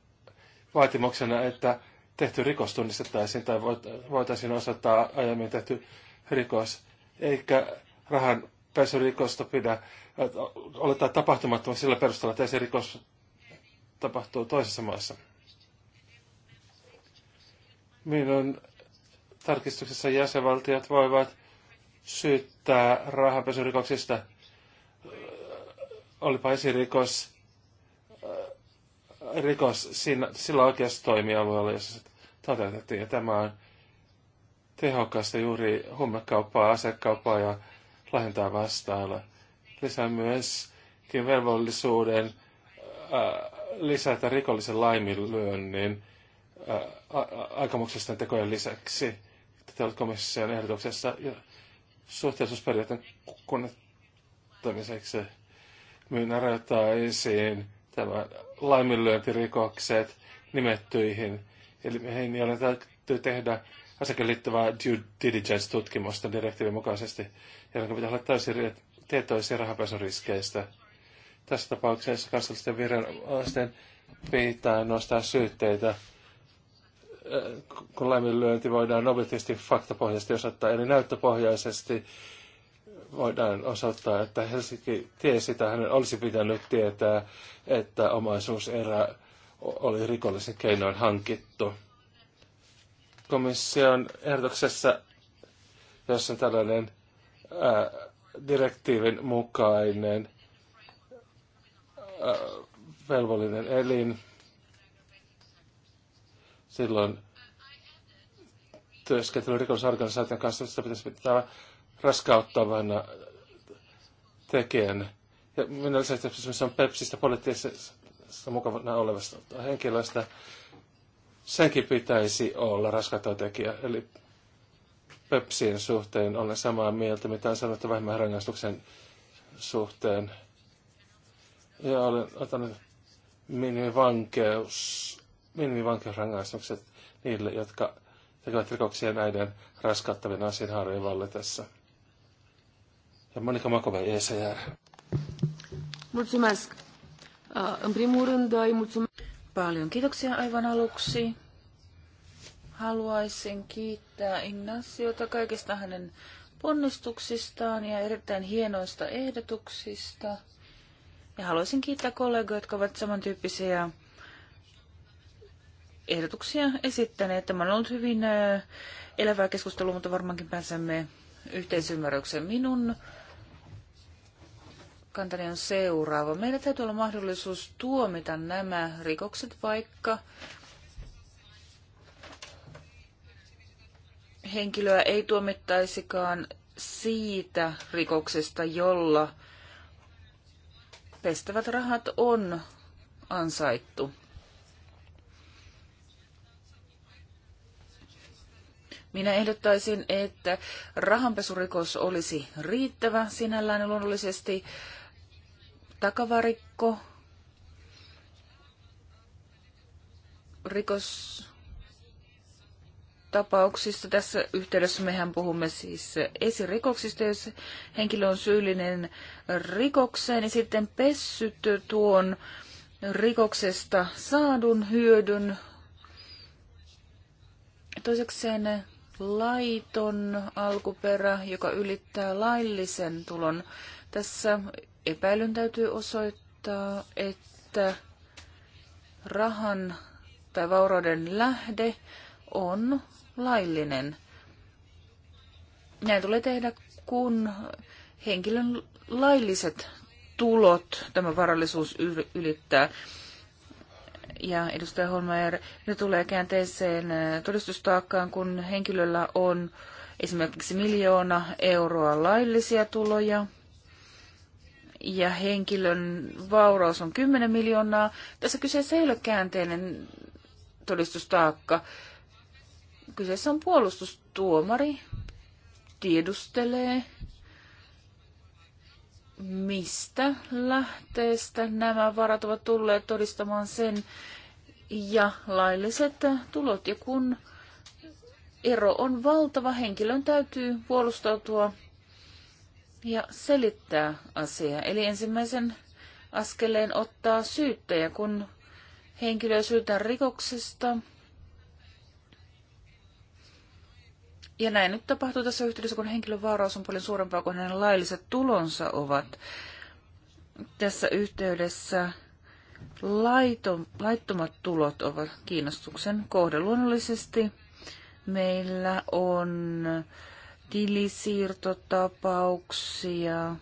vaatimuksena, että tehty rikos tunnistettaisiin tai voitaisiin osoittaa aiemmin tehty rikos eikä rahan pääsyrikosta pidä äh, olettaa tapahtumattoman sillä perusteella, että se rikos tapahtuu toisessa maassa. Minun tarkistuksessa jäsenvaltiot voivat syyttää rahanpesurikoksista, äh, olipa esirikos, äh, rikos sillä oikeassa toimialueella, jossa se toteutettiin. Ja tämä on tehokasta juuri huumekauppaa, asekauppaa ja lahjontaa vastailla. Lisää myöskin velvollisuuden ää, äh, lisätä rikollisen laiminlyönnin äh, aikamuksisten tekojen lisäksi. Tätä on komission ehdotuksessa ja suhteellisuusperiaatteen kunnettamiseksi minä rajoittaa esiin tämän laiminlyöntirikokset nimettyihin. Eli heihin, joille täytyy tehdä asiakkaan liittyvää due diligence-tutkimusta direktiivin mukaisesti, jonka pitää olla täysin tietoisia rahanpesun riskeistä. Tässä tapauksessa kansallisten viranomaisten pitää nostaa syytteitä, kun laiminlyönti voidaan objektiivisesti faktapohjaisesti osoittaa, eli näyttöpohjaisesti voidaan osoittaa, että Helsinki tiesi tai hänen olisi pitänyt tietää, että omaisuuserä oli rikollisen keinoin hankittu komission ehdotuksessa, jossa on tällainen ää, direktiivin mukainen ää, velvollinen elin, silloin työskentely rikollisorganisaation kanssa, sitä pitäisi pitää raskauttavana tekijänä. Ja minä lisäksi, se on Pepsistä poliittisessa mukavana olevasta henkilöstä, senkin pitäisi olla raskatotekijä. Eli Pepsiin suhteen olen samaa mieltä, mitä on sanottu vähemmän rangaistuksen suhteen. Ja olen ottanut minivankeus, minivankeusrangaistukset niille, jotka tekevät rikoksia näiden raskattavien asian harjojen vallitessa. Ja Monika Makove, ESR. Mulțumesc. Uh, în primul rând, îi mulțumesc. Paljon kiitoksia aivan aluksi. Haluaisin kiittää Ignaciota kaikista hänen ponnistuksistaan ja erittäin hienoista ehdotuksista. Ja haluaisin kiittää kollegoja, jotka ovat samantyyppisiä ehdotuksia esittäneet. Tämä on ollut hyvin elävää keskustelua, mutta varmaankin pääsemme yhteisymmärrykseen. Minun kantani on seuraava. Meillä täytyy olla mahdollisuus tuomita nämä rikokset, vaikka henkilöä ei tuomittaisikaan siitä rikoksesta, jolla pestävät rahat on ansaittu. Minä ehdottaisin, että rahanpesurikos olisi riittävä sinällään luonnollisesti takavarikko, rikos, tapauksissa. Tässä yhteydessä mehän puhumme siis esirikoksista, jos henkilö on syyllinen rikokseen, niin sitten pessyt tuon rikoksesta saadun hyödyn. Toisekseen laiton alkuperä, joka ylittää laillisen tulon. Tässä epäilyn täytyy osoittaa, että rahan tai vaurauden lähde on laillinen. Näin tulee tehdä, kun henkilön lailliset tulot tämä varallisuus ylittää. Ja edustaja Holmeier, ne tulee käänteeseen äh, todistustaakkaan, kun henkilöllä on esimerkiksi miljoona euroa laillisia tuloja – ja henkilön vauraus on 10 miljoonaa. Tässä kyseessä ei ole käänteinen todistustaakka. Kyseessä on puolustustuomari, tiedustelee, mistä lähteestä nämä varat ovat tulleet todistamaan sen ja lailliset tulot. Ja kun ero on valtava, henkilön täytyy puolustautua ja selittää asia Eli ensimmäisen askeleen ottaa syyttäjä, kun henkilö syytää rikoksesta. Ja näin nyt tapahtuu tässä yhteydessä, kun henkilön vaaraus on paljon suurempaa kuin hänen lailliset tulonsa ovat. Tässä yhteydessä laiton, laittomat tulot ovat kiinnostuksen kohde. Luonnollisesti meillä on äh, tilisiirtotapauksia,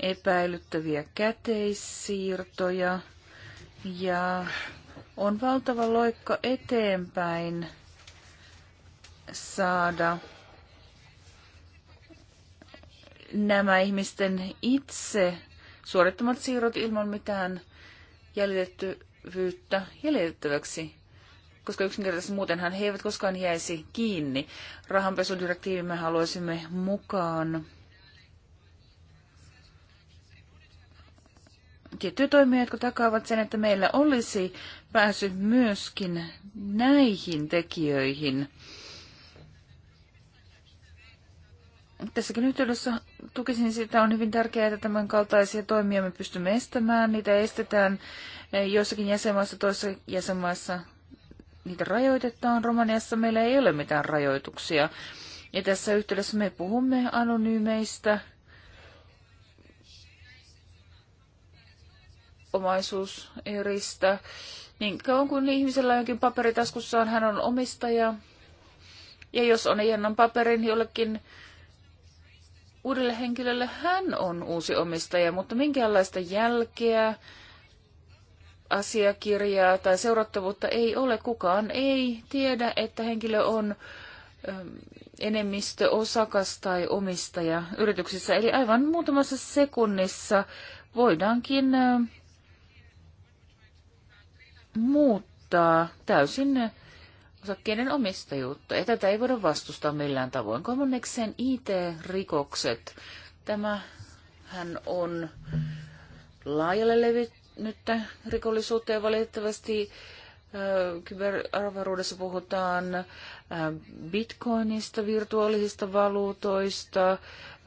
epäilyttäviä käteissiirtoja ja on valtava loikka eteenpäin saada nämä ihmisten itse suorittamat siirrot ilman mitään jäljitettävyyttä jäljitettäväksi koska yksinkertaisesti muutenhan he eivät koskaan jäisi kiinni. Rahanpesudirektiivi me haluaisimme mukaan tiettyjä toimia, jotka takaavat sen, että meillä olisi pääsy myöskin näihin tekijöihin. Tässäkin yhteydessä tukisin sitä, on hyvin tärkeää, että tämän kaltaisia toimia me pystymme estämään. Niitä estetään joissakin jäsenmaissa, toisessa jäsenmaissa niitä rajoitetaan. Romaniassa meillä ei ole mitään rajoituksia. Ja tässä yhteydessä me puhumme anonyymeistä omaisuuseristä. Niin kauan kuin ihmisellä on jokin paperi taskussaan, hän on omistaja. Ja jos on jännän paperin jollekin uudelle henkilölle, hän on uusi omistaja, mutta minkäänlaista jälkeä asiakirjaa tai seurattavuutta ei ole. Kukaan ei tiedä, että henkilö on ähm, enemmistö osakas tai omistaja yrityksissä. Eli aivan muutamassa sekunnissa voidaankin ähm, muuttaa täysin äh, osakkeiden omistajuutta. Ja tätä ei voida vastustaa millään tavoin. Kolmannekseen IT-rikokset. Tämähän on laajalle levitty nyt rikollisuutta ja valitettavasti kyberavaruudessa puhutaan bitcoinista, virtuaalisista valuutoista,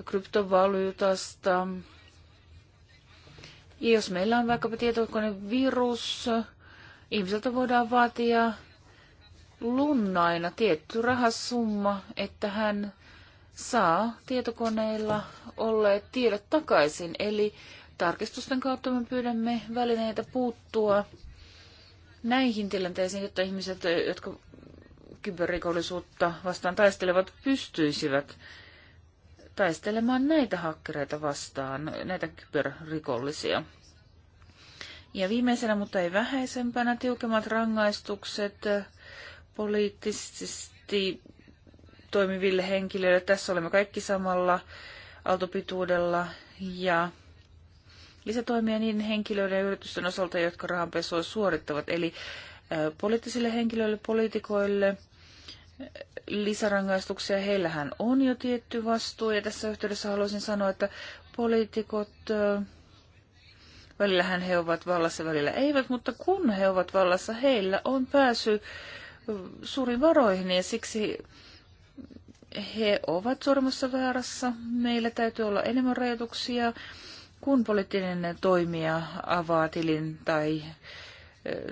kryptovaluutasta. Ja jos meillä on vaikkapa virus ihmiseltä voidaan vaatia lunnaina tietty rahasumma, että hän saa tietokoneilla olleet tiedot takaisin. Eli Tarkistusten kautta me pyydämme välineitä puuttua näihin tilanteisiin, jotta ihmiset, jotka kyberrikollisuutta vastaan taistelevat, pystyisivät taistelemaan näitä hakkereita vastaan, näitä kyberrikollisia. Ja viimeisenä, mutta ei vähäisempänä, tiukemmat rangaistukset poliittisesti toimiville henkilöille. Tässä olemme kaikki samalla altopituudella ja lisätoimia niin henkilöiden ja yritysten osalta, jotka rahanpesua suorittavat, eli poliittisille henkilöille, poliitikoille, lisärangaistuksia heillähän on jo tietty vastuu, ja tässä yhteydessä haluaisin sanoa, että poliitikot, välillähän he ovat vallassa, välillä eivät, mutta kun he ovat vallassa, heillä on pääsy suuriin varoihin, ja siksi he ovat suurimmassa väärässä. Meillä täytyy olla enemmän rajoituksia kun poliittinen toimija avaa tilin tai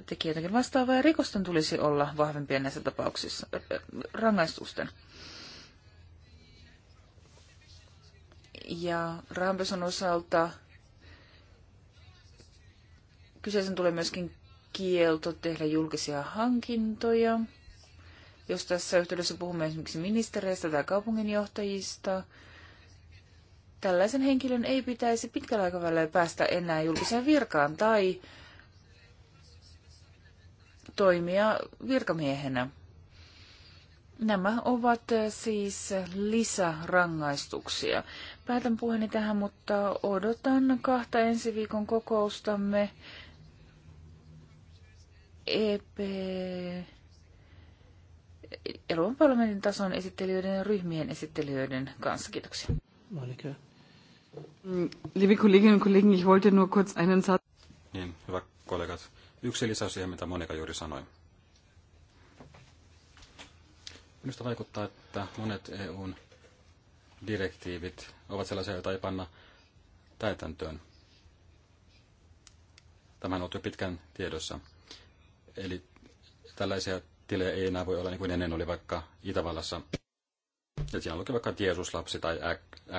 tekee jotakin vastaavaa, ja rikosten tulisi olla vahvempia näissä tapauksissa, rangaistusten. Ja rahanpesun osalta kyseisen tulee myöskin kielto tehdä julkisia hankintoja. Jos tässä yhteydessä puhumme esimerkiksi ministereistä tai kaupunginjohtajista, Tällaisen henkilön ei pitäisi pitkällä aikavälillä päästä enää julkiseen virkaan tai toimia virkamiehenä. Nämä ovat siis lisärangaistuksia. Päätän puheeni tähän, mutta odotan kahta ensi viikon kokoustamme. EP... Euroopan parlamentin tason esittelijöiden ja ryhmien esittelijöiden kanssa. Kiitoksia. Monika. Mm, liebe Kolleginnen und Kollegen, ich wollte nur kurz einen Satz. Niin, hyvä kollegat. Yksi lisäys siihen, mitä Monika juuri sanoi. Minusta vaikuttaa, että monet EUn direktiivit ovat sellaisia, joita ei panna täytäntöön. Tämä on ollut jo pitkään tiedossa. Eli tällaisia tilejä ei enää voi olla niin kuin ennen oli vaikka Itävallassa. Ja siellä lukee vaikka Jeesuslapsi tai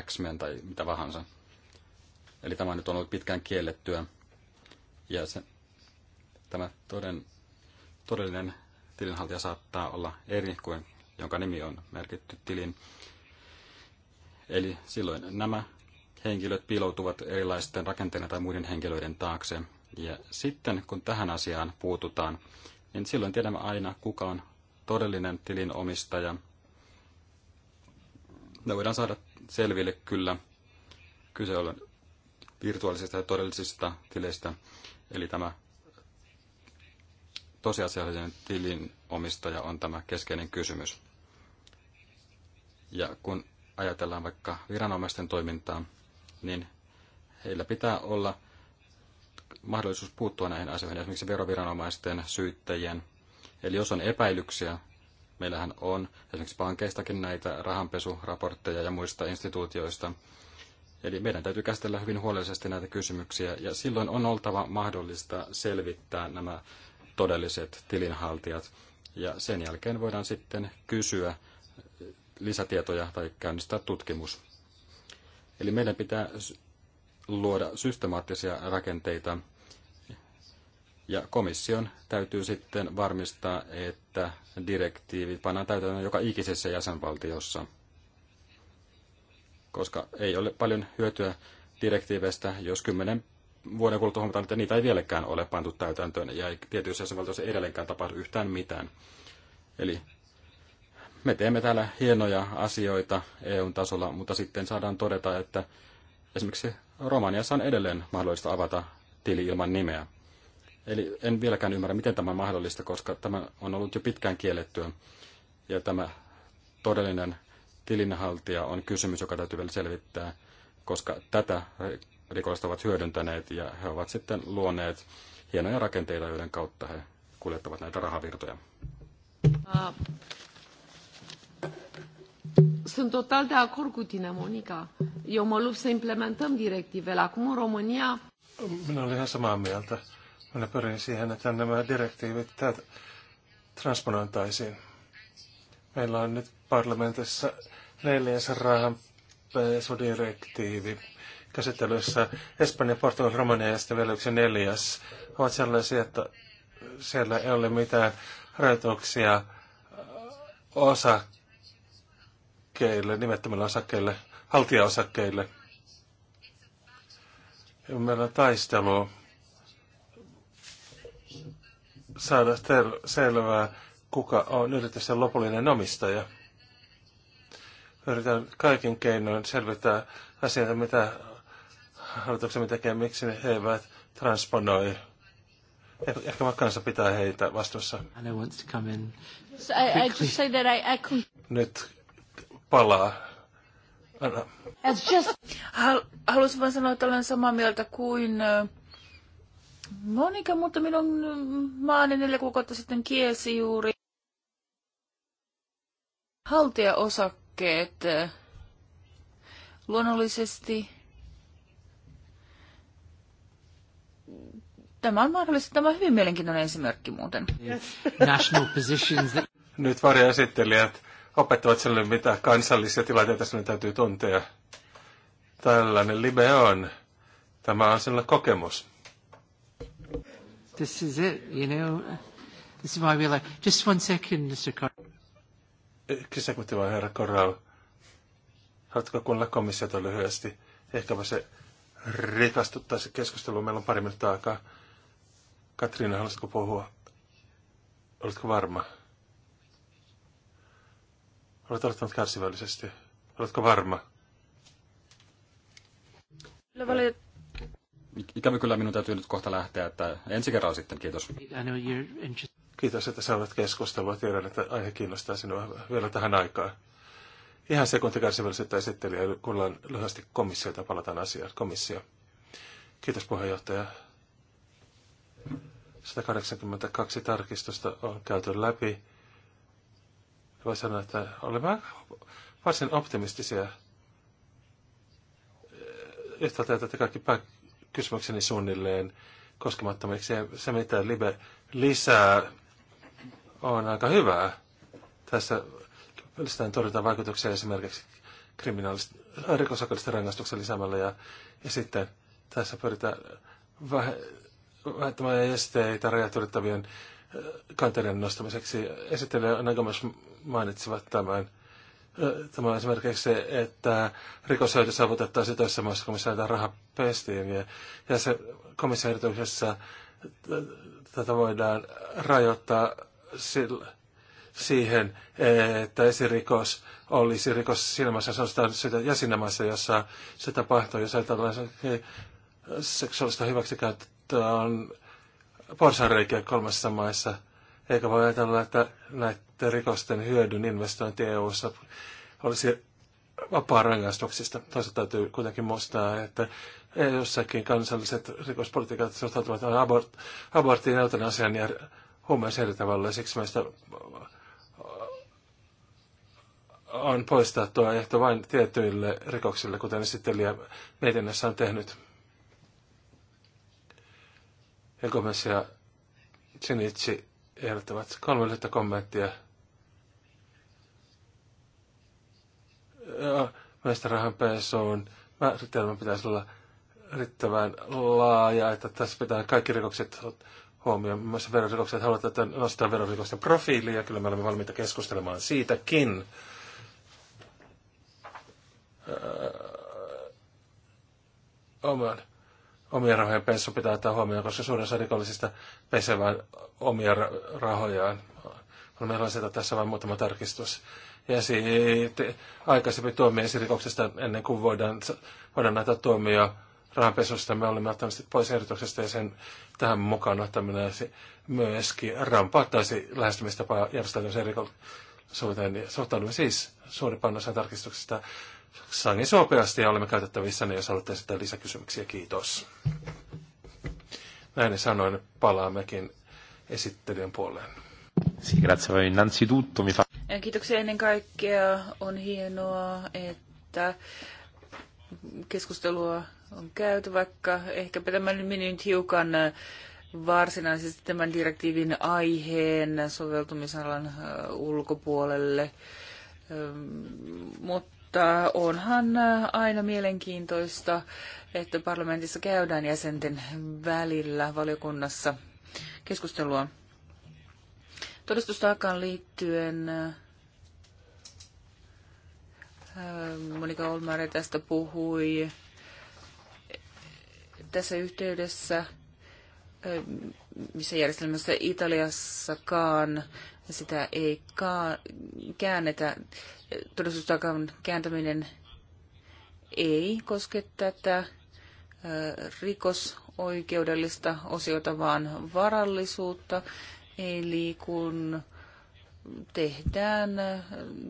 X-Men tai mitä vahansa. Eli tämä nyt on ollut pitkään kiellettyä. Ja se, tämä toden, todellinen tilinhaltija saattaa olla eri kuin jonka nimi on merkitty tilin. Eli silloin nämä henkilöt piiloutuvat erilaisten rakenteiden tai muiden henkilöiden taakse. Ja sitten kun tähän asiaan puututaan, niin silloin tiedämme aina, kuka on todellinen tilin omistaja ne voidaan saada selville kyllä. Kyse on virtuaalisista ja todellisista tileistä, eli tämä tosiasiallisen tilin omistaja on tämä keskeinen kysymys. Ja kun ajatellaan vaikka viranomaisten toimintaa, niin heillä pitää olla mahdollisuus puuttua näihin asioihin, esimerkiksi veroviranomaisten, syyttäjien. Eli jos on epäilyksiä Meillähän on esimerkiksi pankeistakin näitä rahanpesuraportteja ja muista instituutioista. Eli meidän täytyy käsitellä hyvin huolellisesti näitä kysymyksiä ja silloin on oltava mahdollista selvittää nämä todelliset tilinhaltijat. Ja sen jälkeen voidaan sitten kysyä lisätietoja tai käynnistää tutkimus. Eli meidän pitää luoda systemaattisia rakenteita, ja komission täytyy sitten varmistaa, että direktiivi pannaan täytäntöön joka ikisessä jäsenvaltiossa, koska ei ole paljon hyötyä direktiivestä, jos kymmenen vuoden kuluttua huomataan, että niitä ei vieläkään ole pantu täytäntöön ja ei tietyissä jäsenvaltioissa edelleenkään tapahdu yhtään mitään. Eli me teemme täällä hienoja asioita EU-tasolla, mutta sitten saadaan todeta, että esimerkiksi Romaniassa on edelleen mahdollista avata tili ilman nimeä. Eli en vieläkään ymmärrä, miten tämä on mahdollista, koska tämä on ollut jo pitkään kiellettyä. Ja tämä todellinen tilinhaltija on kysymys, joka täytyy vielä selvittää, koska tätä rikollista ovat hyödyntäneet ja he ovat sitten luoneet hienoja rakenteita, joiden kautta he kuljettavat näitä rahavirtoja. Uh, sunt total de acord cu tine, Monica. Eu mă lupt să implementăm directivele. Acum în România... Minä olen ihan samaa mieltä. Minä pyrin siihen, että nämä direktiivit täältä transponointaisiin. Meillä on nyt parlamentissa neljäs rahanpesudirektiivi käsittelyssä. Espanja, Portugal, Romania ja sitten vielä yksi neljäs ovat sellaisia, että siellä ei ole mitään rajoituksia osakkeille, nimettömille osakkeille, haltijaosakkeille. Meillä on taistelua saada ter- selvää, kuka on yritysten lopullinen omistaja. Yritän kaikin keinoin selvittää asioita, mitä hallituksemme tekee, miksi ne he eivät transponoi. Eh, ehkä vaikka kansa pitää heitä vastuussa. Nyt palaa. Anna. Just... Hal- halusin vain sanoa, että olen samaa mieltä kuin uh, Monika, mutta minun maani mm, neljä kuukautta sitten kielsi juuri haltijaosakkeet. Luonnollisesti tämä on mahdollista. Tämä on hyvin mielenkiintoinen esimerkki muuten. National positions. Nyt varjoesittelijät opettavat sille, mitä kansallisia tilanteita sinne täytyy tuntea. Tällainen live on. Tämä on sellainen kokemus. This is it, you know. This is why we like... Just one second, Mr. Corral. Kesäkuutti herra Corral? Haluatko kuunnella komissiota lyhyesti? Ehkäpä se rikastuttaa se keskustelu. Meillä on pari minuuttia aikaa. Katriina, haluaisitko puhua? Oletko varma? Olet aloittanut kärsivällisesti. Oletko varma? Kyllä valit- Ikävä kyllä minun täytyy nyt kohta lähteä, että ensi kerralla sitten, kiitos. Kiitos, että saavat keskustelua. Tiedän, että aihe kiinnostaa sinua vielä tähän aikaan. Ihan sekunti kärsivällisyyttä esittelijä. Kuullaan lyhyesti komissiota, palataan asiaan. Komissio. Kiitos puheenjohtaja. 182 tarkistusta on käyty läpi. Voi sanoa, että olemme varsin optimistisia yhtäältä että kaikki kysymykseni suunnilleen koskemattomiksi. Ja se, mitä Libe lisää, on aika hyvää. Tässä listetään torjutaan vaikutuksia esimerkiksi rikosakallisten rangaistuksen lisäämällä ja, ja sitten tässä pyritään vähentämään esteitä rajat ylittävien kanteiden nostamiseksi. Esittelijä Nagamas mainitsivat tämän. Tämä on esimerkiksi se, että rikoshyöty saavutettaisiin toisessa maassa, kun missä rahaa pestiin. Ja, ja se komission erityisessä tätä voidaan rajoittaa sillä, siihen, että esirikos olisi rikos siinä maassa, se on sitä, sitä jäsenmaassa, jossa se tapahtuu, jos ajatellaan seksuaalista hyväksikäyttöä on porsanreikiä kolmessa maissa – eikä voi ajatella, että näiden rikosten hyödyn investointi EU-ssa olisi vapaa rangaistuksista. Toisaalta täytyy kuitenkin muistaa, että jossakin e kansalliset rikospolitiikat suhtautuvat abort, aborttiin, eutanasian ja huumeeseen eri tavalla. Siksi meistä on poistaa tuo ehto vain tietyille rikoksille, kuten esittelijä mietinnässä on tehnyt. komissio Sinitsi ehdottavat kolme lyhyttä kommenttia. Meistä rahanpesuun määritelmän pitäisi olla riittävän laaja, että tässä pitää kaikki rikokset huomioon. Myös verorikokset että nostaa verorikosten profiili ja kyllä me olemme valmiita keskustelemaan siitäkin. Öö, oman omia rahoja pensu pitää ottaa huomioon, koska suurin osa rikollisista pesee vain omia rahojaan. On meillä asettaa tässä vain muutama tarkistus. Ja siitä aikaisemmin tuomio esirikoksesta ennen kuin voidaan, voidaan näitä tuomio rahanpesusta. Me olemme ottaneet pois ehdotuksesta ja sen tähän mukaan ottaminen myöskin rampaattaisi lähestymistapaa järjestäytymisen rikollisuuteen. Suhtaudumme siis suuripannossa tarkistuksesta sangen sopeasti ja olemme käytettävissä, niin jos haluatte sitä lisäkysymyksiä, kiitos. Näin sanoin, palaammekin esittelijän puoleen. Kiitoksia ennen kaikkea. On hienoa, että keskustelua on käyty, vaikka ehkäpä tämä meni nyt hiukan äh, varsinaisesti tämän direktiivin aiheen soveltumisalan äh, ulkopuolelle. Mutta mutta onhan aina mielenkiintoista, että parlamentissa käydään jäsenten välillä valiokunnassa keskustelua todistustaakaan liittyen. Ähm, Monika Olmari tästä puhui tässä yhteydessä, äh, missä järjestelmässä Italiassakaan sitä ei ka- käännetä todistustaakan kääntäminen ei koske tätä rikosoikeudellista osiota, vaan varallisuutta. Eli kun tehdään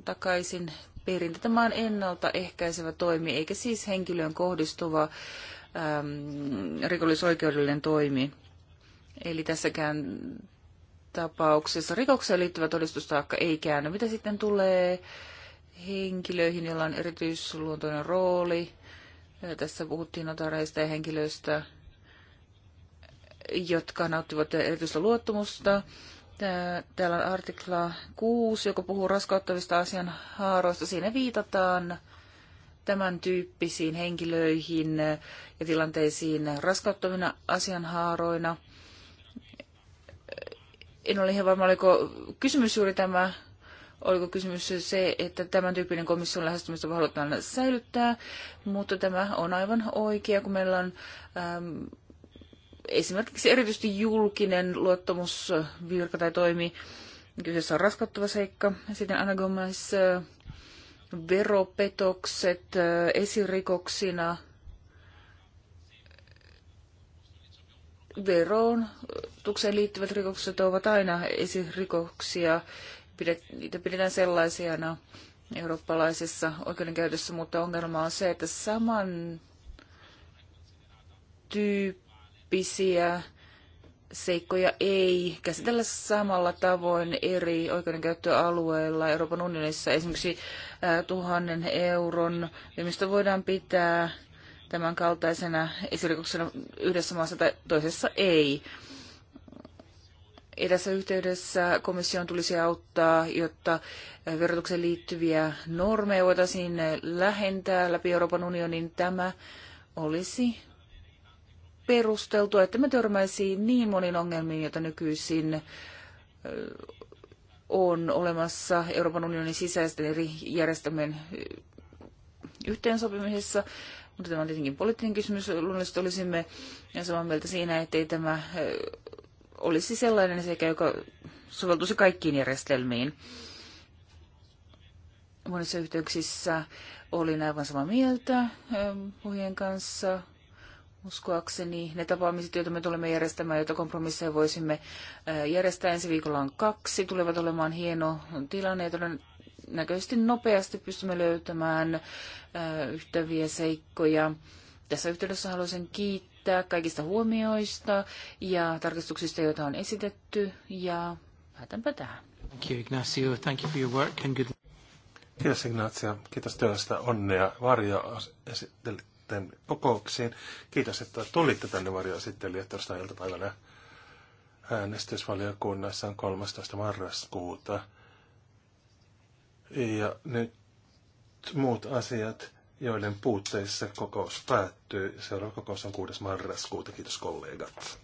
takaisin perintä, tämä on ennaltaehkäisevä toimi, eikä siis henkilöön kohdistuva äm, rikollisoikeudellinen toimi. Eli tässäkään tapauksessa rikokseen liittyvä todistustaakka ei käänny. Mitä sitten tulee äh, henkilöihin, joilla on erityisluontoinen rooli. Tässä puhuttiin notareista ja henkilöistä, jotka nauttivat erityistä luottamusta. Täällä on artikla 6, joka puhuu raskauttavista asianhaaroista. Siinä viitataan tämän tyyppisiin henkilöihin ja tilanteisiin raskauttavina asianhaaroina. En ole ihan varma, oliko kysymys juuri tämä oliko kysymys se, että tämän tyyppinen komission lähestymistä halutaan säilyttää, mutta tämä on aivan oikea, kun meillä on äm, esimerkiksi erityisesti julkinen luottamusvirka tai toimi, kyseessä on raskattava seikka. Sitten Anna äh, veropetokset äh, esirikoksina, veroon äh, tukseen liittyvät rikokset ovat aina esirikoksia niitä pidetään sellaisena eurooppalaisessa oikeudenkäytössä, mutta ongelma on se, että saman tyyppisiä seikkoja ei käsitellä samalla tavoin eri oikeudenkäyttöalueilla Euroopan unionissa. Esimerkiksi tuhannen euron mistä voidaan pitää tämän kaltaisena esirikoksena yhdessä maassa tai toisessa ei tässä yhteydessä komission tulisi auttaa, jotta verotukseen liittyviä normeja voitaisiin lähentää läpi Euroopan unionin. Tämä olisi perusteltua, että me törmäisi niin moniin ongelmiin, joita nykyisin on olemassa Euroopan unionin sisäisten eri järjestelmien yhteensopimisessa. Mutta tämä on tietenkin poliittinen kysymys. Luonnollisesti olisimme samaa mieltä siinä, ettei tämä olisi sellainen sekä, joka soveltuisi kaikkiin järjestelmiin. Monissa yhteyksissä olin aivan samaa mieltä ähm, puhujien kanssa. Uskoakseni ne tapaamiset, joita me tulemme järjestämään, joita kompromisseja voisimme äh, järjestää ensi viikolla on kaksi, tulevat olemaan hieno tilanne ja todennäköisesti nopeasti pystymme löytämään äh, yhtäviä seikkoja. Tässä yhteydessä haluaisin kiittää kiittää kaikista huomioista ja tarkastuksista, joita on esitetty, ja päätänpä tähän. Thank you, Ignacio. Thank you for your work and good... Kiitos Ignacio. Kiitos työstä. Onnea varjo esittelijöiden kokouksiin. Kiitos, että tulitte tänne Varjo esittelijöiden torstai-iltapäivänä. Äänestysvaliokunnassa on 13. marraskuuta. Ja nyt muut asiat joiden puutteissa kokous päättyy. Seuraava kokous on 6. marraskuuta. Kiitos kollegat.